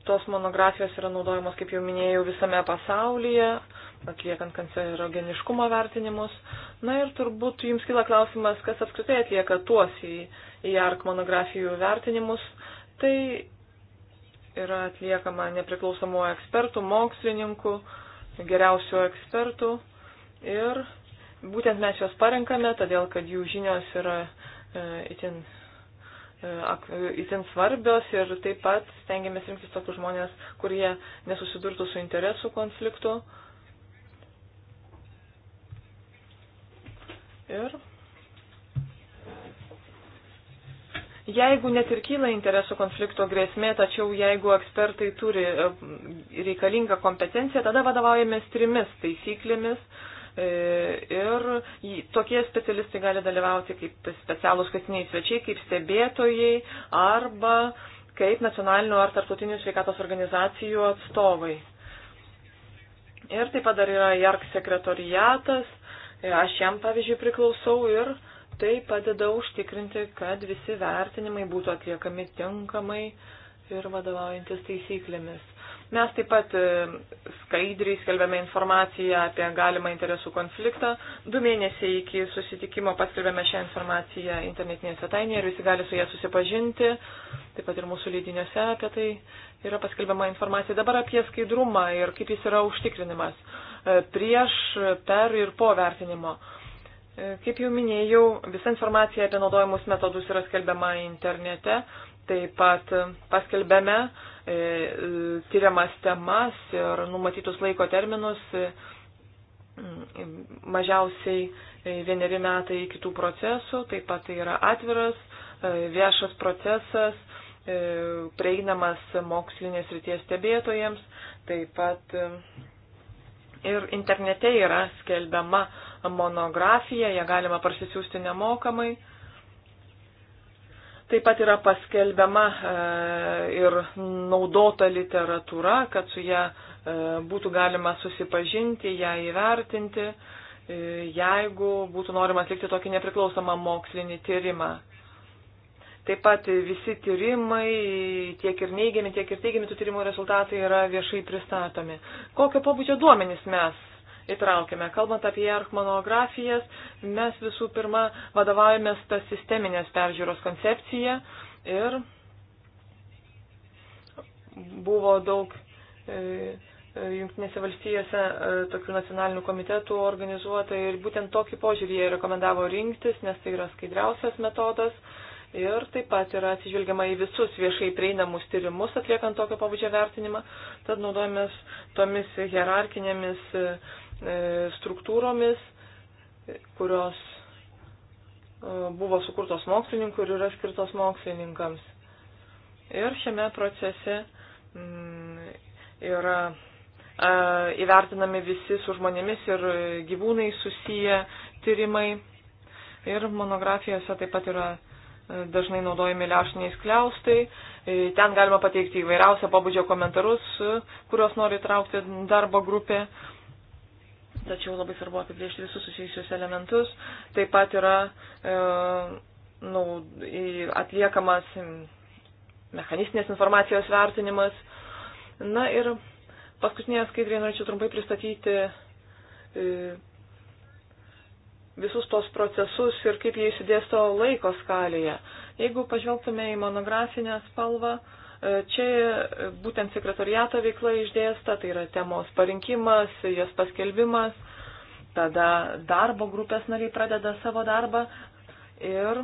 S4: Tos monografijos yra naudojamos, kaip jau minėjau, visame pasaulyje, atliekant kancerogeniškumo vertinimus. Na ir turbūt jums kyla klausimas, kas apskritai atlieka tuos į, į ARK monografijų vertinimus. Tai yra atliekama nepriklausomų ekspertų, mokslininkų, geriausių ekspertų. Ir būtent mes juos parenkame, todėl kad jų žinios yra e, itin įtin e, svarbios ir taip pat stengiamės rinktis tokius žmonės, kurie nesusidurtų su interesų konfliktu. Ir Jeigu net ir kyla interesų konflikto grėsmė, tačiau jeigu ekspertai turi e, reikalingą kompetenciją, tada vadovaujamės trimis taisyklėmis, E, ir tokie specialistai gali dalyvauti kaip specialūs kasiniai svečiai, kaip stebėtojai arba kaip nacionalinių ar tarptautinių sveikatos organizacijų atstovai. Ir taip pat dar yra JARK sekretoriatas, e, aš jam pavyzdžiui priklausau ir tai padeda užtikrinti, kad visi vertinimai būtų atliekami tinkamai ir vadovaujantis taisyklėmis. Mes taip pat e, skaidriai skelbėme informaciją apie galimą interesų konfliktą. Du mėnesiai iki susitikimo paskelbėme šią informaciją internetinėje svetainėje ir visi gali su ją susipažinti. Taip pat ir mūsų leidiniuose apie tai yra paskelbėma informacija. Dabar apie skaidrumą ir kaip jis yra užtikrinimas e, prieš, per ir po vertinimo. E, kaip jau minėjau, visa informacija apie naudojimus metodus yra skelbiama internete. Taip pat paskelbėme E, tyriamas temas ir numatytus laiko terminus e, mažiausiai e, vieneri metai iki tų procesų, taip pat tai yra atviras, viešas procesas, prieinamas mokslinės ryties stebėtojams, taip pat ir internete yra skelbiama monografija, ją galima parsisiųsti nemokamai. Taip pat yra paskelbiama e, ir naudota literatūra, kad su ją e, būtų galima susipažinti, ją įvertinti, e, jeigu būtų norima atlikti tokį nepriklausomą mokslinį tyrimą. Taip pat visi tyrimai, tiek ir neigiami, tiek ir teigiami tų tyrimų rezultatai yra viešai pristatomi. Kokio pobūdžio duomenys mes įtraukėme. Kalbant apie archmonografijas, mes visų pirma vadovaujamės tą sisteminės peržiūros koncepciją ir buvo daug e, e Junktinėse valstijose e, tokių nacionalinių komitetų organizuota ir būtent tokį požiūrį jie rekomendavo rinktis, nes tai yra skaidriausias metodas. Ir taip pat yra atsižvelgiama į visus viešai prieinamus tyrimus atliekant tokio pabudžio vertinimą, tad naudojamės tomis hierarkinėmis e, E, struktūromis, kurios e, buvo sukurtos mokslininkų ir yra skirtos mokslininkams. Ir šiame procese mm, yra e, įvertinami visi su žmonėmis ir gyvūnai susiję tyrimai. Ir monografijose taip pat yra dažnai naudojami lešiniais kliaustai. Ten galima pateikti įvairiausią pabudžio komentarus, kuriuos nori traukti darbo grupė tačiau labai svarbu apibriežti visus susijusius elementus. Taip pat yra e, nu, atliekamas mechanistinės informacijos vertinimas. Na ir paskutinėje skaidrėje norėčiau trumpai pristatyti e, visus tos procesus ir kaip jie įsidėsto laiko skalėje. Jeigu pažvelgtume į monografinę spalvą, e, E, čia būtent sekretoriato veikla išdėsta, tai yra temos parinkimas, jos paskelbimas, tada darbo grupės nariai pradeda savo darbą ir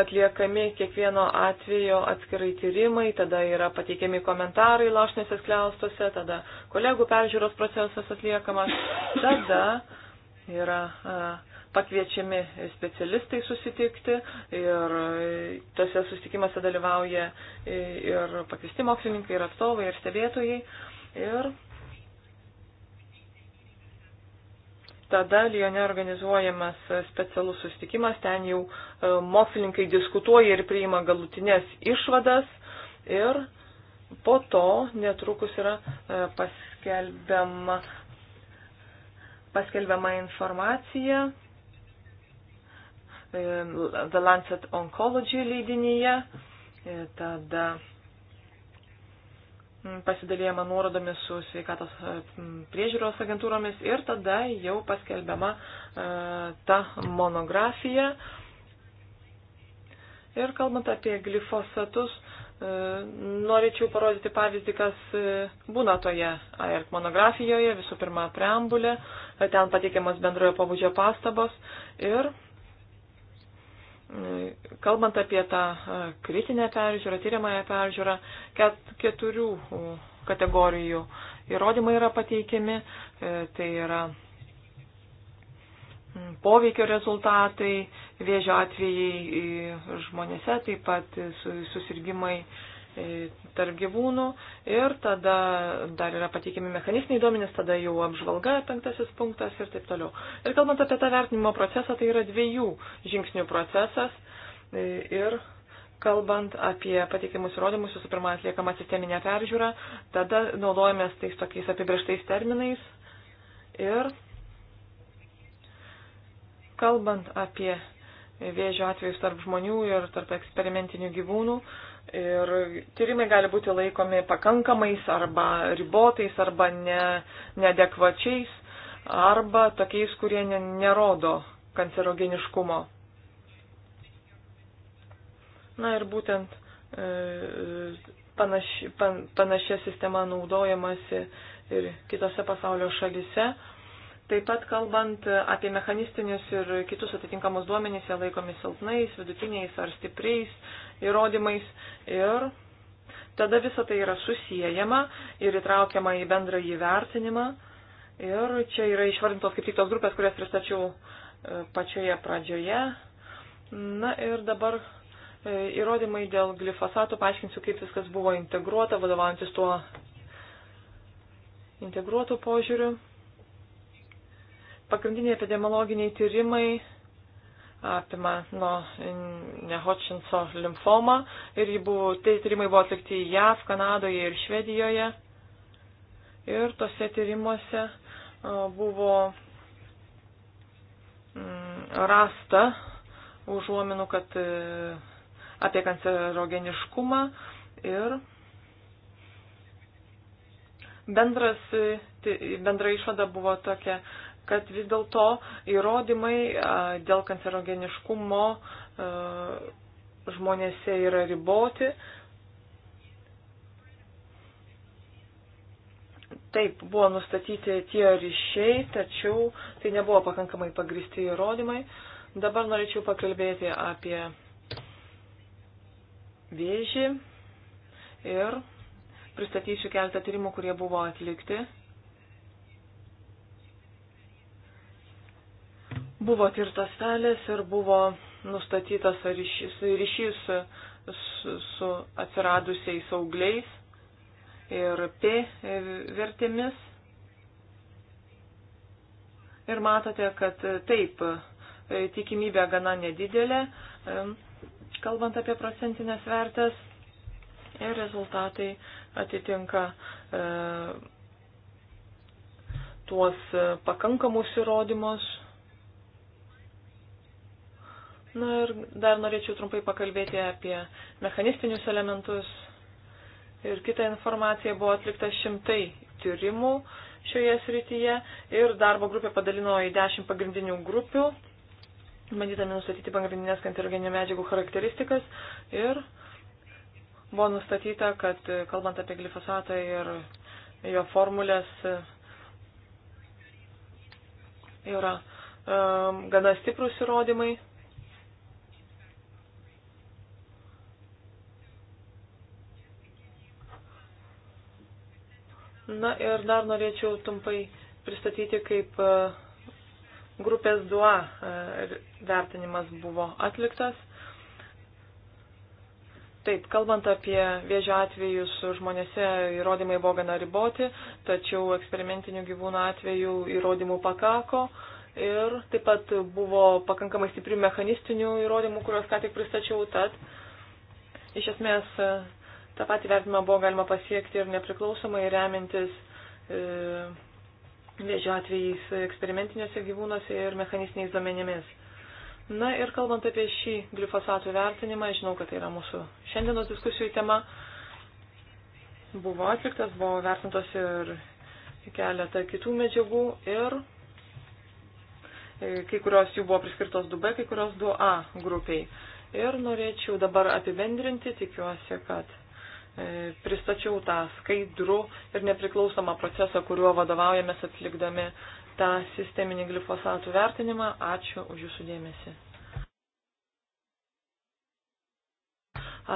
S4: atliekami kiekvieno atvejo atskirai tyrimai, tada yra pateikiami komentarai lašnėse skliaustuose, tada kolegų peržiūros procesas atliekamas, tada yra. Uh, pakviečiami specialistai susitikti ir tose susitikimuose dalyvauja ir pakviesti mokslininkai, ir atstovai, ir stebėtojai. Ir tada Lione organizuojamas specialus susitikimas, ten jau e, mokslininkai diskutuoja ir priima galutinės išvadas ir po to netrukus yra e, paskelbiama, paskelbiama informacija E, The Lancet Oncology leidinyje. E, tada pasidalėjama nuorodomis su sveikatos e, priežiūros agentūromis ir tada jau paskelbiama ta monografija. Ir kalbant apie glifosatus, norėčiau parodyti pavyzdį, kas būna toje AERT monografijoje, visų pirma preambulė, ten pateikiamas bendrojo pabudžio pastabos ir Kalbant apie tą e, kritinę peržiūrą, tyriamąją peržiūrą, ket, keturių kategorijų įrodymai yra pateikiami, e, tai yra poveikio rezultatai, vėžio atvejai žmonėse, taip pat susirgymai tarp gyvūnų ir tada dar yra pateikiami mechanistiniai duomenys, tada jau apžvalga penktasis punktas ir taip toliau. Ir kalbant apie tą vertinimo procesą, tai yra dviejų žingsnių procesas e, ir kalbant apie pateikimus įrodymus, visų pirma atliekama sisteminė peržiūra, tada naudojamės tais tokiais apibrieštais terminais ir kalbant apie vėžio atvejus tarp žmonių ir tarp eksperimentinių gyvūnų, Ir tyrimai gali būti laikomi pakankamais arba ribotais arba ne, neadekvačiais arba tokiais, kurie ne, nerodo kancerogeniškumo. Na ir būtent e, panaši, pan, panašia sistema naudojamasi ir kitose pasaulio šalise. Taip pat kalbant apie mechanistinius ir kitus atitinkamus duomenys, jie laikomi silpnais, vidutiniais ar stipriais įrodymais. Ir tada visa tai yra susijęjama ir įtraukiama į bendrą įvertinimą. Ir čia yra išvardintos kaip tik tos grupės, kurias pristačiau e, pačioje pradžioje. Na ir dabar e, įrodymai dėl glifosato, paaiškinsiu, kaip viskas buvo integruota, vadovaujantis tuo integruotų požiūriu. Pagrindiniai epidemiologiniai tyrimai apima nuo Hodgkinso limfomą ir buvo, tai tyrimai buvo atlikti JAV, Kanadoje ir Švedijoje. Ir tose tyrimuose buvo mm, rasta užuominų, kad e, apie kancerogeniškumą ir bendras, e, bendra išvada buvo tokia, kad vis dėlto įrodymai dėl kancerogeniškumo žmonėse yra riboti. Taip, buvo nustatyti tie ryšiai, tačiau tai nebuvo pakankamai pagristi įrodymai. Dabar norėčiau pakalbėti apie vėžį ir pristatysiu keletą tyrimų, kurie buvo atlikti Buvo tirtos salės ir buvo nustatytas ryšys, ryšys su, su atsiradusiais augliais ir P vertėmis. Ir matote, kad taip, tikimybė gana nedidelė, kalbant apie procentinės vertės, ir rezultatai atitinka e, tuos pakankamus įrodymus, Na ir dar norėčiau trumpai pakalbėti apie mechanistinius elementus. Ir kita informacija buvo atlikta šimtai tyrimų šioje srityje ir darbo grupė padalino į dešimt pagrindinių grupių, bandydami nustatyti pagrindinės kancerogenių medžiagų charakteristikas ir buvo nustatyta, kad kalbant apie glifosatą ir jo formulės yra um, gana stiprus įrodymai Na ir dar norėčiau trumpai pristatyti, kaip e, grupės DUA e, vertinimas buvo atliktas. Taip, kalbant apie vėžio atvejus žmonėse, įrodymai buvo gana riboti, tačiau eksperimentinių gyvūnų atveju įrodymų pakako. Ir taip pat buvo pakankamai stiprių mechanistinių įrodymų, kuriuos ką tik pristačiau, tad iš esmės Ta pati vertinimą buvo galima pasiekti ir nepriklausomai remintis e, vėžio atvejais eksperimentiniuose gyvūnuose ir mechanistiniais duomenimis. Na ir kalbant apie šį glifosatų vertinimą, žinau, kad tai yra mūsų šiandienos diskusijų tema, buvo atliktas, buvo vertintos ir keletą kitų medžiagų ir e, kai kurios jų buvo priskirtos 2B, kai kurios 2A grupiai. Ir norėčiau dabar apibendrinti, tikiuosi, kad E, pristačiau tą skaidrų ir nepriklausomą procesą, kuriuo vadovaujamės atlikdami tą sisteminį glifosatų vertinimą. Ačiū už Jūsų dėmesį.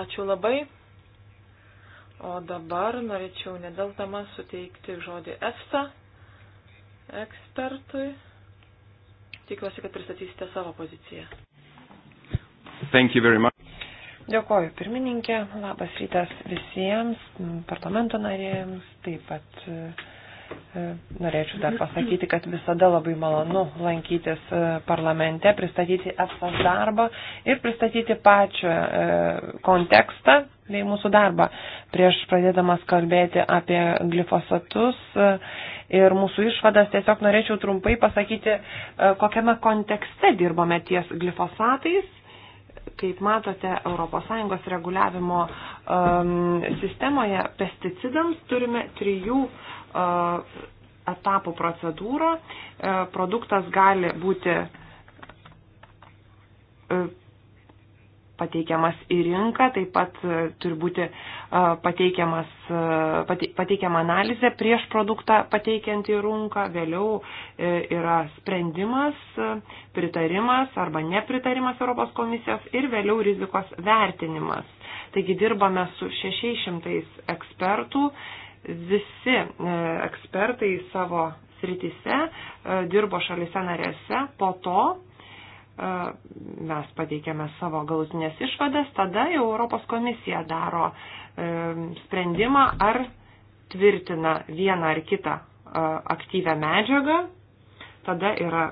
S4: Ačiū labai. O dabar norėčiau nedelsdama suteikti žodį EFSA ekspertui. Tikiuosi, kad pristatysite savo poziciją.
S3: Dėkoju pirmininkė, labas rytas visiems, parlamento narėjams, taip pat e, e, norėčiau dar pasakyti, kad visada labai malonu lankytis e, parlamente, pristatyti EFSAS darbą ir pristatyti pačią kontekstą bei mūsų darbą. Prieš pradėdamas kalbėti apie glifosatus ir mūsų išvadas, tiesiog norėčiau trumpai pasakyti, kokiame kontekste dirbome ties glifosatais Kaip matote, ES reguliavimo um, sistemoje pesticidams turime trijų uh, etapų procedūrą. Uh, produktas gali būti uh, pateikiamas į rinką, taip pat e, turi būti e, pateikiamas, e, pateikiama analizė prieš produktą pateikiant į rinką, vėliau yra sprendimas, pritarimas arba nepritarimas Europos komisijos ir vėliau rizikos vertinimas. Taigi dirbame su 600 ekspertų, visi ekspertai savo sritise dirbo šalise narėse, po to mes pateikėme savo galutinės išvadas, tada jau Europos komisija daro e, sprendimą ar tvirtina vieną ar kitą aktyvę medžiagą, tada yra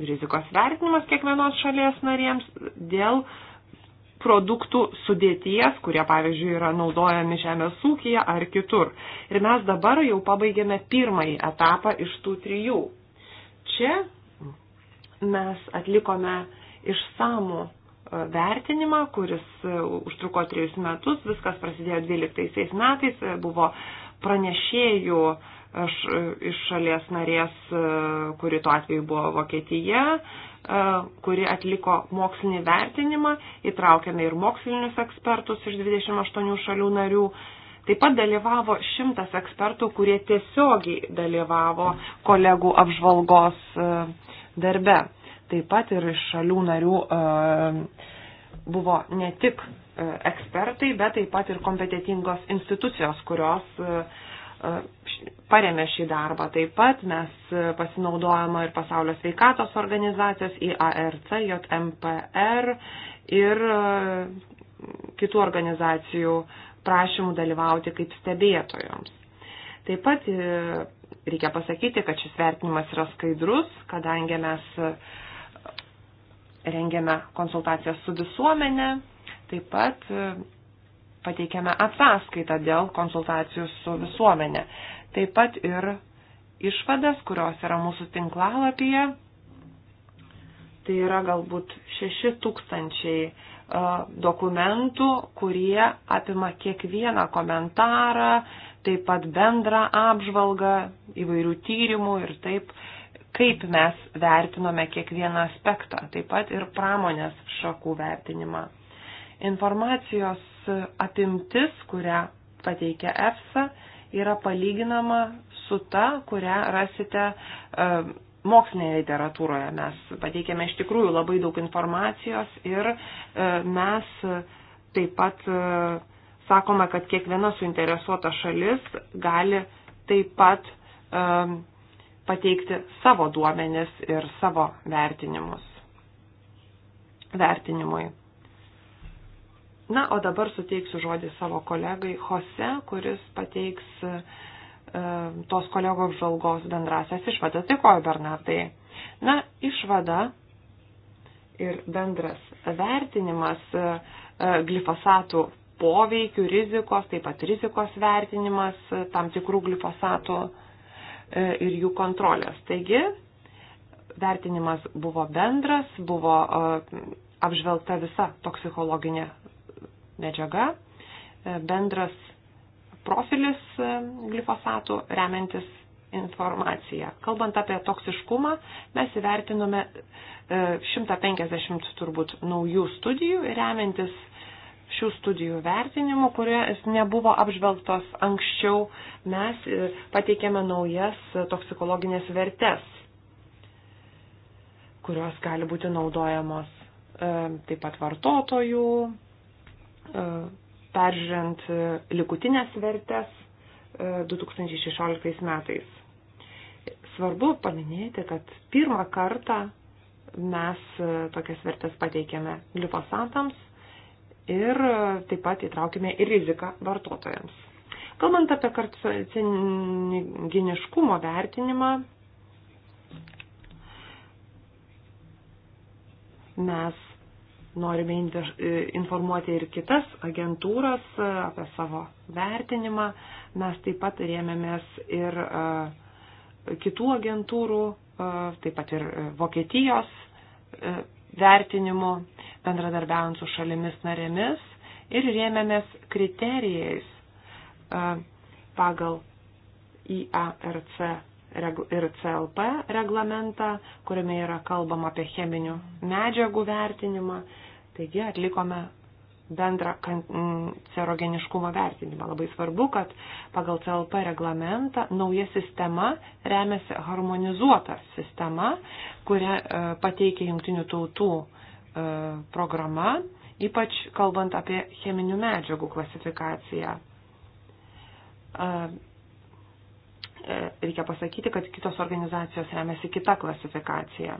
S3: rizikos vertinimas kiekvienos šalies narėms dėl produktų sudėties, kurie, pavyzdžiui, yra naudojami žemės ūkija ar kitur. Ir mes dabar jau pabaigėme pirmąjį etapą iš tų trijų. Čia mes atlikome išsamų e, vertinimą, kuris e, užtruko trejus metus, viskas prasidėjo 12 metais, e, buvo pranešėjų aš, iš šalies narės, kuri tuo atveju buvo Vokietija, kuri atliko mokslinį vertinimą, įtraukėme ir mokslinius ekspertus iš 28 šalių narių. Taip pat dalyvavo šimtas ekspertų, kurie tiesiogiai dalyvavo kolegų apžvalgos uh, darbe. Taip pat ir iš šalių narių e, buvo ne tik e, ekspertai, bet taip pat ir kompetitingos institucijos, kurios e, paremė šį darbą. Taip pat mes pasinaudojame ir Pasaulio sveikatos organizacijos, IARC, JMPR ir kitų organizacijų prašymų dalyvauti kaip stebėtojams. Taip pat Reikia pasakyti, kad šis vertinimas yra skaidrus, kadangi mes e, rengiame konsultacijas su visuomenė, taip pat e, pateikiame ataskaitą dėl konsultacijų su visuomenė. Taip pat ir išvadas, kurios yra mūsų tinklalapyje. Tai yra galbūt 6000 e, dokumentų, kurie apima kiekvieną komentarą, taip pat bendrą apžvalgą įvairių tyrimų ir taip, kaip mes vertinome kiekvieną aspektą, taip pat ir pramonės šakų vertinimą. Informacijos apimtis, kurią pateikia EFSA, yra palyginama su ta, kurią rasite e, mokslinėje literatūroje. Mes pateikėme iš tikrųjų labai daug informacijos ir e, mes taip pat e, sakoma, kad kiekviena suinteresuota šalis gali taip pat um, pateikti savo duomenis ir savo vertinimus. Vertinimui. Na, o dabar suteiksiu žodį savo kolegai Jose, kuris pateiks uh, tos kolego apžvalgos bendrasias išvadas. Dėkoju, Bernardai. Na, išvada ir bendras vertinimas uh, glifosatų poveikių, rizikos, taip pat rizikos vertinimas e, tam tikrų glifosatų e, ir jų kontrolės. Taigi, vertinimas buvo bendras, buvo e, apžvelgta visa toksikologinė medžiaga, bendras profilis glifosatų remiantis informaciją. Kalbant apie toksiškumą, mes įvertinome 150 turbūt naujų studijų remiantis šių studijų vertinimų, kurios nebuvo apžvelgtos anksčiau, mes e, pateikėme naujas toksikologinės vertes, kurios gali būti naudojamos e, taip pat vartotojų, e, peržiūrint likutinės vertes 2016 metais. Svarbu paminėti, kad pirmą kartą mes tokias vertes pateikėme glifosatams ir taip pat įtraukime ir riziką vartotojams. Kalbant apie karciniškumo vertinimą, mes norime informuoti ir kitas agentūras apie savo vertinimą. Mes taip pat rėmėmės ir e, kitų agentūrų, e, taip pat ir e, Vokietijos vertinimu bendradarbiaujant su šalimis narėmis ir rėmėmės kriterijais e, pagal IARC ir CLP reglamentą, kuriame yra kalbama apie cheminių medžiagų vertinimą. Taigi atlikome bendrą cerogeniškumo vertinimą. Labai svarbu, kad pagal CLP reglamentą nauja sistema remiasi harmonizuota sistema, kurią e, pateikia jungtinių tautų uh, E, programa, ypač kalbant apie cheminių medžiagų klasifikaciją. E, e, reikia pasakyti, kad kitos organizacijos remiasi kita klasifikacija.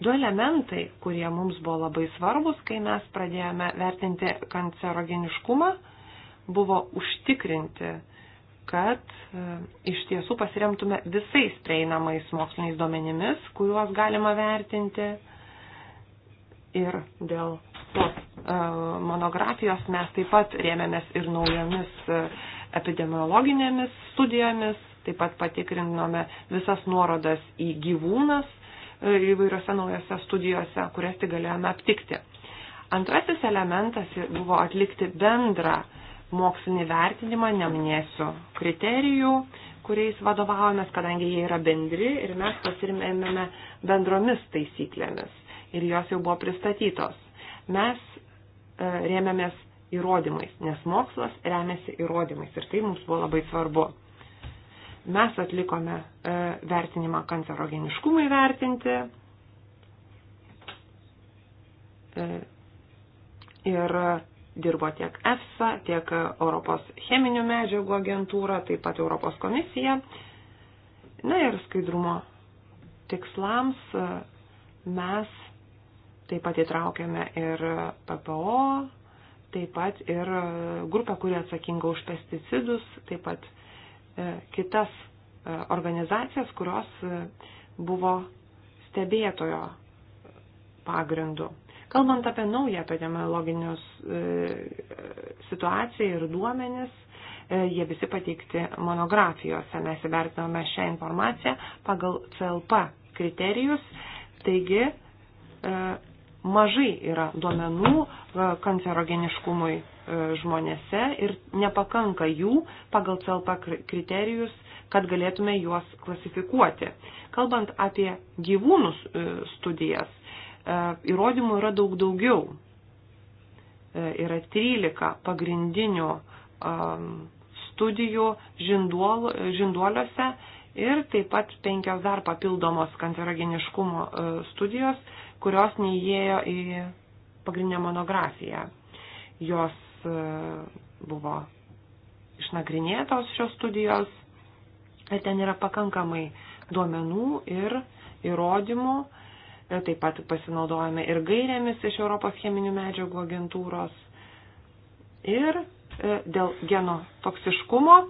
S3: Du elementai, kurie mums buvo labai svarbus, kai mes pradėjome vertinti kancerogeniškumą, buvo užtikrinti, kad iš tiesų pasiremtume visais prieinamais moksliniais duomenimis, kuriuos galima vertinti ir dėl tos e, monografijos mes taip pat rėmėmės ir naujomis e, epidemiologinėmis studijomis, taip pat patikrinome visas nuorodas į gyvūnas e, įvairiose naujose studijose, kurias tik galėjome aptikti. Antrasis elementas buvo atlikti bendrą mokslinį vertinimą, neminėsiu kriterijų, kuriais vadovavomės, kadangi jie yra bendri ir mes pasirimėmėme bendromis taisyklėmis ir jos jau buvo pristatytos. Mes e, rėmėmės įrodymais, nes mokslas remiasi įrodymais ir tai mums buvo labai svarbu. Mes atlikome e, vertinimą kancerogeniškumui vertinti e, ir dirbo tiek EFSA, tiek Europos cheminių medžiagų agentūra, taip pat Europos komisija. Na ir skaidrumo tikslams e, mes Taip pat įtraukėme ir PPO, taip pat ir e, grupę, kuri atsakinga už pesticidus, taip pat e, kitas e, organizacijas, kurios buvo stebėtojo pagrindu. Kalbant apie naują epidemiologinius situaciją ir duomenis, jie visi pateikti monografijose. Mes įvertinome šią informaciją pagal CLP kriterijus. Taigi, mažai yra duomenų e, kancerogeniškumui e, žmonėse ir nepakanka jų pagal CLP kriterijus, kad galėtume juos klasifikuoti. Kalbant apie gyvūnų e, studijas, įrodymų yra daug daugiau. Yra 13 pagrindinių studijų žinduol, žinduoliuose ir taip pat penkios dar papildomos kancerogeniškumo studijos kurios neįėjo į pagrindinę monografiją. Jos e, buvo išnagrinėtos šios studijos ir ten yra pakankamai duomenų ir įrodymų. E, taip pat pasinaudojame ir gairėmis iš Europos cheminių medžiagų agentūros. Ir e, dėl geno toksiškumo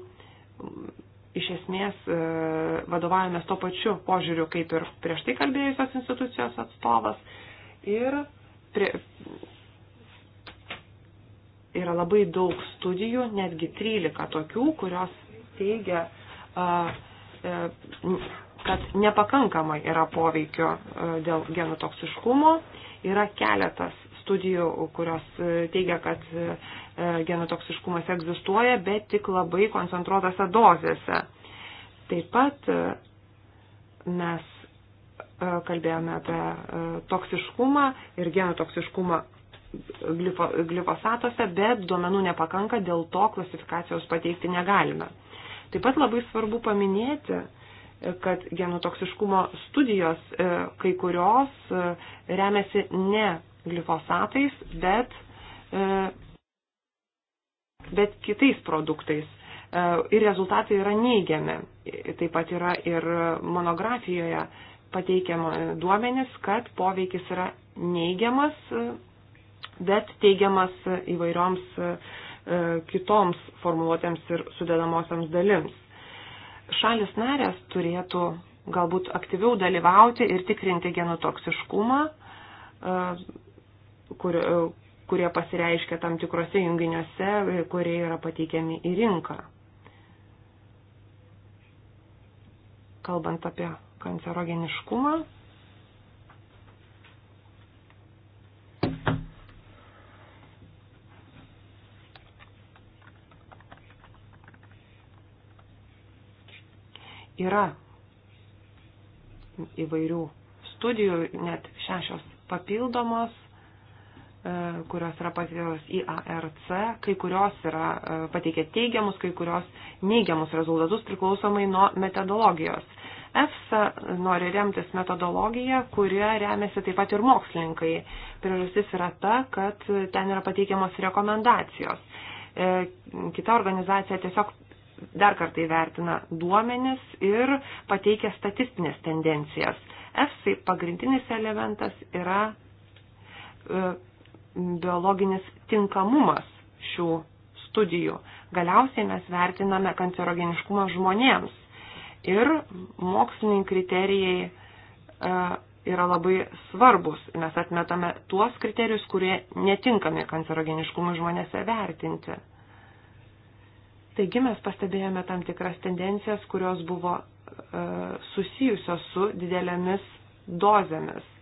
S3: iš esmės e, vadovaujamės to pačiu požiūriu, kaip ir prieš tai kalbėjusios institucijos atstovas. Ir prie, yra labai daug studijų, netgi 13 tokių, kurios teigia, e, kad nepakankamai yra poveikio e, dėl genotoksiškumo. Yra keletas studijų, kurios teigia, kad E, genotoksiškumas egzistuoja, bet tik labai koncentruotose dozėse. Taip pat e, mes e, kalbėjome apie toksiškumą ir genotoksiškumą glifosatuose, bet duomenų nepakanka, dėl to klasifikacijos pateikti negalime. Taip pat labai svarbu paminėti, kad genotoksiškumo studijos kai kurios remiasi ne glifosatais, bet bet kitais produktais. E, ir rezultatai yra neigiami. Taip pat yra ir monografijoje pateikiama duomenis, kad poveikis yra neigiamas, bet teigiamas įvairioms e, kitoms formuluotėms ir sudedamosiams dalims. Šalis narės turėtų galbūt aktyviau dalyvauti ir tikrinti genotoksiškumą, e, kur, kurie pasireiškia tam tikrose junginiuose, kurie yra pateikiami į rinką. Kalbant apie kancerogeniškumą. Yra įvairių studijų, net šešios papildomos E, kurios yra patikėtos į ARC, kai kurios yra e, pateikė teigiamus, kai kurios neigiamus rezultatus priklausomai nuo metodologijos. EFSA nori remtis metodologiją, kurie remiasi taip pat ir mokslininkai. Priežastis yra ta, kad ten yra pateikiamos rekomendacijos. E, kita organizacija tiesiog dar kartą įvertina duomenis ir pateikia statistinės tendencijas. EFSA pagrindinis elementas yra biologinis tinkamumas šių studijų. Galiausiai mes vertiname kancerogeniškumą žmonėms. Ir moksliniai kriterijai e, yra labai svarbus. Mes atmetame tuos kriterijus, kurie netinkami kancerogeniškumui žmonėse vertinti. Taigi mes pastebėjome tam tikras tendencijas, kurios buvo e, susijusios su didelėmis dozėmis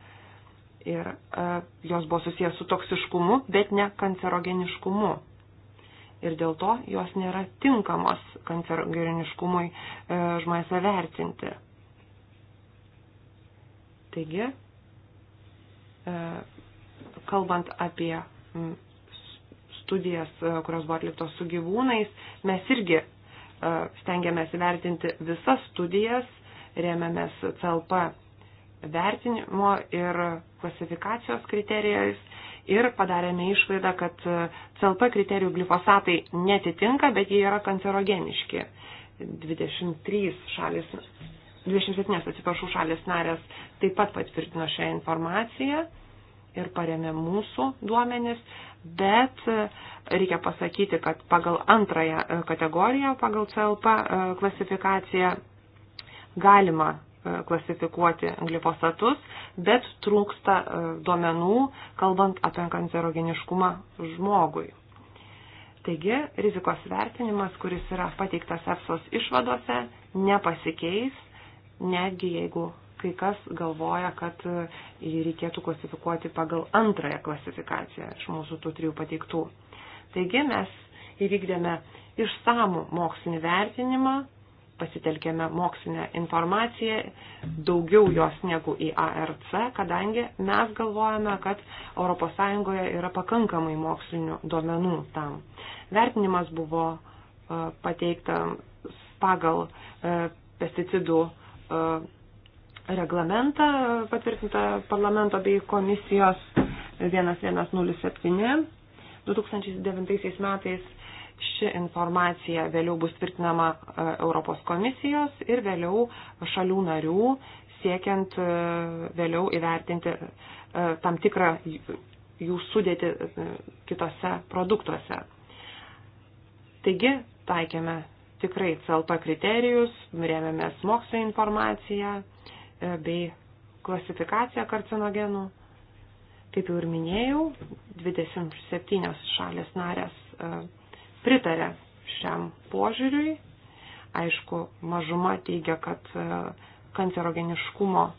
S3: ir a, e, jos buvo susijęs su toksiškumu, bet ne kancerogeniškumu. Ir dėl to jos nėra tinkamos kancerogeniškumui e, žmonėse vertinti. Taigi, e, kalbant apie m, studijas, e, kurios buvo atliktos su gyvūnais, mes irgi e, stengiamės įvertinti visas studijas, rėmėmės CLP vertinimo ir klasifikacijos kriterijais ir padarėme išvaidą, kad CLP kriterijų glifosatai netitinka, bet jie yra kancerogeniški. 23 šalis, 27 atsiprašau šalis narės taip pat patvirtino šią informaciją ir paremė mūsų duomenis, bet reikia pasakyti, kad pagal antrąją kategoriją, pagal CLP e, klasifikaciją galima E, klasifikuoti glifosatus, bet trūksta e, duomenų, kalbant apie kancerogeniškumą žmogui. Taigi, rizikos vertinimas, kuris yra pateiktas EFSOS išvadose, nepasikeis, netgi jeigu kai kas galvoja, kad e, jį reikėtų klasifikuoti pagal antrąją klasifikaciją iš mūsų tų trijų pateiktų. Taigi, mes įvykdėme išsamų mokslinį vertinimą pasitelkėme mokslinę informaciją, daugiau jos negu į ARC, kadangi mes galvojame, kad ES yra pakankamai mokslinių duomenų tam. Vertinimas buvo e, pateiktas pagal e, pesticidų e, reglamentą patvirtintą parlamento bei komisijos 1107 2009 metais Ši informacija vėliau bus tvirtinama e, Europos komisijos ir vėliau šalių narių, siekiant e, vėliau įvertinti e, tam tikrą jų sudėti kitose produktuose. Taigi, taikėme tikrai CLP kriterijus, rėmėmės mokslo informaciją bei klasifikaciją karcinogenų. Kaip jau ir minėjau, 27 šalės narės pritarė šiam požiūriui. Aišku, mažuma teigia, kad e, kancerogeniškumo e,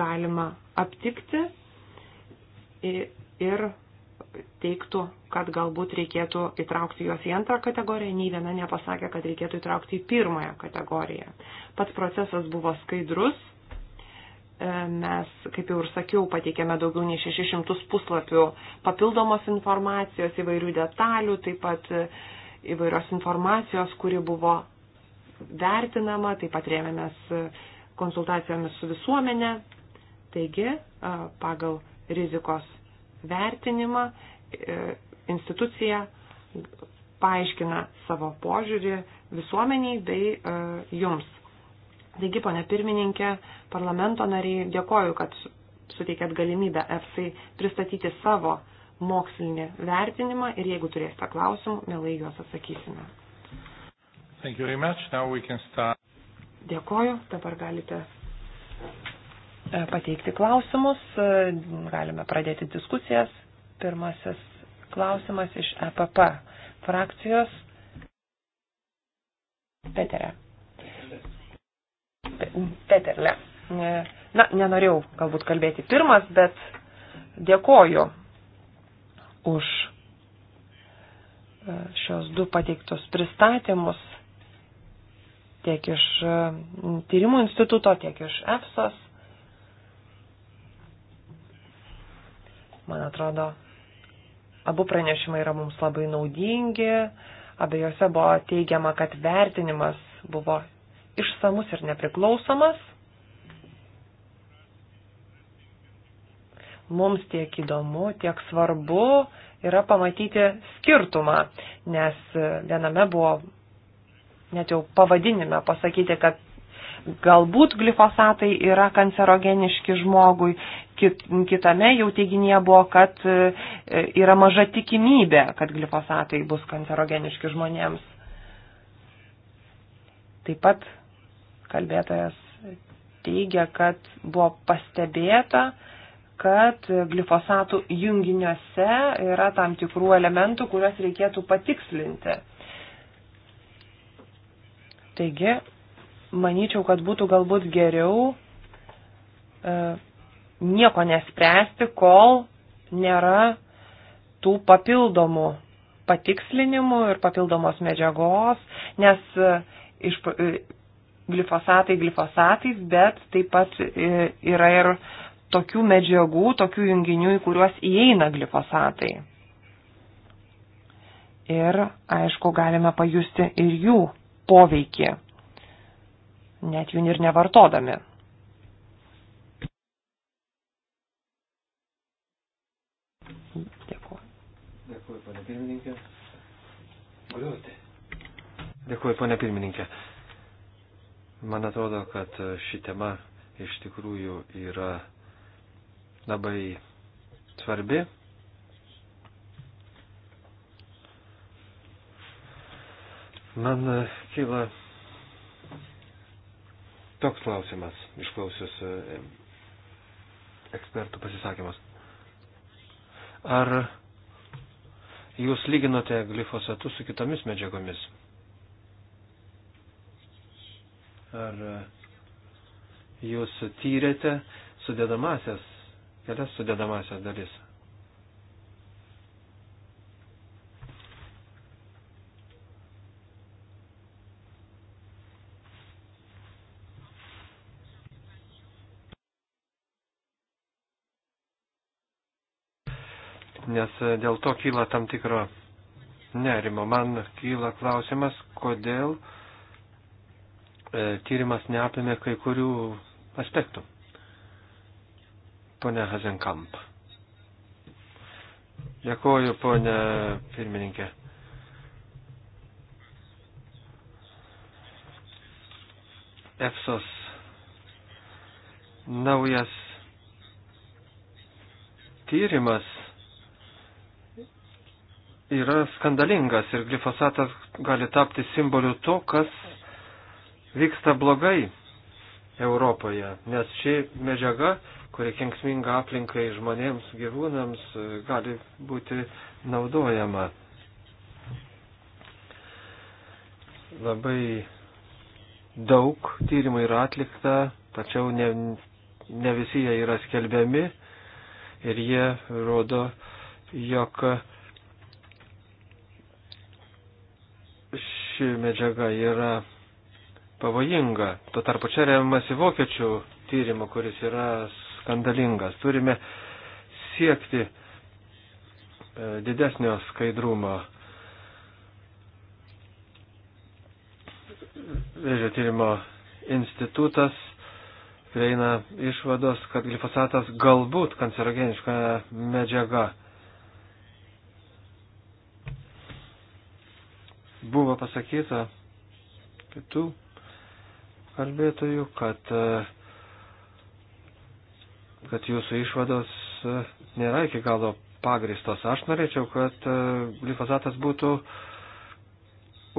S3: galima aptikti ir teiktų, kad galbūt reikėtų įtraukti juos į antrą kategoriją, nei viena nepasakė, kad reikėtų įtraukti į pirmąją kategoriją. Pats procesas buvo skaidrus, mes, kaip jau ir sakiau, pateikėme daugiau nei 600 puslapių papildomos informacijos, įvairių detalių, taip pat e, įvairios informacijos, kuri buvo vertinama, taip pat rėmėmės e, konsultacijomis su visuomenė. Taigi, e, pagal rizikos vertinimą institucija paaiškina savo požiūrį visuomeniai bei jums Taigi, ponė pirmininkė, parlamento nariai, dėkoju, kad suteikėt galimybę EFSAI pristatyti savo mokslinį vertinimą ir jeigu turėsite klausimų, mielai juos atsakysime. Dėkoju, dabar galite e, pateikti klausimus, e, galime pradėti diskusijas. Pirmasis klausimas iš EPP frakcijos. Peterė. Peterle. Na, nenorėjau galbūt kalbėti pirmas, bet dėkoju už e, šios du pateiktus pristatymus tiek iš e, tyrimų instituto, tiek iš EFSOS. Man atrodo, abu pranešimai yra mums labai naudingi. Abiejose buvo teigiama, kad vertinimas buvo išsamus ir nepriklausomas. Mums tiek įdomu, tiek svarbu yra pamatyti skirtumą, nes viename buvo net jau pavadinime pasakyti, kad galbūt glifosatai yra kancerogeniški žmogui, Kit, kitame jau teiginėje buvo, kad e, yra maža tikimybė, kad glifosatai bus kancerogeniški žmonėms. Taip pat Kalbėtojas teigia, kad buvo pastebėta, kad glifosatų junginiuose yra tam tikrų elementų, kuriuos reikėtų patikslinti. Taigi, manyčiau, kad būtų galbūt geriau e, nieko nespręsti, kol nėra tų papildomų patikslinimų ir papildomos medžiagos, nes e, iš, e, glifosatai glifosatais, bet taip pat e, yra ir tokių medžiagų, tokių junginių, į kuriuos įeina glifosatai. Ir, aišku, galime pajusti ir jų poveikį, net jų ir nevartodami. Dėkuoju.
S5: Dėkuoju, pane pirmininkė. Dėkuoju, pane pirmininkė. Man atrodo, kad ši tema iš tikrųjų yra labai svarbi. Man kyla toks klausimas, išklausius e, ekspertų pasisakymas. Ar jūs lyginote glifosatus su kitomis medžiagomis? Ar e, jūs tyrėte sudėdamasias, kelias sudėdamasias dalis? nes e, dėl to kyla tam tikro nerimo. Man kyla klausimas, kodėl E, tyrimas neapėmė kai kurių aspektų. Pone Hazenkamp. Dėkoju, ponė pirmininkė. EFSOS naujas tyrimas yra skandalingas ir glifosatas gali tapti simboliu to, kas vyksta blogai Europoje, nes ši medžiaga, kuri kenksminga aplinkai žmonėms, gyvūnams, gali būti naudojama. Labai daug tyrimų yra atlikta, tačiau ne, ne visi jie yra skelbiami ir jie rodo, jog ši medžiaga yra pavojinga. Tuo tarpu čia remiamasi vokiečių tyrimu, kuris yra skandalingas. Turime siekti e, didesnio skaidrumo. Vėžio tyrimo institutas prieina išvados, kad glifosatas galbūt kancerogeniška medžiaga. Buvo pasakyta kitų kalbėtojų, kad, e, kad jūsų išvados e, nėra iki galo pagristos. Aš norėčiau, kad e, glifosatas būtų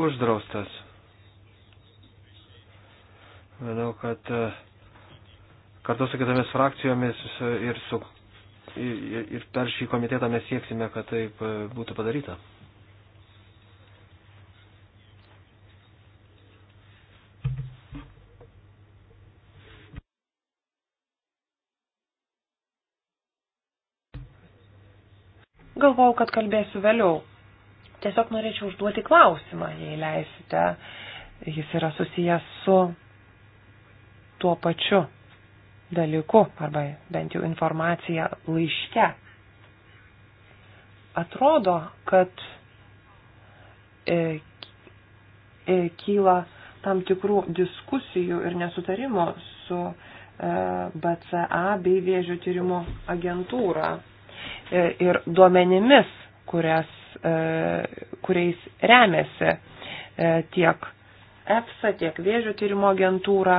S5: uždraustas. Manau, kad kartu su kitomis frakcijomis ir, su, ir, ir per šį komitetą mes sieksime, kad taip būtų padaryta.
S3: galvau, kad kalbėsiu vėliau. Tiesiog norėčiau užduoti klausimą, jei leisite. Jis yra susijęs su tuo pačiu dalyku, arba bent jau informacija laiške. Atrodo, kad e, e, kyla tam tikrų diskusijų ir nesutarimų su e, BCA bei vėžių tyrimų agentūra. E, ir duomenimis, kurias, e, kuriais remiasi e, tiek EFSA, tiek Vėžio tyrimo agentūra.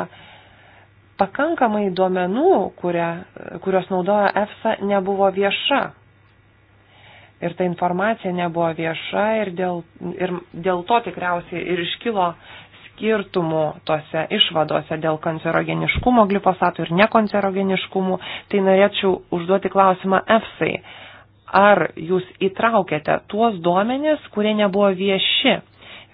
S3: Pakankamai duomenų, kuria, kurios naudoja EFSA, nebuvo vieša. Ir ta informacija nebuvo vieša ir dėl, ir dėl to tikriausiai ir iškilo skirtumų tose išvadose dėl kancerogeniškumo glifosatų ir nekancerogeniškumų, tai norėčiau užduoti klausimą EFSAI. Ar jūs įtraukėte tuos duomenis, kurie nebuvo vieši,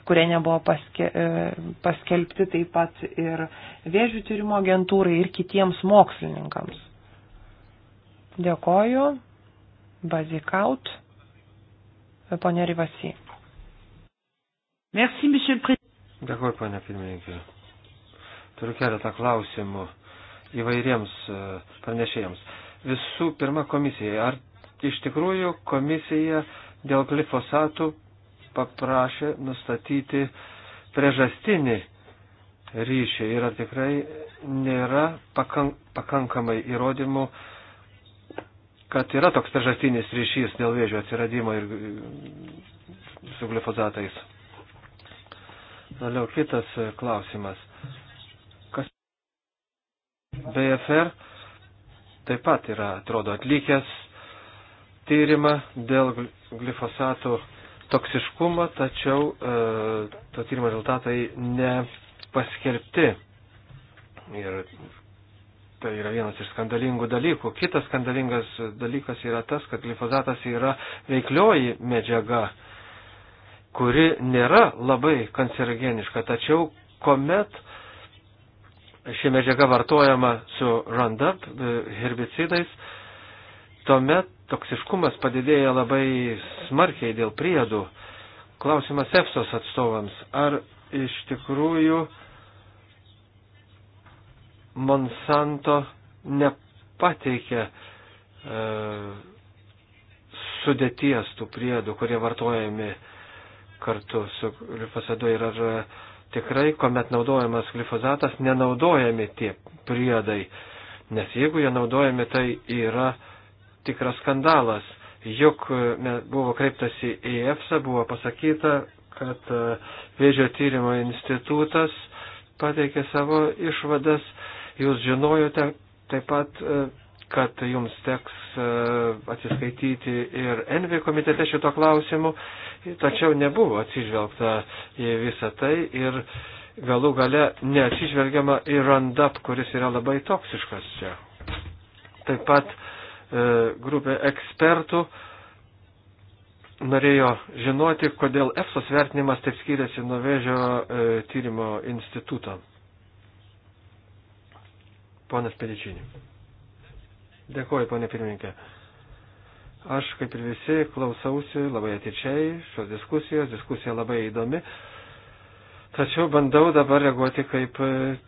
S3: kurie nebuvo paske, e, paskelbti taip pat ir vėžių tyrimo agentūrai ir kitiems mokslininkams? Dėkoju. Bazikaut. Ponė Rivasi.
S5: Merci, Monsieur le Président. Dėkuoju, ponė pirmininkė. Turiu keletą klausimų įvairiems e, pranešėjams. Visų pirma, komisijai. Ar iš tikrųjų komisija dėl glifosatų paprašė nustatyti priežastinį ryšį ir ar tikrai nėra pakankamai įrodymų, kad yra toks priežastinis ryšys dėl vėžio atsiradimo ir e, su glifosatais? Toliau kitas e, klausimas. Kas BFR taip pat yra, atrodo, atlikęs tyrimą dėl glifosato toksiškumo, tačiau e, to tyrimo rezultatai nepaskelbti. Ir tai yra vienas iš skandalingų dalykų. Kitas skandalingas dalykas yra tas, kad glifosatas yra veiklioji medžiaga. E, kuri nėra labai kancerogeniška, tačiau kuomet ši medžiaga vartojama su Roundup e, herbicidais, tuomet toksiškumas padidėja labai smarkiai dėl priedų. Klausimas EFSOS atstovams, ar iš tikrųjų Monsanto nepateikė e, sudėties tų priedų, kurie vartojami e, kartu su glifosadu ir ar tikrai, kuomet naudojamas glifosatas, nenaudojami tie priedai. Nes jeigu jie naudojami, tai yra tikras skandalas. Juk e, buvo kreiptasi į EFSA, buvo pasakyta, kad e, Vėžio tyrimo institutas pateikė savo išvadas. Jūs žinojote taip pat e, kad jums teks e, atsiskaityti ir Envi komitete šito klausimu, tačiau nebuvo atsižvelgta į visą tai ir galų gale neatsižvelgiama į Randap, kuris yra labai toksiškas čia. Taip pat e, grupė ekspertų norėjo žinoti, kodėl EFSOS vertinimas taip skiriasi nuo Vėžio e, tyrimo instituto. Ponas Pedičinė. Dėkuoju, ponė pirmininkė. Aš, kaip ir visi, klausausi labai atičiai šios diskusijos, diskusija labai įdomi. Tačiau bandau dabar reaguoti kaip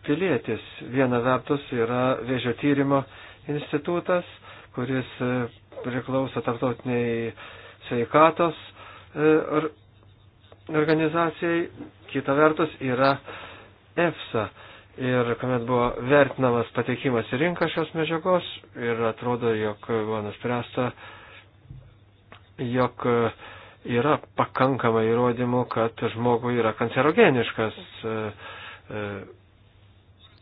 S5: pilietis. Viena vertus yra vėžio tyrimo institutas, kuris e, priklauso tarptautiniai sveikatos e, organizacijai, kita vertus yra EFSA ir kuomet buvo vertinamas patekimas į rinką šios medžiagos ir atrodo, jog buvo nuspręsta, jog e, yra pakankamai įrodymų, kad žmogui yra kancerogeniškas. E, e,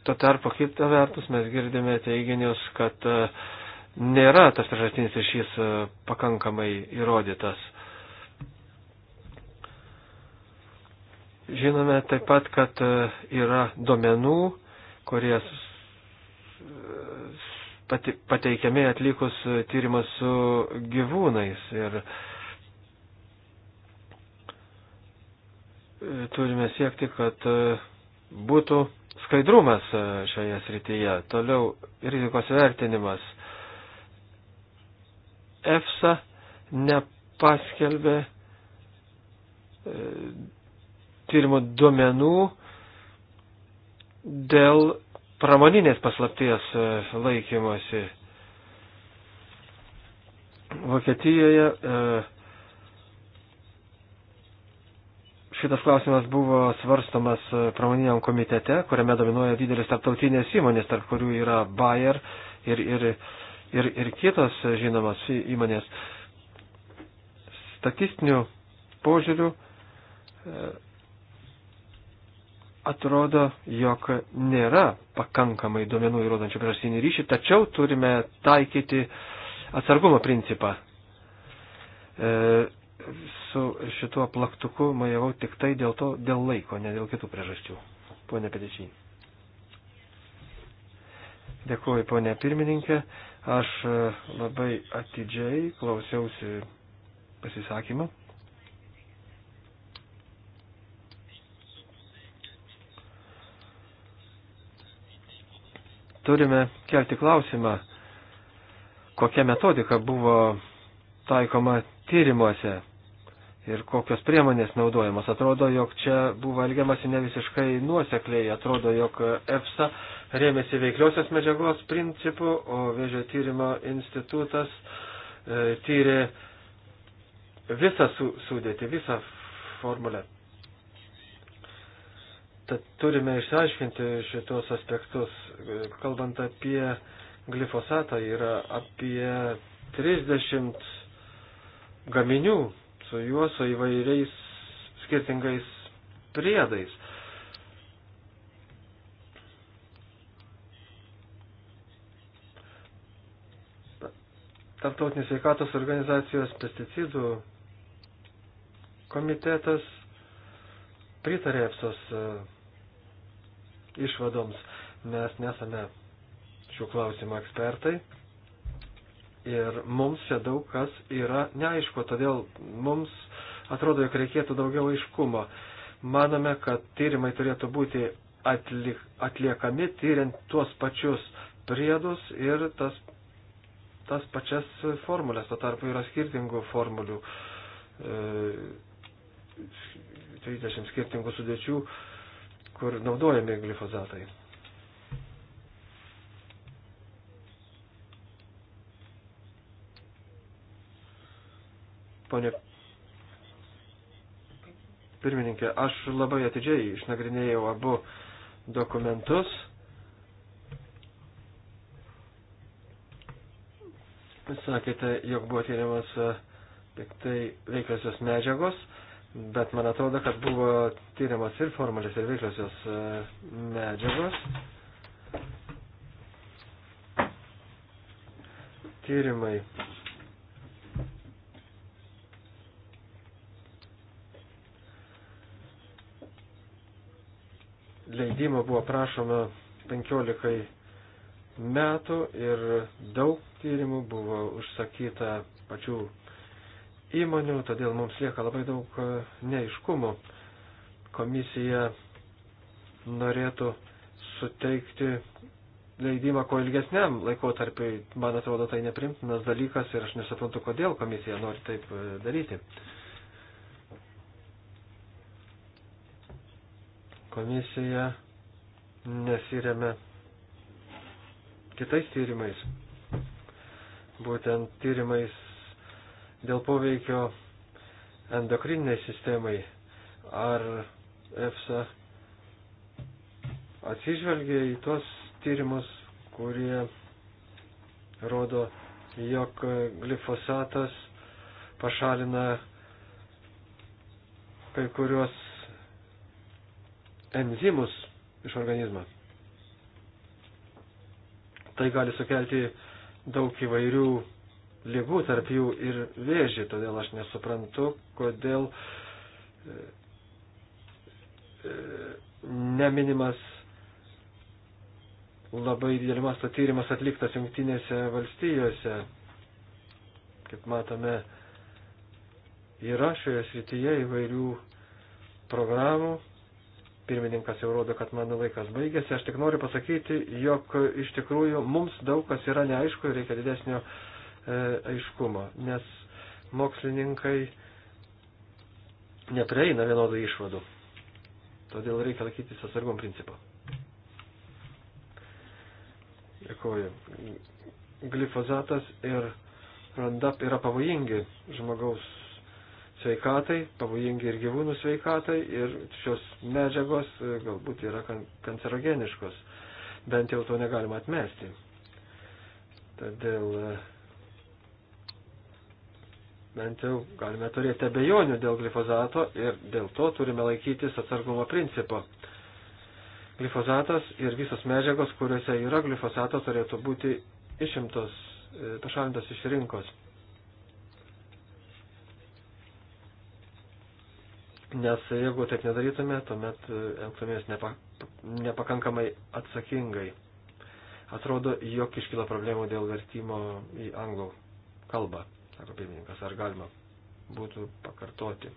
S5: tuo tarpu kitą vertus mes girdime teiginius, kad nėra tas priežastinis ryšys pakankamai įrodytas. Žinome taip pat, kad e, yra duomenų, kurie pateikiami atlikus e, tyrimą su gyvūnais. Ir e, turime siekti, kad būtų skaidrumas šioje srityje, toliau rizikos vertinimas. EFSA nepaskelbė tyrimų duomenų dėl pramoninės paslapties e, laikymosi. Vokietijoje e, šitas klausimas buvo svarstomas e, pramoniniam komitete, kuriame dominuoja didelis tarptautinės įmonės, tarp kurių yra Bayer ir, ir, ir, ir kitos žinomas įmonės. Statistinių požiūrių atrodo, jog nėra pakankamai duomenų įrodančių priežastinį ryšį, tačiau turime taikyti atsargumo principą. E, su šituo plaktuku majavau tik tai dėl to, dėl laiko, ne dėl kitų priežasčių. Pone Pedičiai. Dėkuoju, ponė pirmininkė. Aš e, labai atidžiai klausiausi pasisakymą turime kelti klausimą, kokia metodika buvo taikoma tyrimuose ir kokios priemonės naudojamos. Atrodo, jog čia buvo elgiamasi ne visiškai nuosekliai, atrodo, jog EFSA rėmėsi veikliosios medžiagos principų, o vėžio tyrimo institutas e, tyrė visą su, sudėtį, visą formulę. Tad turime išsiaiškinti šitos aspektus. Kalbant apie glifosatą, yra apie 30 gaminių su juo, su įvairiais skirtingais priedais. Tarptautinės sveikatos organizacijos pesticidų komitetas pritarė EFSOS išvadoms. Mes nesame šių klausimų ekspertai ir mums čia daug kas yra neaišku, todėl mums atrodo, jog reikėtų daugiau aiškumo. Manome, kad tyrimai turėtų būti atlik, atliekami tyriant tuos pačius priedus ir tas, tas pačias formulės, to tarpu yra skirtingų formulių. E, 30 skirtingų sudėčių kur naudojami glifozatai. Pone pirmininkė, aš labai atidžiai išnagrinėjau abu dokumentus. Sakėte, jog buvo tyriamas e, tik tai veikliosios medžiagos. Bet man atrodo, kad buvo tyriamos ir formalės, ir veikliosios e, medžiagos. Tyrimai. Leidimo buvo prašoma 15 metų ir daug tyrimų buvo užsakyta pačių įmonių, todėl mums lieka labai daug e, neiškumų. Komisija norėtų suteikti leidimą kuo ilgesniam laikotarpiui, man atrodo, tai neprimtinas dalykas ir aš nesuprantu, kodėl komisija nori taip e, daryti. Komisija nesiremia kitais tyrimais, būtent tyrimais dėl poveikio endokriniai sistemai. Ar EFSA atsižvelgia į tos tyrimus, kurie rodo, jog glifosatas pašalina kai kuriuos enzimus iš organizmo. Tai gali sukelti daug įvairių lygų, tarp jų ir vėžį, todėl aš nesuprantu, kodėl e, e, neminimas labai didelį mastą tyrimas atliktas jungtinėse valstijose. Kaip matome, yra šioje srityje įvairių programų. Pirmininkas jau rodo, kad mano laikas baigėsi. Aš tik noriu pasakyti, jog iš tikrųjų mums daug kas yra neaišku ir reikia didesnio uh, E, aiškumo, nes mokslininkai neprieina vienodų išvadų. Todėl reikia laikytis atsargom principo. Dėkuoju. Glifozatas ir Roundup yra pavojingi žmogaus sveikatai, pavojingi ir gyvūnų sveikatai ir šios medžiagos e, galbūt yra kancerogeniškos. Bent jau to negalima atmesti. Todėl e, bent jau galime turėti abejonių dėl glifozato ir dėl to turime laikytis atsargumo principo. Glifozatas ir visos medžiagos, kuriuose yra glifosato, turėtų būti išimtos, e, pašalintos iš rinkos. Nes jeigu taip nedarytume, tuomet e, elgtumės nepa, nepakankamai atsakingai. Atrodo, jog iškilo problemų dėl vertimo į anglų kalbą sako pirmininkas, ar galima būtų pakartoti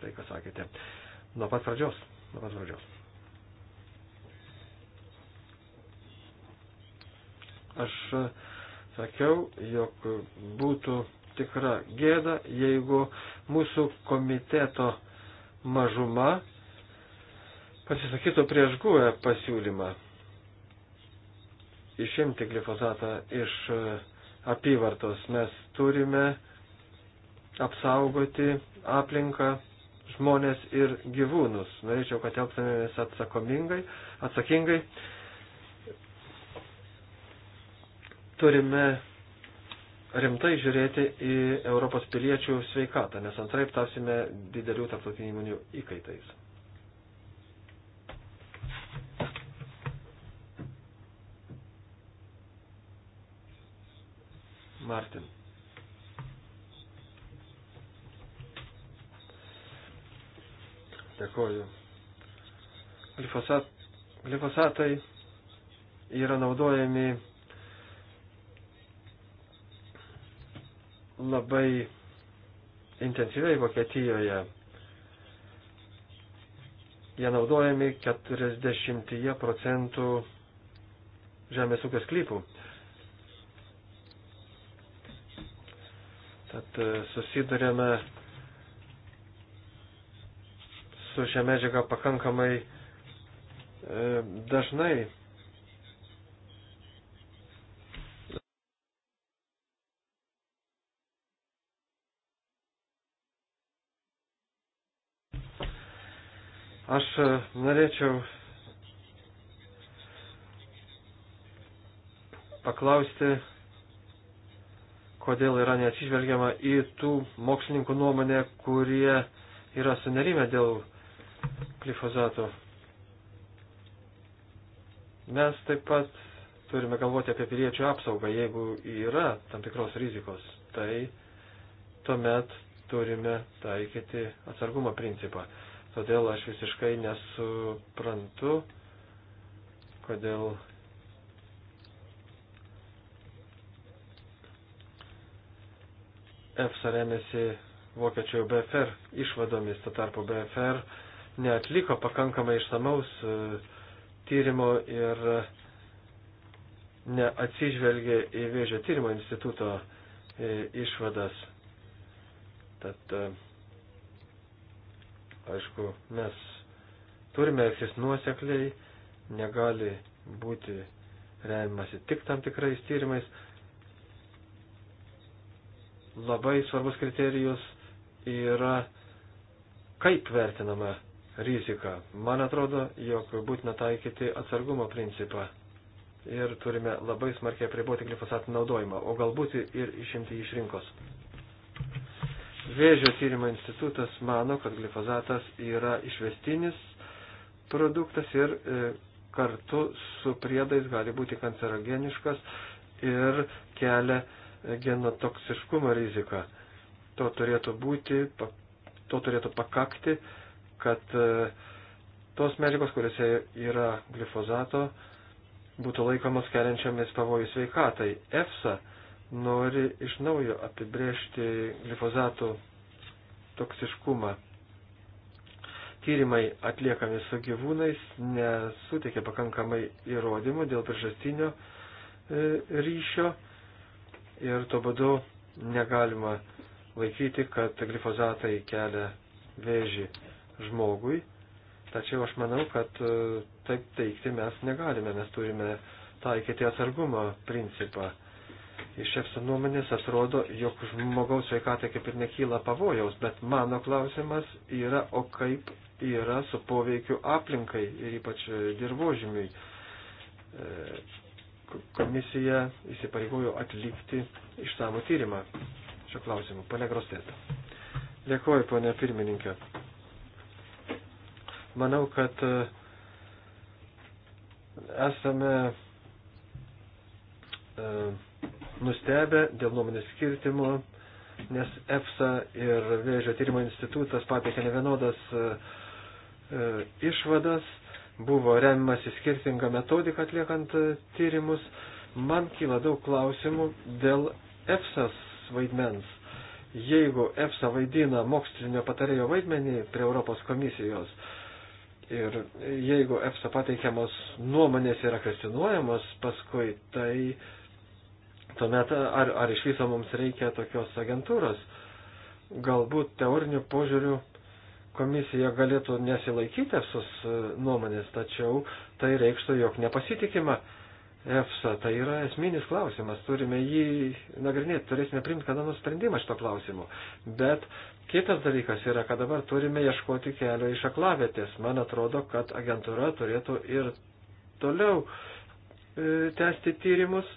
S5: tai, ką sakėte. Nuo pat pradžios, nuo pat pradžios. Aš e, sakiau, jog būtų tikra gėda, jeigu mūsų komiteto mažuma pasisakytų prieš GUE pasiūlymą išimti glifosatą iš uh, apyvartos. Mes turime apsaugoti aplinką, žmonės ir gyvūnus. Norėčiau, kad elgtumėmės atsakomingai, atsakingai. Turime rimtai žiūrėti į Europos piliečių sveikatą, nes antraip tapsime didelių tarptautinių įmonių įkaitais. Martin. Dėkoju. Glifosat, glifosatai yra naudojami labai intensyviai Vokietijoje. Jie naudojami 40 procentų žemės ūkio sklypų. Tad e, susidurėme su šią medžiagą pakankamai e, dažnai. Aš e, norėčiau paklausti kodėl yra neatsižvelgiama į tų mokslininkų nuomonę, kurie yra sunerime dėl glifozato. Mes taip pat turime galvoti apie piliečių apsaugą. Jeigu yra tam tikros rizikos, tai tuomet turime taikyti atsargumo principą. Todėl aš visiškai nesuprantu, kodėl EFSA remiasi vokiečių BFR išvadomis, to tarpu BFR neatliko pakankamai išsamaus e, tyrimo ir e, neatsižvelgė į Vėžio tyrimo instituto e, išvadas. Tad, aišku, mes turime elgtis nuosekliai, negali būti remiamasi tik tam tikrais tyrimais, labai svarbus kriterijus yra kaip vertinama rizika. Man atrodo, jog būtina taikyti atsargumo principą ir turime labai smarkiai apriboti glifosatų naudojimą, o galbūt ir išimti iš rinkos. Vėžio tyrimo institutas mano, kad glifosatas yra išvestinis produktas ir e, kartu su priedais gali būti kancerogeniškas ir kelia e, genotoksiškumo riziką. To turėtų būti, to turėtų pakakti, kad e, tos medžiagos, kuriuose yra glifozato, būtų laikomos keliančiamis pavojus sveikatai. EFSA nori iš naujo apibrėžti glifozato toksiškumą. Tyrimai atliekami su gyvūnais nesuteikia pakankamai įrodymų dėl priežastinio e, ryšio ir tuo būdu negalima laikyti, kad glifozatai kelia vėžį žmogui. Tačiau aš manau, kad e, taip teikti mes negalime, mes turime taikyti atsargumo principą. Iš EFSA nuomonės atrodo, jog žmogaus sveikatai kaip ir nekyla pavojaus, bet mano klausimas yra, o kaip yra su poveikiu aplinkai ir ypač dirbožymiui. E, komisija įsipareigojo atlikti išsamų tyrimą šio klausimu. Pane Grosėta. Dėkuoju, ponė pirmininkė. Manau, kad e, esame e, nustebę dėl nuomonės skirtimo, nes EFSA ir Vėžio tyrimo institutas pateikė nevienodas e, išvadas buvo remiamasi skirtinga metodika atliekant e, tyrimus. Man kyla daug klausimų dėl EFSAS vaidmens. Jeigu EFSA vaidina mokslinio patarėjo vaidmenį prie Europos komisijos ir jeigu EFSA pateikiamos nuomonės yra kvestionuojamos paskui, tai tuomet ar, ar iš viso mums reikia tokios agentūros? Galbūt teoriniu požiūriu komisija galėtų nesilaikyti EFSOS e, nuomonės, tačiau tai reikštų, jog nepasitikima EFSA. Tai yra esminis klausimas, turime jį nagrinėti, turėsime priimti kada nors sprendimą šito klausimu. Bet kitas dalykas yra, kad dabar turime ieškoti kelio iš aklavėtės. Man atrodo, kad agentūra turėtų ir toliau e, tęsti tyrimus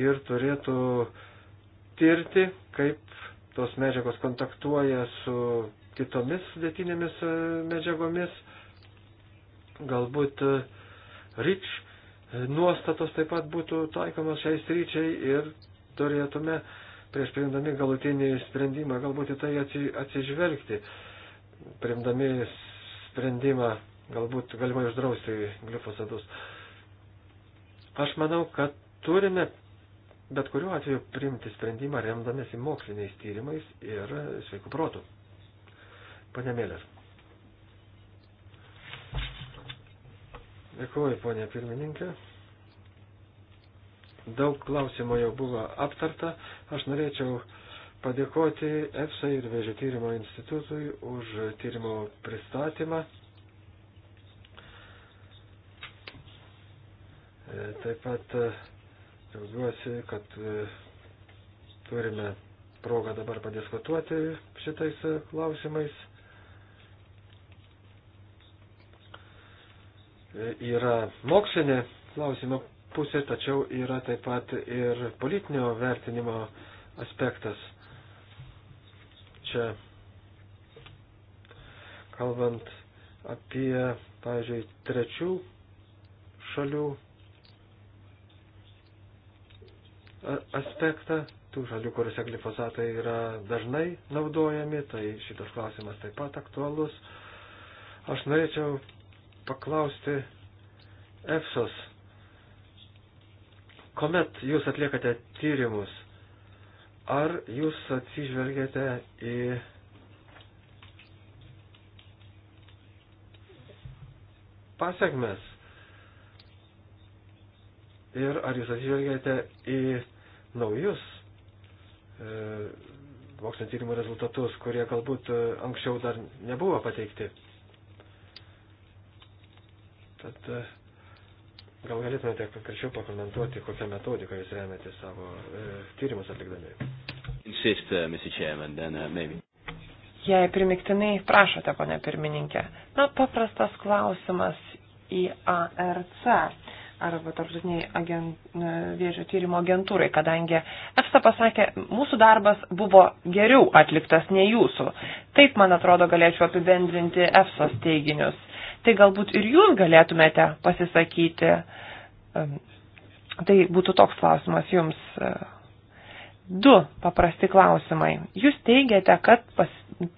S5: ir turėtų tirti, kaip tos medžiagos kontaktuoja su kitomis sudėtinėmis e, medžiagomis. Galbūt e, ryč e, nuostatos taip pat būtų taikomas šiais ryčiai ir turėtume prieš priimdami galutinį sprendimą galbūt į tai atsižvelgti. Priimdami sprendimą galbūt galima išdrausti glifosatus. Aš manau, kad turime bet kuriuo atveju priimti sprendimą remdamėsi moksliniais tyrimais ir sveiku protu. Pane Mėlės. Dėkuoju, ponė pirmininkė. Daug klausimų jau buvo aptarta. Aš norėčiau padėkoti EFSA ir Vėžio tyrimo institutui už tyrimo pristatymą. E, taip pat e, džiaugiuosi, kad e, turime progą dabar padiskutuoti šitais klausimais. E, yra mokslinė klausimo pusė, tačiau yra taip pat ir politinio vertinimo aspektas. Čia kalbant apie, pavyzdžiui, trečių šalių aspektą, tų šalių, kuriuose glifosatai yra dažnai naudojami, tai šitas klausimas taip pat aktualus. Aš norėčiau paklausti EFSOS, kuomet jūs atliekate tyrimus, ar jūs atsižvelgiate į pasiekmes ir ar jūs atsižvelgiate į naujus e, mokslinio tyrimo rezultatus, kurie galbūt e, anksčiau dar nebuvo pateikti. Tad e, gal galėtumėte konkrečiau pakomentuoti, kokią metodiką jūs remiate savo e, tyrimus atlikdami.
S2: Insist, uh, Mr. Chairman, then uh, maybe.
S3: Jei primiktinai prašote, ponė pirmininkė, na, paprastas klausimas į ARC arba tarptautiniai agent, e, vėžio tyrimo agentūrai, kadangi EFSA pasakė, mūsų darbas buvo geriau atliktas nei jūsų. Taip, man atrodo, galėčiau apibendrinti EFSA teiginius tai galbūt ir jūs galėtumėte pasisakyti. Tai būtų toks klausimas jums. Du paprasti klausimai. Jūs teigiate, kad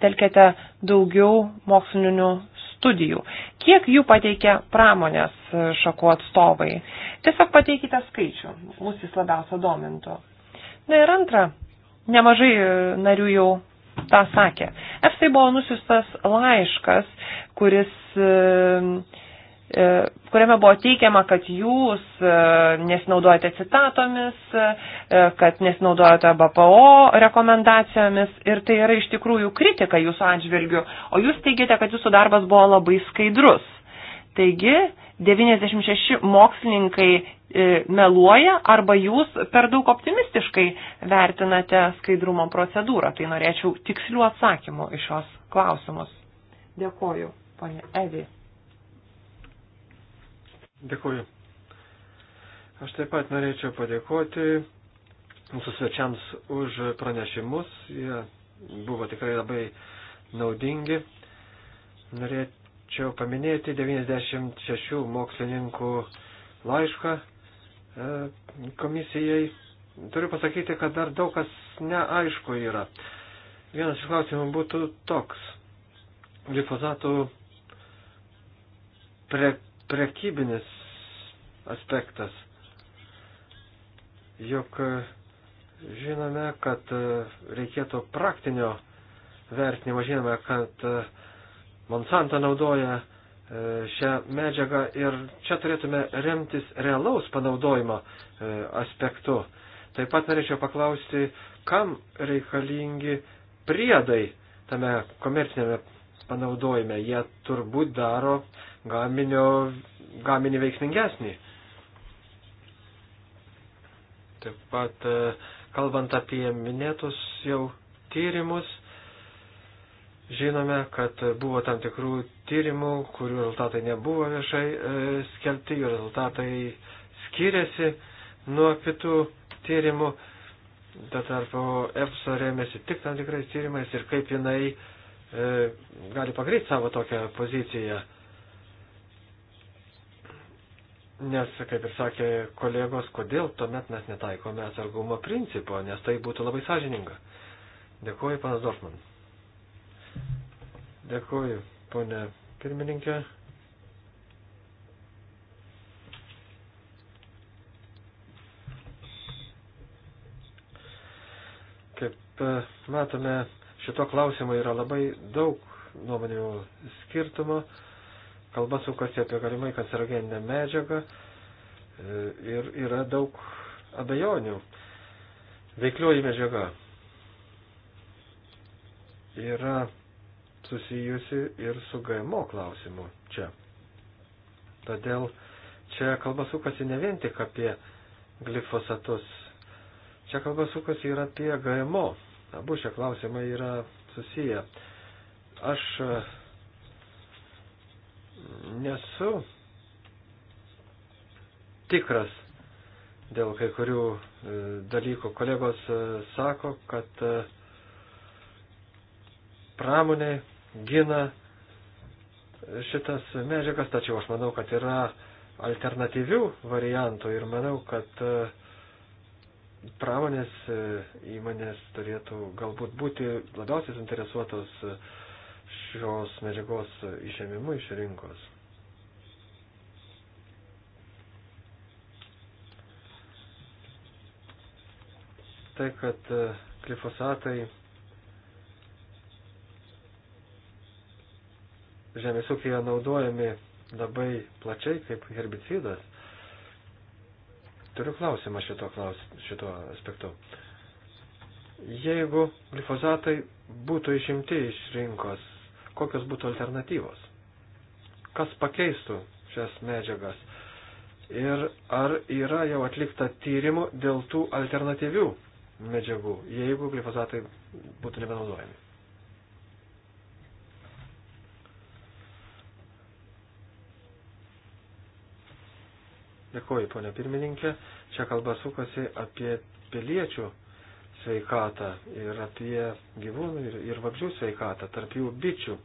S3: telkėte daugiau mokslinių studijų. Kiek jų pateikia pramonės šakų atstovai? Tiesiog pateikite skaičių, mūsų jis labiausia domintų. Na ir antra, nemažai narių jau tą sakė. EFSA buvo nusiustas laiškas, kuris, e, e, kuriame buvo teikiama, kad jūs e, nesinaudojate citatomis, kad nesinaudojate BPO rekomendacijomis ir tai yra iš tikrųjų kritika jūsų atžvilgiu, o jūs teigiate, kad jūsų darbas buvo labai skaidrus. Taigi, 96 mokslininkai E, meluoja arba jūs per daug optimistiškai vertinate skaidrumo procedūrą. Tai norėčiau tikslių atsakymų iš šios klausimus. Dėkoju, ponė Evi. Dėkoju.
S5: Aš taip pat norėčiau padėkoti mūsų svečiams už pranešimus. Jie buvo tikrai labai naudingi. Norėčiau paminėti 96 mokslininkų laišką, E, komisijai. Turiu pasakyti, kad dar daug kas neaišku yra. Vienas iš klausimų būtų toks. Glifosatų pre, prekybinis aspektas. Juk e, žinome, kad e, reikėtų praktinio vertinimo, žinome, kad Monsanto naudoja E, šią medžiagą ir čia turėtume remtis realaus panaudojimo e, aspektu. Taip pat norėčiau paklausti, kam reikalingi priedai tame komercinėme panaudojime. Jie turbūt daro gaminio, gaminį veiksmingesnį. Taip pat, e, kalbant apie minėtus jau tyrimus, žinome, kad buvo tam tikrų tyrimų, kurių rezultatai nebuvo viešai e, skelbti, jų rezultatai skiriasi nuo kitų tyrimų. Tuo tarpu EFSA rėmėsi tik tam tikrais tyrimais ir kaip jinai e, gali pagrįsti savo tokią poziciją. Nes, kaip ir sakė kolegos, kodėl tuomet mes netaikome atsargumo principo, nes tai būtų labai sąžininga. Dėkuoju, panas Dorfman. Dėkuoju, ponė pirmininkė. Kaip e, matome, šito klausimo yra labai daug nuomonių skirtumo. Kalba sukasi apie galimai kancerogeninę medžiagą e, ir yra daug abejonių. Veiklioji medžiaga yra susijusi ir su GMO klausimu čia. Todėl čia kalba sukasi ne vien tik apie glifosatus. Čia kalba sukasi ir apie GMO. Abu šie klausimai yra susiję. Aš e, nesu tikras dėl kai kurių e, dalykų. Kolegos e, sako, kad pramoniai gina šitas medžiagas, tačiau aš manau, kad yra alternatyvių variantų ir manau, kad e, pramonės e, įmonės turėtų galbūt būti labiausiai suinteresuotos e, šios medžiagos išėmimu iš rinkos. Tai, kad glifosatai žemės ūkėje naudojami labai plačiai kaip herbicidas. Turiu klausimą šito, klaus, šito aspektu. Jeigu glifozatai būtų išimti iš rinkos, kokios būtų alternatyvos? Kas pakeistų šias medžiagas? Ir ar yra jau atlikta tyrimų dėl tų alternatyvių medžiagų, jeigu glifozatai būtų nebenaudojami? Dėkuoju, ponė pirmininkė. Čia kalba sukasi apie piliečių sveikatą ir apie gyvūnų ir, ir vabžių sveikatą, tarp jų bičių.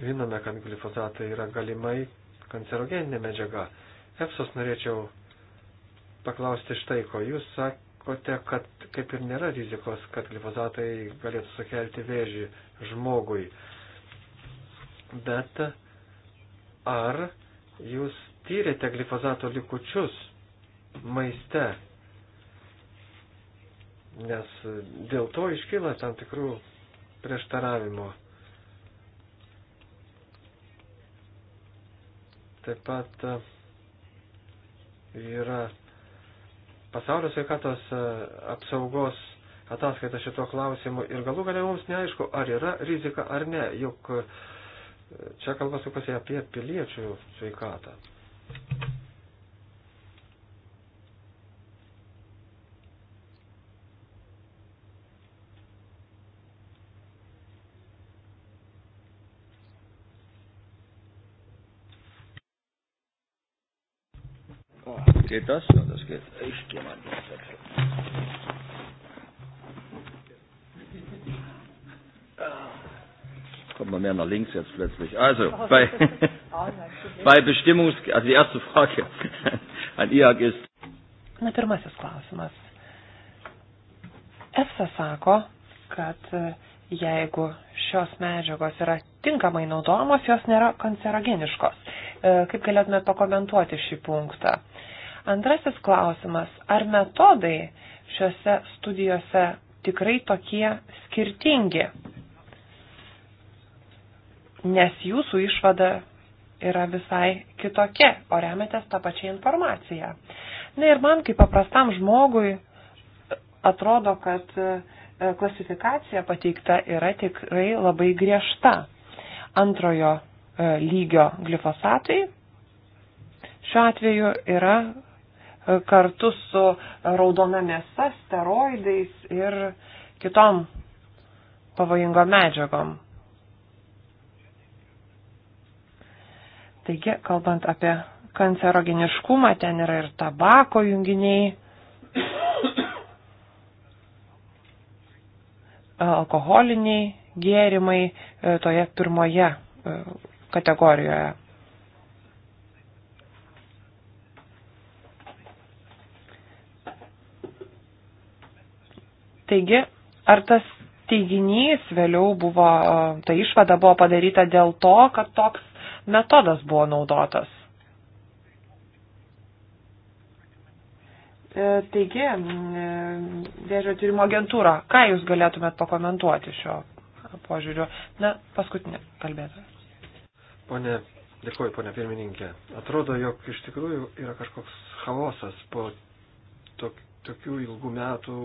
S5: Žinome, kad glifosatai yra galimai kancerogeninė medžiaga. EFSOS norėčiau paklausti štai ko. Jūs sakote, kad kaip ir nėra rizikos, kad glifosatai galėtų sukelti vėžį žmogui. Bet ar jūs tyrėte glifozato likučius maiste, nes dėl to iškyla tam tikrų prieštaravimo. Taip pat e, yra pasaulio sveikatos e, apsaugos ataskaita šito klausimu ir galų galia mums neaišku, ar yra rizika ar ne, juk e, čia kalba sukasi apie piliečių sveikatą. Geht das? Ja, das geht. Ich gehe mal den Wechsel.
S1: Kommt man mehr nach links jetzt plötzlich.
S3: Also, oh, bei, bei
S1: Bestimmungs... Also die erste Frage
S2: an IAG ist...
S3: Na, pirmasis klausimas. EFSA sako, kad e, jeigu šios medžiagos yra tinkamai naudojamos, jos nėra kancerogeniškos. E, kaip galėtumėt pakomentuoti šį punktą? Antrasis klausimas. Ar metodai šiuose studijose tikrai tokie skirtingi? nes jūsų išvada yra visai kitokia, o remiatės tą pačią informaciją. Na ir man kaip paprastam žmogui e, atrodo, kad e, klasifikacija pateikta yra tikrai labai griežta. Antrojo e, lygio glifosatai šiuo atveju yra kartu su raudona mėsa, steroidais ir kitom pavojingom medžiagom. Taigi, kalbant apie kancerogeniškumą, ten yra ir tabako junginiai, alkoholiniai gėrimai e, toje pirmoje e, kategorijoje. Taigi, ar tas teiginys vėliau buvo, e, ta išvada buvo padaryta dėl to, kad toks metodas buvo naudotas. E, taigi, e, vėžio tyrimo agentūra, ką Jūs galėtumėt pakomentuoti šio požiūriu? Na, paskutinė kalbėtoja.
S5: Pone, dėkuoju, pone pirmininkė. Atrodo, jog iš tikrųjų yra kažkoks chaosas po tok, tokių ilgų metų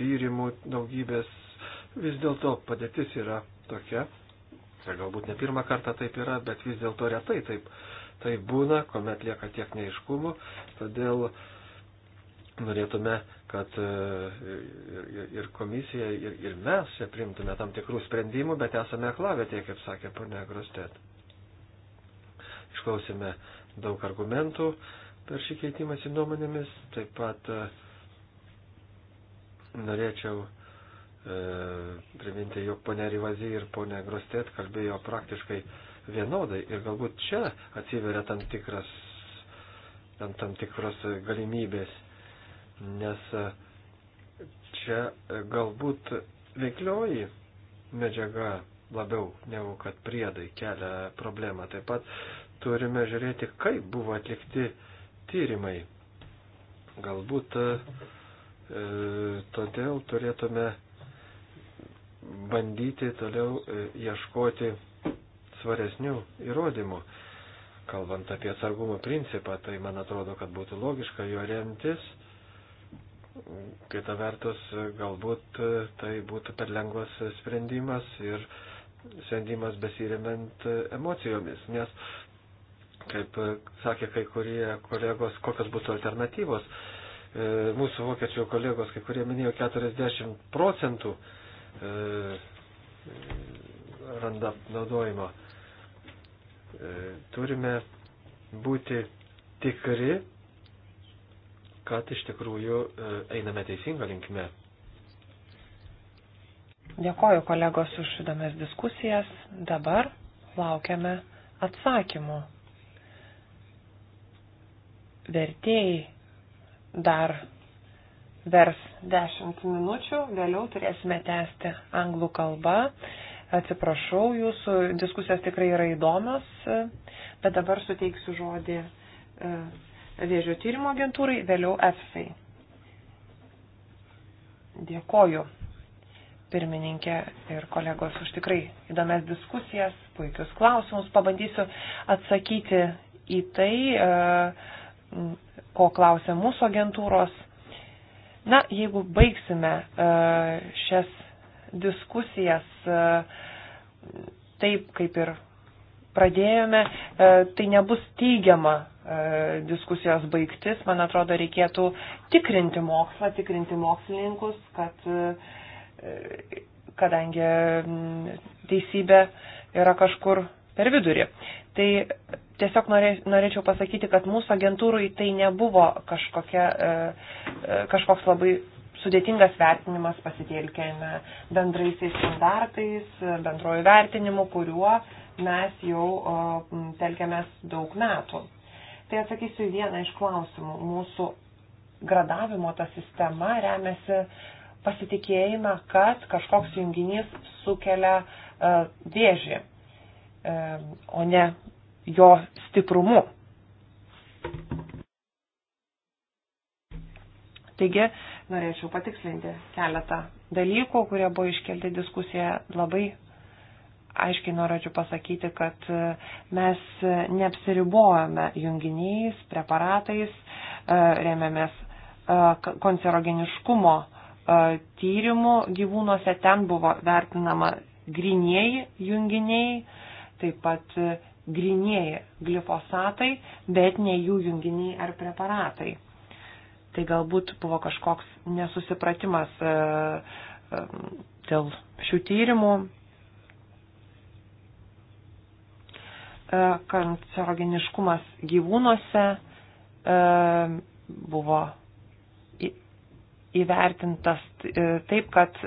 S5: tyrimų daugybės. Vis dėlto padėtis yra tokia, kontekste. Galbūt ne pirmą kartą taip yra, bet vis dėlto retai taip, taip būna, kuomet lieka tiek neiškumų. Todėl norėtume, kad e, ir, ir komisija, ir, ir mes čia primtume tam tikrų sprendimų, bet esame aklavėtėje, kaip sakė ponia Grostet. Išklausėme daug argumentų per šį keitimąsi nuomonėmis. Taip pat e, norėčiau E, priminti, jog ponia Rivazy ir ponia Grostet kalbėjo praktiškai vienodai ir galbūt čia atsiveria tam, tikras, tam, tam tikros galimybės, nes e, čia e, galbūt veiklioji medžiaga labiau negu kad priedai kelia problemą. Taip pat turime žiūrėti, kaip buvo atlikti tyrimai. Galbūt e, todėl turėtume bandyti toliau e, ieškoti svaresnių įrodymų. Kalbant apie atsargumo principą, tai man atrodo, kad būtų logiška jo remtis. Kita vertus, galbūt e, tai būtų per lengvas sprendimas ir sprendimas besiremiant e, emocijomis, nes, kaip sakė kai kurie kolegos, kokios būtų alternatyvos. Mūsų vokiečių kolegos, kai kurie minėjo 40 procentų E, e, randa naudojimo. E, turime būti tikri, kad iš tikrųjų einame teisinga linkme.
S3: Dėkoju kolegos už įdomias diskusijas. Dabar laukiame atsakymų. Vertėjai dar vers 10 minučių, vėliau turėsime tęsti anglų kalbą. Atsiprašau, jūsų diskusijos tikrai yra įdomios, bet dabar suteiksiu žodį e, vėžio tyrimo agentūrai, vėliau EFSAI. Dėkoju pirmininkė ir kolegos už tikrai įdomias diskusijas, puikius klausimus. Pabandysiu atsakyti į tai, e, ko klausė mūsų agentūros Na, jeigu baigsime e, šias diskusijas e, taip, kaip ir pradėjome, e, tai nebus teigiama diskusijos baigtis. Man atrodo, reikėtų tikrinti mokslą, tikrinti mokslininkus, kad kadangi teisybė yra kažkur per vidurį. Tai tiesiog norė, norėčiau pasakyti, kad mūsų agentūrui tai nebuvo kažkokia, e, e, kažkoks labai sudėtingas vertinimas pasitelkėme bendraisiais standartais, bendrojų vertinimu, kuriuo mes jau telkėmės daug metų. Tai atsakysiu į vieną iš klausimų. Mūsų gradavimo ta sistema remiasi pasitikėjimą, kad kažkoks junginys sukelia e, vėžį, o ne jo stiprumu. Taigi, norėčiau patikslinti keletą dalykų, kurie buvo iškelti diskusiją. Labai aiškiai norėčiau pasakyti, kad e, mes neapsiribuojame junginiais, preparatais, e, remiamės e, kancerogeniškumo tyrimų gyvūnuose. Ten buvo vertinama grinieji junginiai, taip pat grinieji glifosatai, bet ne jų junginiai ar preparatai. Tai galbūt buvo kažkoks nesusipratimas e, e, dėl šių tyrimų. E, kancerogeniškumas gyvūnuose buvo įvertintas taip, kad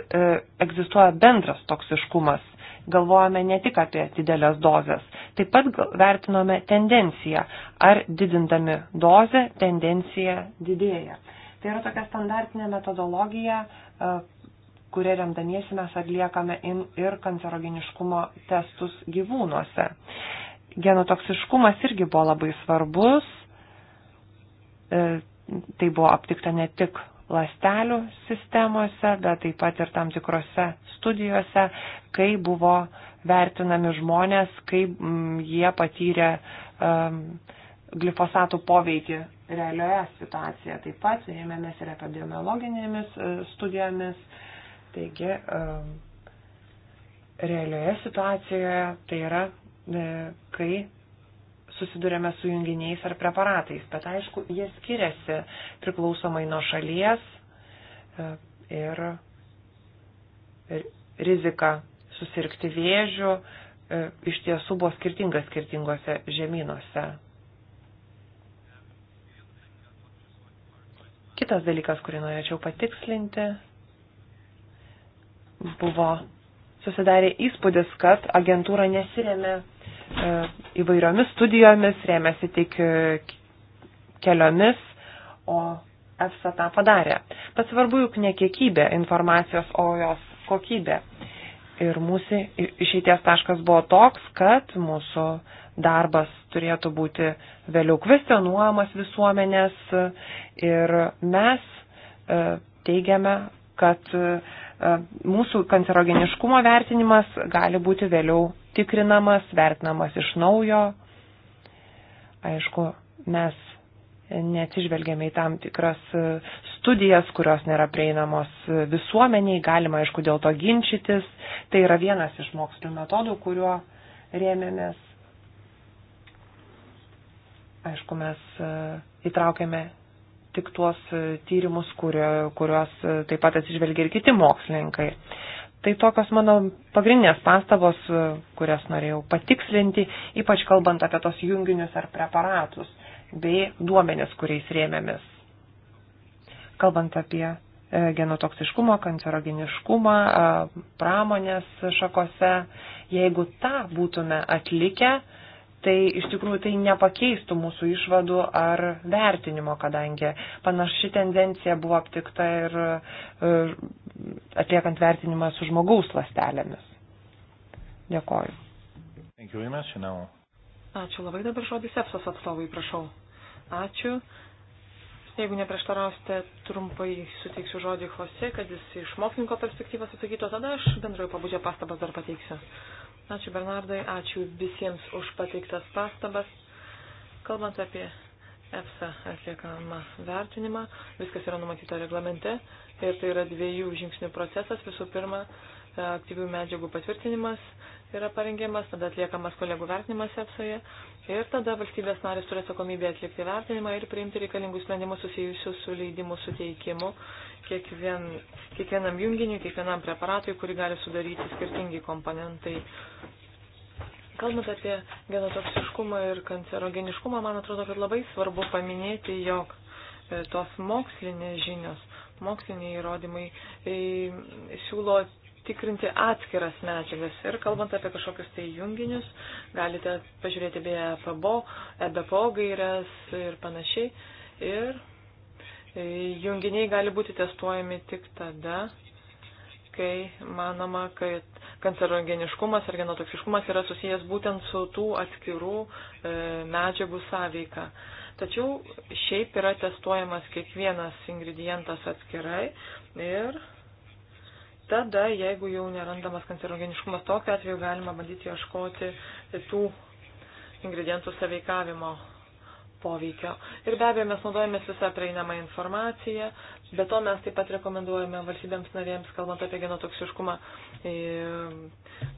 S3: egzistuoja bendras toksiškumas galvojame ne tik apie didelės dozes, taip pat vertinome tendenciją, ar didindami dozę tendencija didėja. Tai yra tokia standartinė metodologija, e, kuria remdamiesi mes atliekame ir kancerogeniškumo testus gyvūnuose. Genotoksiškumas irgi buvo labai svarbus. E, tai buvo aptikta ne tik ląstelių sistemose, bet taip pat ir tam tikrose studijose, kai buvo vertinami žmonės, kaip mm, jie patyrė um, glifosatų poveikį realioje situacijoje. Taip pat ėmėmės ir epidemiologinėmis e, studijomis. Taigi, um, realioje situacijoje tai yra, e, kai susidurėme su junginiais ar preparatais, bet aišku, jie skiriasi priklausomai nuo šalies ir, e, ir rizika susirgti vėžių e, iš tiesų buvo skirtinga skirtingose žemynuose. Kitas dalykas, kurį norėčiau patikslinti, buvo susidarė įspūdis, kad agentūra nesirėmė E, įvairiomis studijomis, rėmėsi tik e, keliomis, o EFSA tą padarė. Bet svarbu juk ne kiekybė informacijos, o jos kokybė. Ir mūsų išeities taškas buvo toks, kad mūsų darbas turėtų būti vėliau kvestionuojamas visuomenės ir mes e, teigiame, kad mūsų kancerogeniškumo vertinimas gali būti vėliau tikrinamas, vertinamas iš naujo. Aišku, mes neatsižvelgiame į tam tikras e, studijas, kurios nėra prieinamos e, visuomeniai, galima aišku dėl to ginčytis. Tai yra vienas iš mokslinių metodų, kuriuo rėmėmės. Aišku, mes e, įtraukėme tik tuos tyrimus, kurio, kuriuos taip pat atsižvelgia ir kiti mokslininkai. Tai tokios mano pagrindinės pastabos, e, kurias norėjau patikslinti, ypač kalbant apie tos junginius ar preparatus bei duomenis, kuriais rėmėmis. Kalbant apie e, genotoksiškumą, kancerogeniškumą e, pramonės šakose, jeigu tą būtume atlikę, tai iš tikrųjų tai nepakeistų mūsų išvadų ar vertinimo, kadangi panaši tendencija buvo aptikta ir e, atliekant vertinimą su žmogaus lastelėmis. Dėkoju.
S4: Ačiū labai dabar žodis EFSOS atstovui, prašau. Ačiū. Jeigu neprieštarausite, trumpai suteiksiu žodį Jose, kad jis iš mokslininko perspektyvos atsakytų, tada aš bendrojo pabudžio pastabas dar pateiksiu. Ačiū Bernardai, ačiū visiems už pateiktas pastabas. Kalbant apie EFSA atliekamą vertinimą, viskas yra numatyta reglamente ir tai yra dviejų žingsnių procesas. Visų pirma, aktyvių medžiagų patvirtinimas yra parengiamas, tada atliekamas kolegų vertinimas EFSOje ir tada valstybės narės turi atsakomybę atlikti vertinimą ir priimti reikalingus sprendimus susijusius su leidimu suteikimu kiekvien, kiekvienam junginiui, kiekvienam preparatui, kurį gali sudaryti skirtingi komponentai. Kalbant apie genotoksiškumą ir kancerogeniškumą, man atrodo, kad labai svarbu paminėti, jog e, tos mokslinės žinios, moksliniai įrodymai e, siūlo tikrinti atskiras medžiagas. Ir kalbant apie kažkokius tai junginius, galite pažiūrėti beje FABO, EBPO gairias ir panašiai. Ir e, junginiai gali būti testuojami tik tada, kai manoma, kad kancerogeniškumas ar genotoksiškumas yra susijęs būtent su tų atskirų e, medžiagų sąveika. Tačiau šiaip yra testuojamas kiekvienas ingredientas atskirai ir Tada, jeigu jau nerandamas kancerogeniškumas, tokiu atveju galima bandyti ieškoti tų ingredientų saveikavimo poveikio. Ir be abejo, mes naudojamės visą prieinamą informaciją, bet to mes taip pat rekomenduojame valstybėms narėms, kalbant apie genotoksiškumą,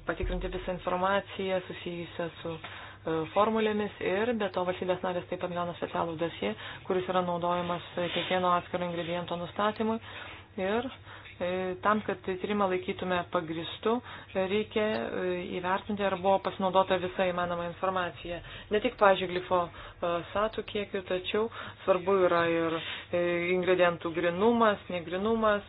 S4: patikrinti visą informaciją susijusią su e, formulėmis ir be to valstybės narės taip pat gauna specialų dosie, kuris yra naudojamas kiekvieno atskiro ingrediento nustatymui. Ir E, tam, kad tyrimą laikytume pagristu, e, reikia e, įvertinti, ar buvo pasinaudota visa įmanoma informacija. Ne tik, pažiūrėjau, glifosatų kiekiu, tačiau svarbu yra ir ingredientų grinumas, negrinumas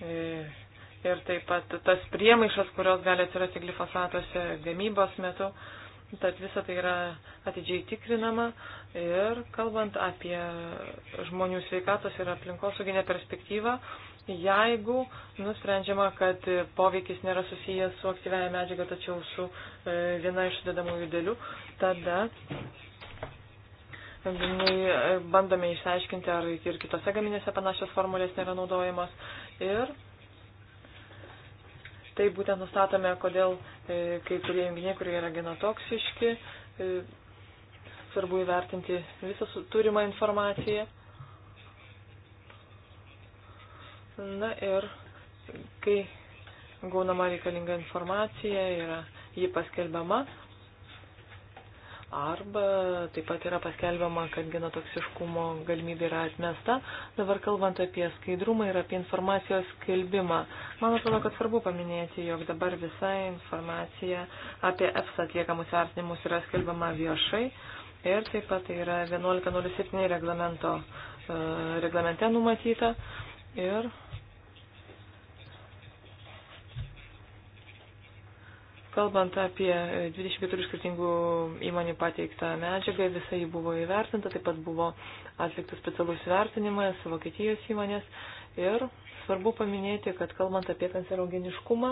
S4: ir taip pat tas priemaišas, kurios gali atsirasti glifosatuose gamybos metu. Tad visa tai yra atidžiai tikrinama ir kalbant apie žmonių sveikatos ir aplinkosauginę perspektyvą, jeigu nusprendžiama, kad poveikis nėra susijęs su aktyviaja medžiaga, tačiau su e, viena iš sudėdamųjų dėlių, tada e, bandome išsiaiškinti, ar ir kitose gaminėse panašios formulės nėra naudojamos. Ir tai būtent nustatome, kodėl e, kai kurie junginiai, kurie yra genotoksiški, svarbu įvertinti visą turimą informaciją. Na ir kai gaunama reikalinga informacija, yra ji paskelbiama. Arba taip pat yra paskelbiama, kad genotoksiškumo galimybė yra atmesta. Dabar kalbant apie skaidrumą ir apie informacijos skelbimą, man atrodo, kad svarbu paminėti, jog dabar visa informacija apie EFSA atliekamus vertinimus yra skelbiama viešai. Ir taip pat tai yra 11.07 reglamento, e, reglamente numatyta. Ir Kalbant apie 24 skirtingų įmonių pateiktą medžiagą, visai buvo įvertinta, taip pat buvo atliktas specialus vertinimas Vokietijos įmonės ir svarbu paminėti, kad kalbant apie kancerogeniškumą,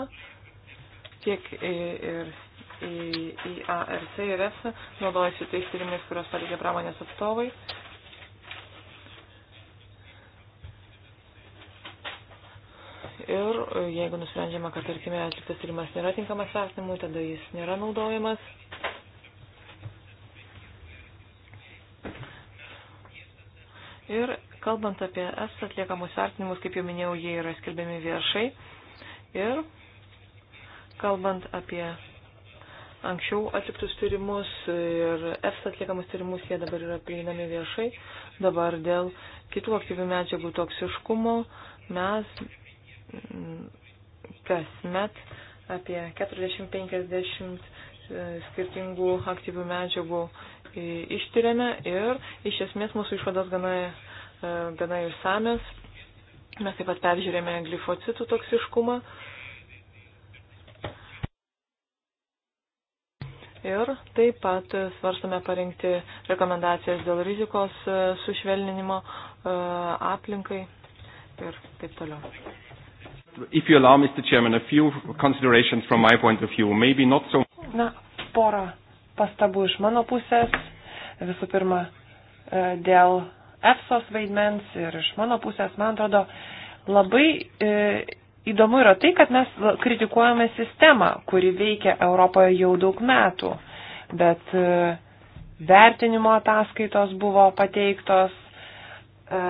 S4: tiek ir į, į ARC ir EFSA naudojasi tais tyrimais, kurios pateikė pramonės atstovai. ir e, jeigu nusprendžiama, kad, tarkime, atliktas tyrimas nėra tinkamas vertinimui, tada jis nėra naudojamas. Ir kalbant apie S atliekamus vertinimus, kaip jau minėjau, jie yra skelbiami viešai. Ir kalbant apie anksčiau atliktus tyrimus ir EFS atliekamus tyrimus, jie dabar yra prieinami viešai. Dabar dėl kitų aktyvių medžiagų toksiškumo mes kasmet apie 40-50 e, skirtingų aktyvių medžiagų ištyrėme ir iš esmės mūsų išvados gana, e, gana išsames. Mes taip pat peržiūrėjome glifocitų toksiškumą. Ir taip pat svarstame parengti rekomendacijas dėl rizikos e, sušvelninimo aplinkai ir taip toliau
S1: if you allow, Mr. Chairman, a few considerations from my point of view, maybe not so.
S4: Na, pora
S3: pastabų iš mano pusės. Visų pirma, e, dėl EFSOS vaidmens ir iš mano pusės, man atrodo, labai e, įdomu yra tai, kad mes kritikuojame sistemą, kuri veikia Europoje jau daug metų, bet e, vertinimo ataskaitos buvo pateiktos. E,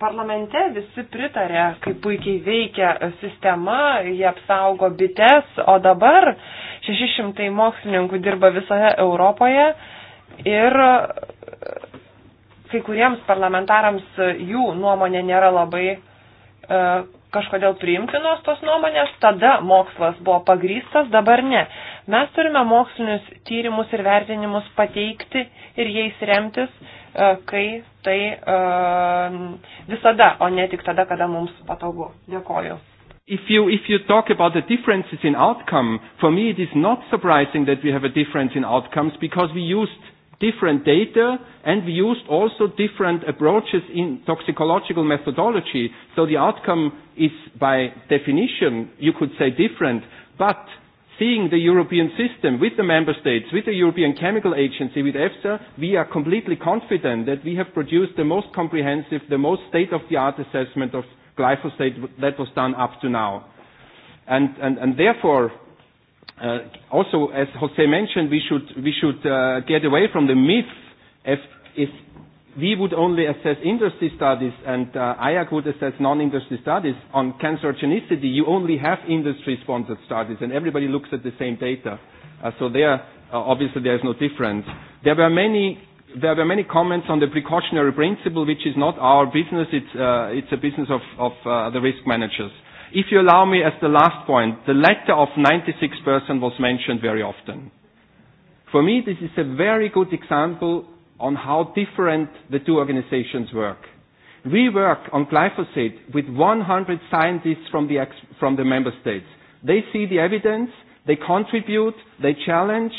S3: parlamente visi pritarė, kaip puikiai veikia sistema, jie apsaugo bites, o dabar 600 mokslininkų dirba visoje Europoje ir kai kuriems parlamentarams jų nuomonė nėra labai e, kažkodėl priimtinos tos nuomonės, tada mokslas buvo pagrystas, dabar ne. Mes turime mokslinius tyrimus ir vertinimus pateikti ir jais remtis E, kai tai e, visada, o ne tik tada, kada mums patogu. Dėkoju.
S1: If you, if you talk about the differences in outcome, for me it is not surprising that we have a difference in outcomes because we used different data and we used also different approaches in toxicological methodology. So the outcome is by definition, you could say different, but seeing the European system with the member states, with the European Chemical Agency, with EFSA, we are completely confident that we have produced the most comprehensive, the most state-of-the-art assessment of glyphosate that was done up to now. And, and, and therefore, uh, also, as José mentioned, we should, we should uh, get away from the myth if, if we would only assess industry studies and uh, IAC would assess non-industry studies on cancerogenicity, you only have industry-sponsored studies and everybody looks at the same data. Uh, so there, uh, obviously, there is no difference. There were many there were many comments on the precautionary principle, which is not our business. It's, uh, it's a business of, of uh, the risk managers. If you allow me, as the last point, the letter of 96% was mentioned very often. For me, this is a very good example on how different the two organizations work. We work on glyphosate with 100 scientists from the, ex- from the member states. They see the evidence, they contribute, they challenge,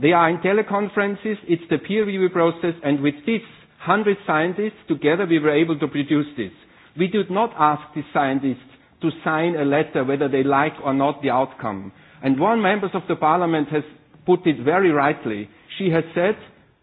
S1: they are in teleconferences, it's the peer review process, and with this 100 scientists together we were able to produce this. We did not ask the scientists to sign a letter whether they like or not the outcome. And one member of the parliament has put it very rightly. She has said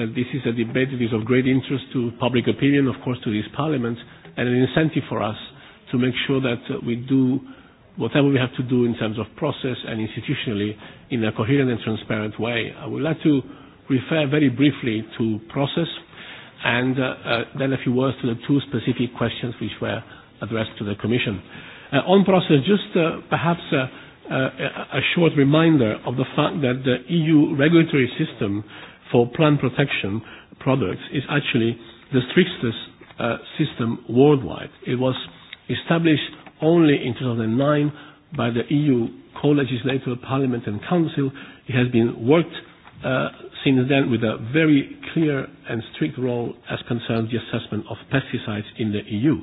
S2: that this is a debate that is of great interest to public opinion, of course, to these parliaments, and an incentive for us to make sure that uh, we do whatever we have to do in terms of process and institutionally in a coherent and transparent way. I would like to refer very briefly to process and uh, uh, then a few words to the two specific questions which were addressed to the Commission. Uh, on process, just uh, perhaps uh, uh, a short reminder of the fact that the EU regulatory system uh, for plant protection products is actually the strictest uh, system worldwide. It was established only in 2009 by the EU co-legislator, Parliament and Council. It has been worked uh, since then with a very clear and strict role as concerns the assessment of pesticides in the EU.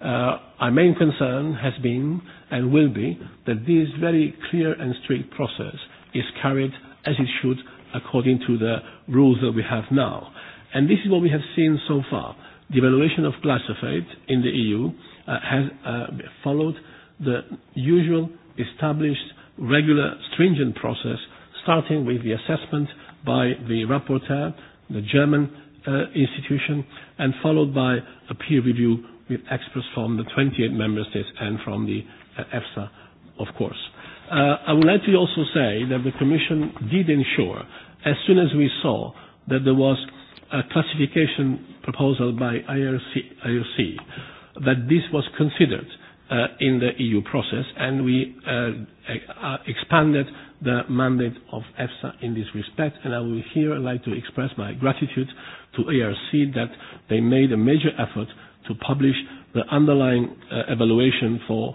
S2: Uh, our main concern has been and will be that this very clear and strict process is carried as it should according to the rules that we have now. And this is what we have seen so far. The evaluation of glyphosate in the EU uh, has uh, followed the usual established regular stringent process, starting with the assessment by the rapporteur, the German uh, institution, and followed by a peer review with experts from the 28 member states and from the uh, EFSA, of course. Uh, I would like to also say that the Commission did ensure, as soon as we saw that there was a classification proposal by IRC, IRC that this was considered uh, in the EU process, and we uh, e, uh, expanded the mandate of EFSA in this respect. And I would here like to express my gratitude to ARC that they made a major effort to publish the underlying uh, evaluation for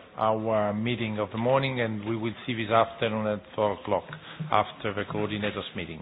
S2: our meeting of the morning, and we will see this afternoon at 4:00 P.M. after the coordinators meeting.